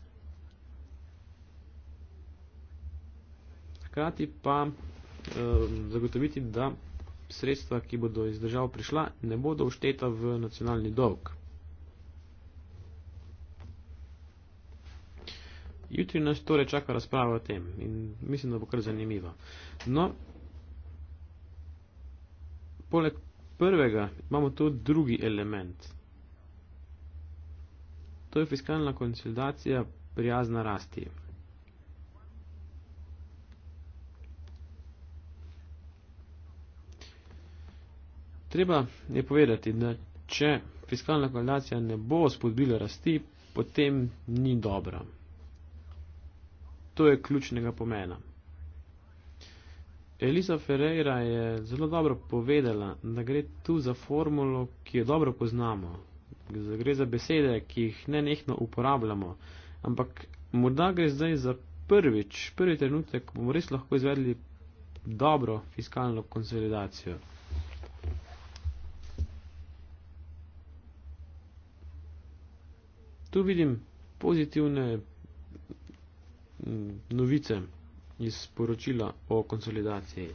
Hkrati pa um, zagotoviti, da sredstva, ki bodo iz držav prišla, ne bodo ušteta v nacionalni dolg. Jutri nas torej čaka razprava o tem in mislim, da bo kar zanimiva. No, poleg prvega imamo tu drugi element. To je fiskalna konsolidacija prijazna rasti. Treba je povedati, da če fiskalna koalicija ne bo spodbila rasti, potem ni dobra. To je ključnega pomena. Elisa Ferreira je zelo dobro povedala, da gre tu za formulo, ki jo dobro poznamo. Gre za besede, ki jih ne nekno uporabljamo, ampak morda gre zdaj za prvič, prvi trenutek, ko bomo res lahko izvedli dobro fiskalno konsolidacijo. Tu vidim pozitivne mm, novice iz poročila o konsolidaciji.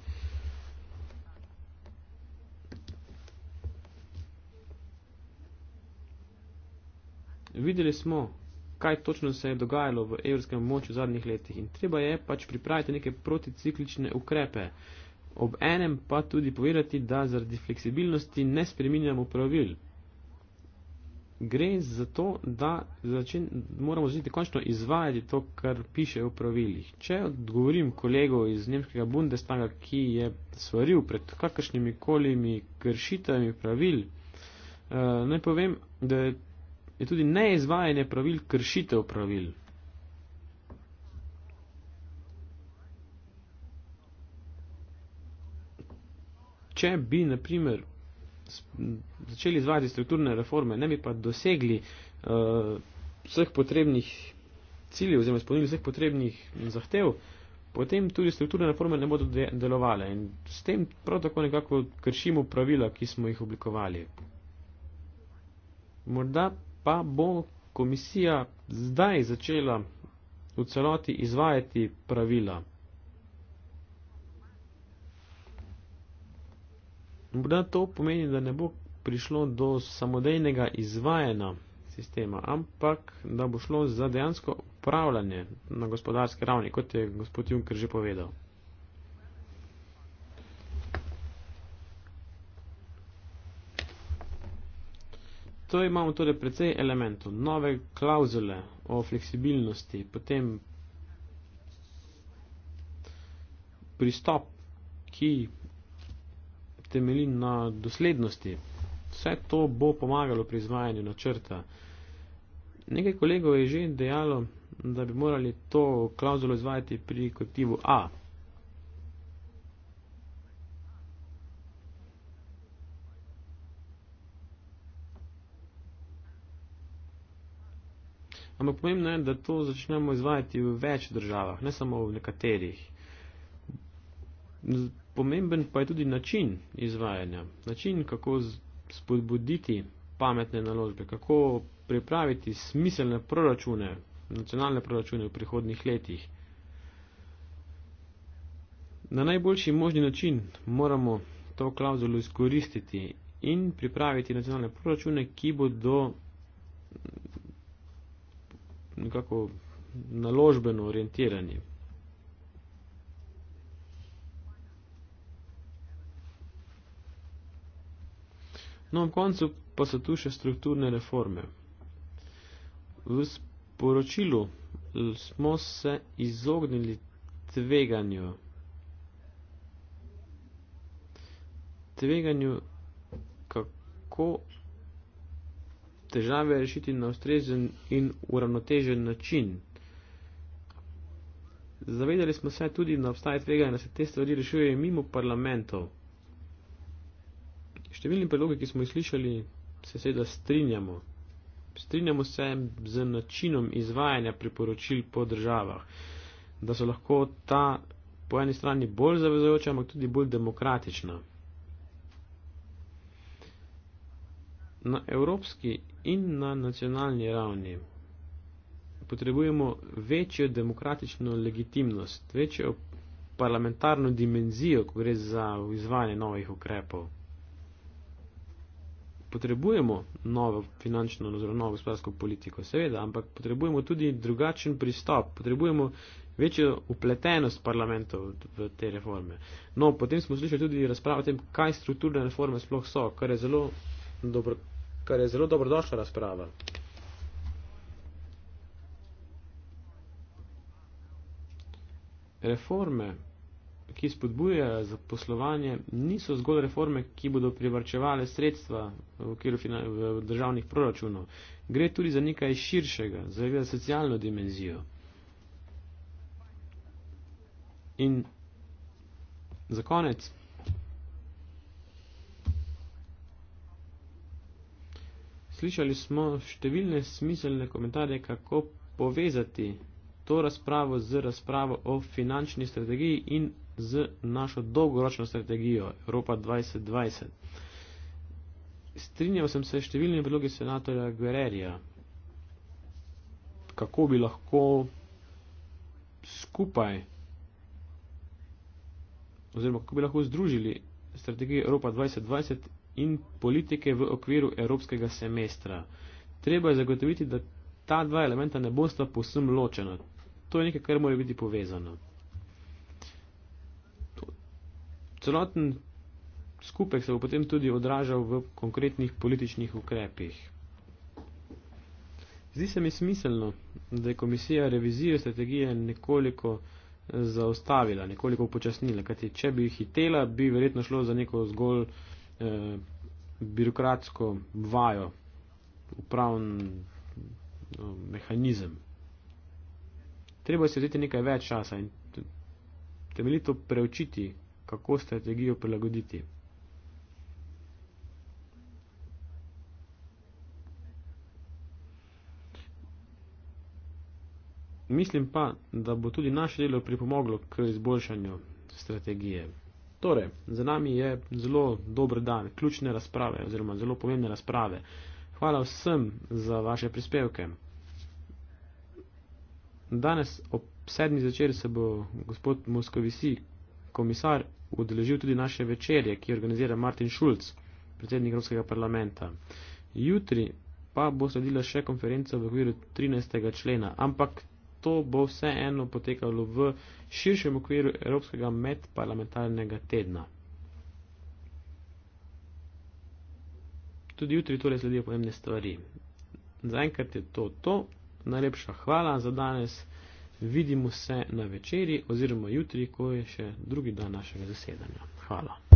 Videli smo, kaj točno se je dogajalo v evropskem moču v zadnjih letih in treba je pač pripraviti neke proticiklične ukrepe. Ob enem pa tudi povedati, da zaradi fleksibilnosti ne spreminjamo pravil gre za to, da začin, moramo začeti končno izvajati to, kar piše v pravilih. Če odgovorim kolego iz nemškega Bundestaga, ki je svaril pred kakršnimi kolimi kršitami pravil, eh, naj povem, da je tudi neizvajanje pravil kršitev pravil. Če bi, na primer, začeli izvajati strukturne reforme, ne bi pa dosegli uh, vseh potrebnih ciljev oziroma izpolnili vseh potrebnih zahtev, potem tudi strukturne reforme ne bodo de delovale in s tem prav tako nekako kršimo pravila, ki smo jih oblikovali. Morda pa bo komisija zdaj začela v celoti izvajati pravila. Morda to pomeni, da ne bo prišlo do samodejnega izvajanja sistema, ampak da bo šlo za dejansko upravljanje na gospodarski ravni, kot je gospod Juncker že povedal. To imamo torej precej elementov, nove klauzule o fleksibilnosti, potem pristop, ki temeli na doslednosti. Vse to bo pomagalo pri izvajanju načrta. Nekaj kolegov je že dejalo, da bi morali to klauzulo izvajati pri kolektivu A. Ampak pomembno je, da to začnemo izvajati v več državah, ne samo v nekaterih pomemben pa je tudi način izvajanja, način, kako spodbuditi pametne naložbe, kako pripraviti smiselne proračune, nacionalne proračune v prihodnih letih. Na najboljši možni način moramo to klauzulo izkoristiti in pripraviti nacionalne proračune, ki bodo nekako naložbeno orientirani, No, ob koncu pa so tu še strukturne reforme. V sporočilu smo se izognili tveganju. Tveganju, kako težave rešiti na ustrezen in uravnotežen način. Zavedali smo se tudi, da obstaja tveganje, da se te stvari rešujejo mimo parlamentov številni predlogi, ki smo jih slišali, se seveda strinjamo. Strinjamo se z načinom izvajanja priporočil po državah, da so lahko ta po eni strani bolj zavezojoča, ampak tudi bolj demokratična. Na evropski in na nacionalni ravni potrebujemo večjo demokratično legitimnost, večjo parlamentarno dimenzijo, ko gre za izvajanje novih ukrepov potrebujemo novo finančno oziroma novo gospodarsko politiko, seveda, ampak potrebujemo tudi drugačen pristop, potrebujemo večjo upletenost parlamentov v te reforme. No, potem smo slišali tudi razpravo o tem, kaj strukturne reforme sploh so, kar je zelo, dobro, kar je zelo dobrodošla razprava. Reforme ki spodbujajo zaposlovanje, niso zgolj reforme, ki bodo privrčevale sredstva v, finan, v državnih proračunov. Gre tudi za nekaj širšega, za socialno dimenzijo. In za konec. Slišali smo številne smiselne komentarje, kako povezati to razpravo z razpravo o finančni strategiji in z našo dolgoročno strategijo Evropa 2020. Strinjal sem se s številnimi predlogi senatorja Guerrerija, kako bi lahko skupaj oziroma kako bi lahko združili strategijo Evropa 2020 in politike v okviru evropskega semestra. Treba je zagotoviti, da ta dva elementa ne bosta posem ločena. To je nekaj, kar mora biti povezano. celoten skupek se bo potem tudi odražal v konkretnih političnih ukrepih. Zdi se mi smiselno, da je komisija revizijo strategije nekoliko eh, zaustavila, nekoliko upočasnila, kajti če bi hitela, bi verjetno šlo za neko zgolj eh, birokratsko vajo, upravn no, mehanizem. Treba se vzeti nekaj več časa in temeljito preučiti kako strategijo prilagoditi. Mislim pa, da bo tudi naše delo pripomoglo k izboljšanju strategije. Torej, za nami je zelo dober dan, ključne razprave oziroma zelo pomembne razprave. Hvala vsem za vaše prispevke. Danes ob sedmi začer se bo gospod Moskovici, komisar udeležil tudi naše večerje, ki organizira Martin Schulz, predsednik Evropskega parlamenta. Jutri pa bo sledila še konferenca v okviru 13. člena, ampak to bo vseeno potekalo v širšem okviru Evropskega medparlamentarnega tedna. Tudi jutri torej sledijo pomembne stvari. Zaenkrat je to to. Najlepša hvala za danes. Vidimo se na večerji oziroma jutri, ko je še drugi dan našega zasedanja. Hvala.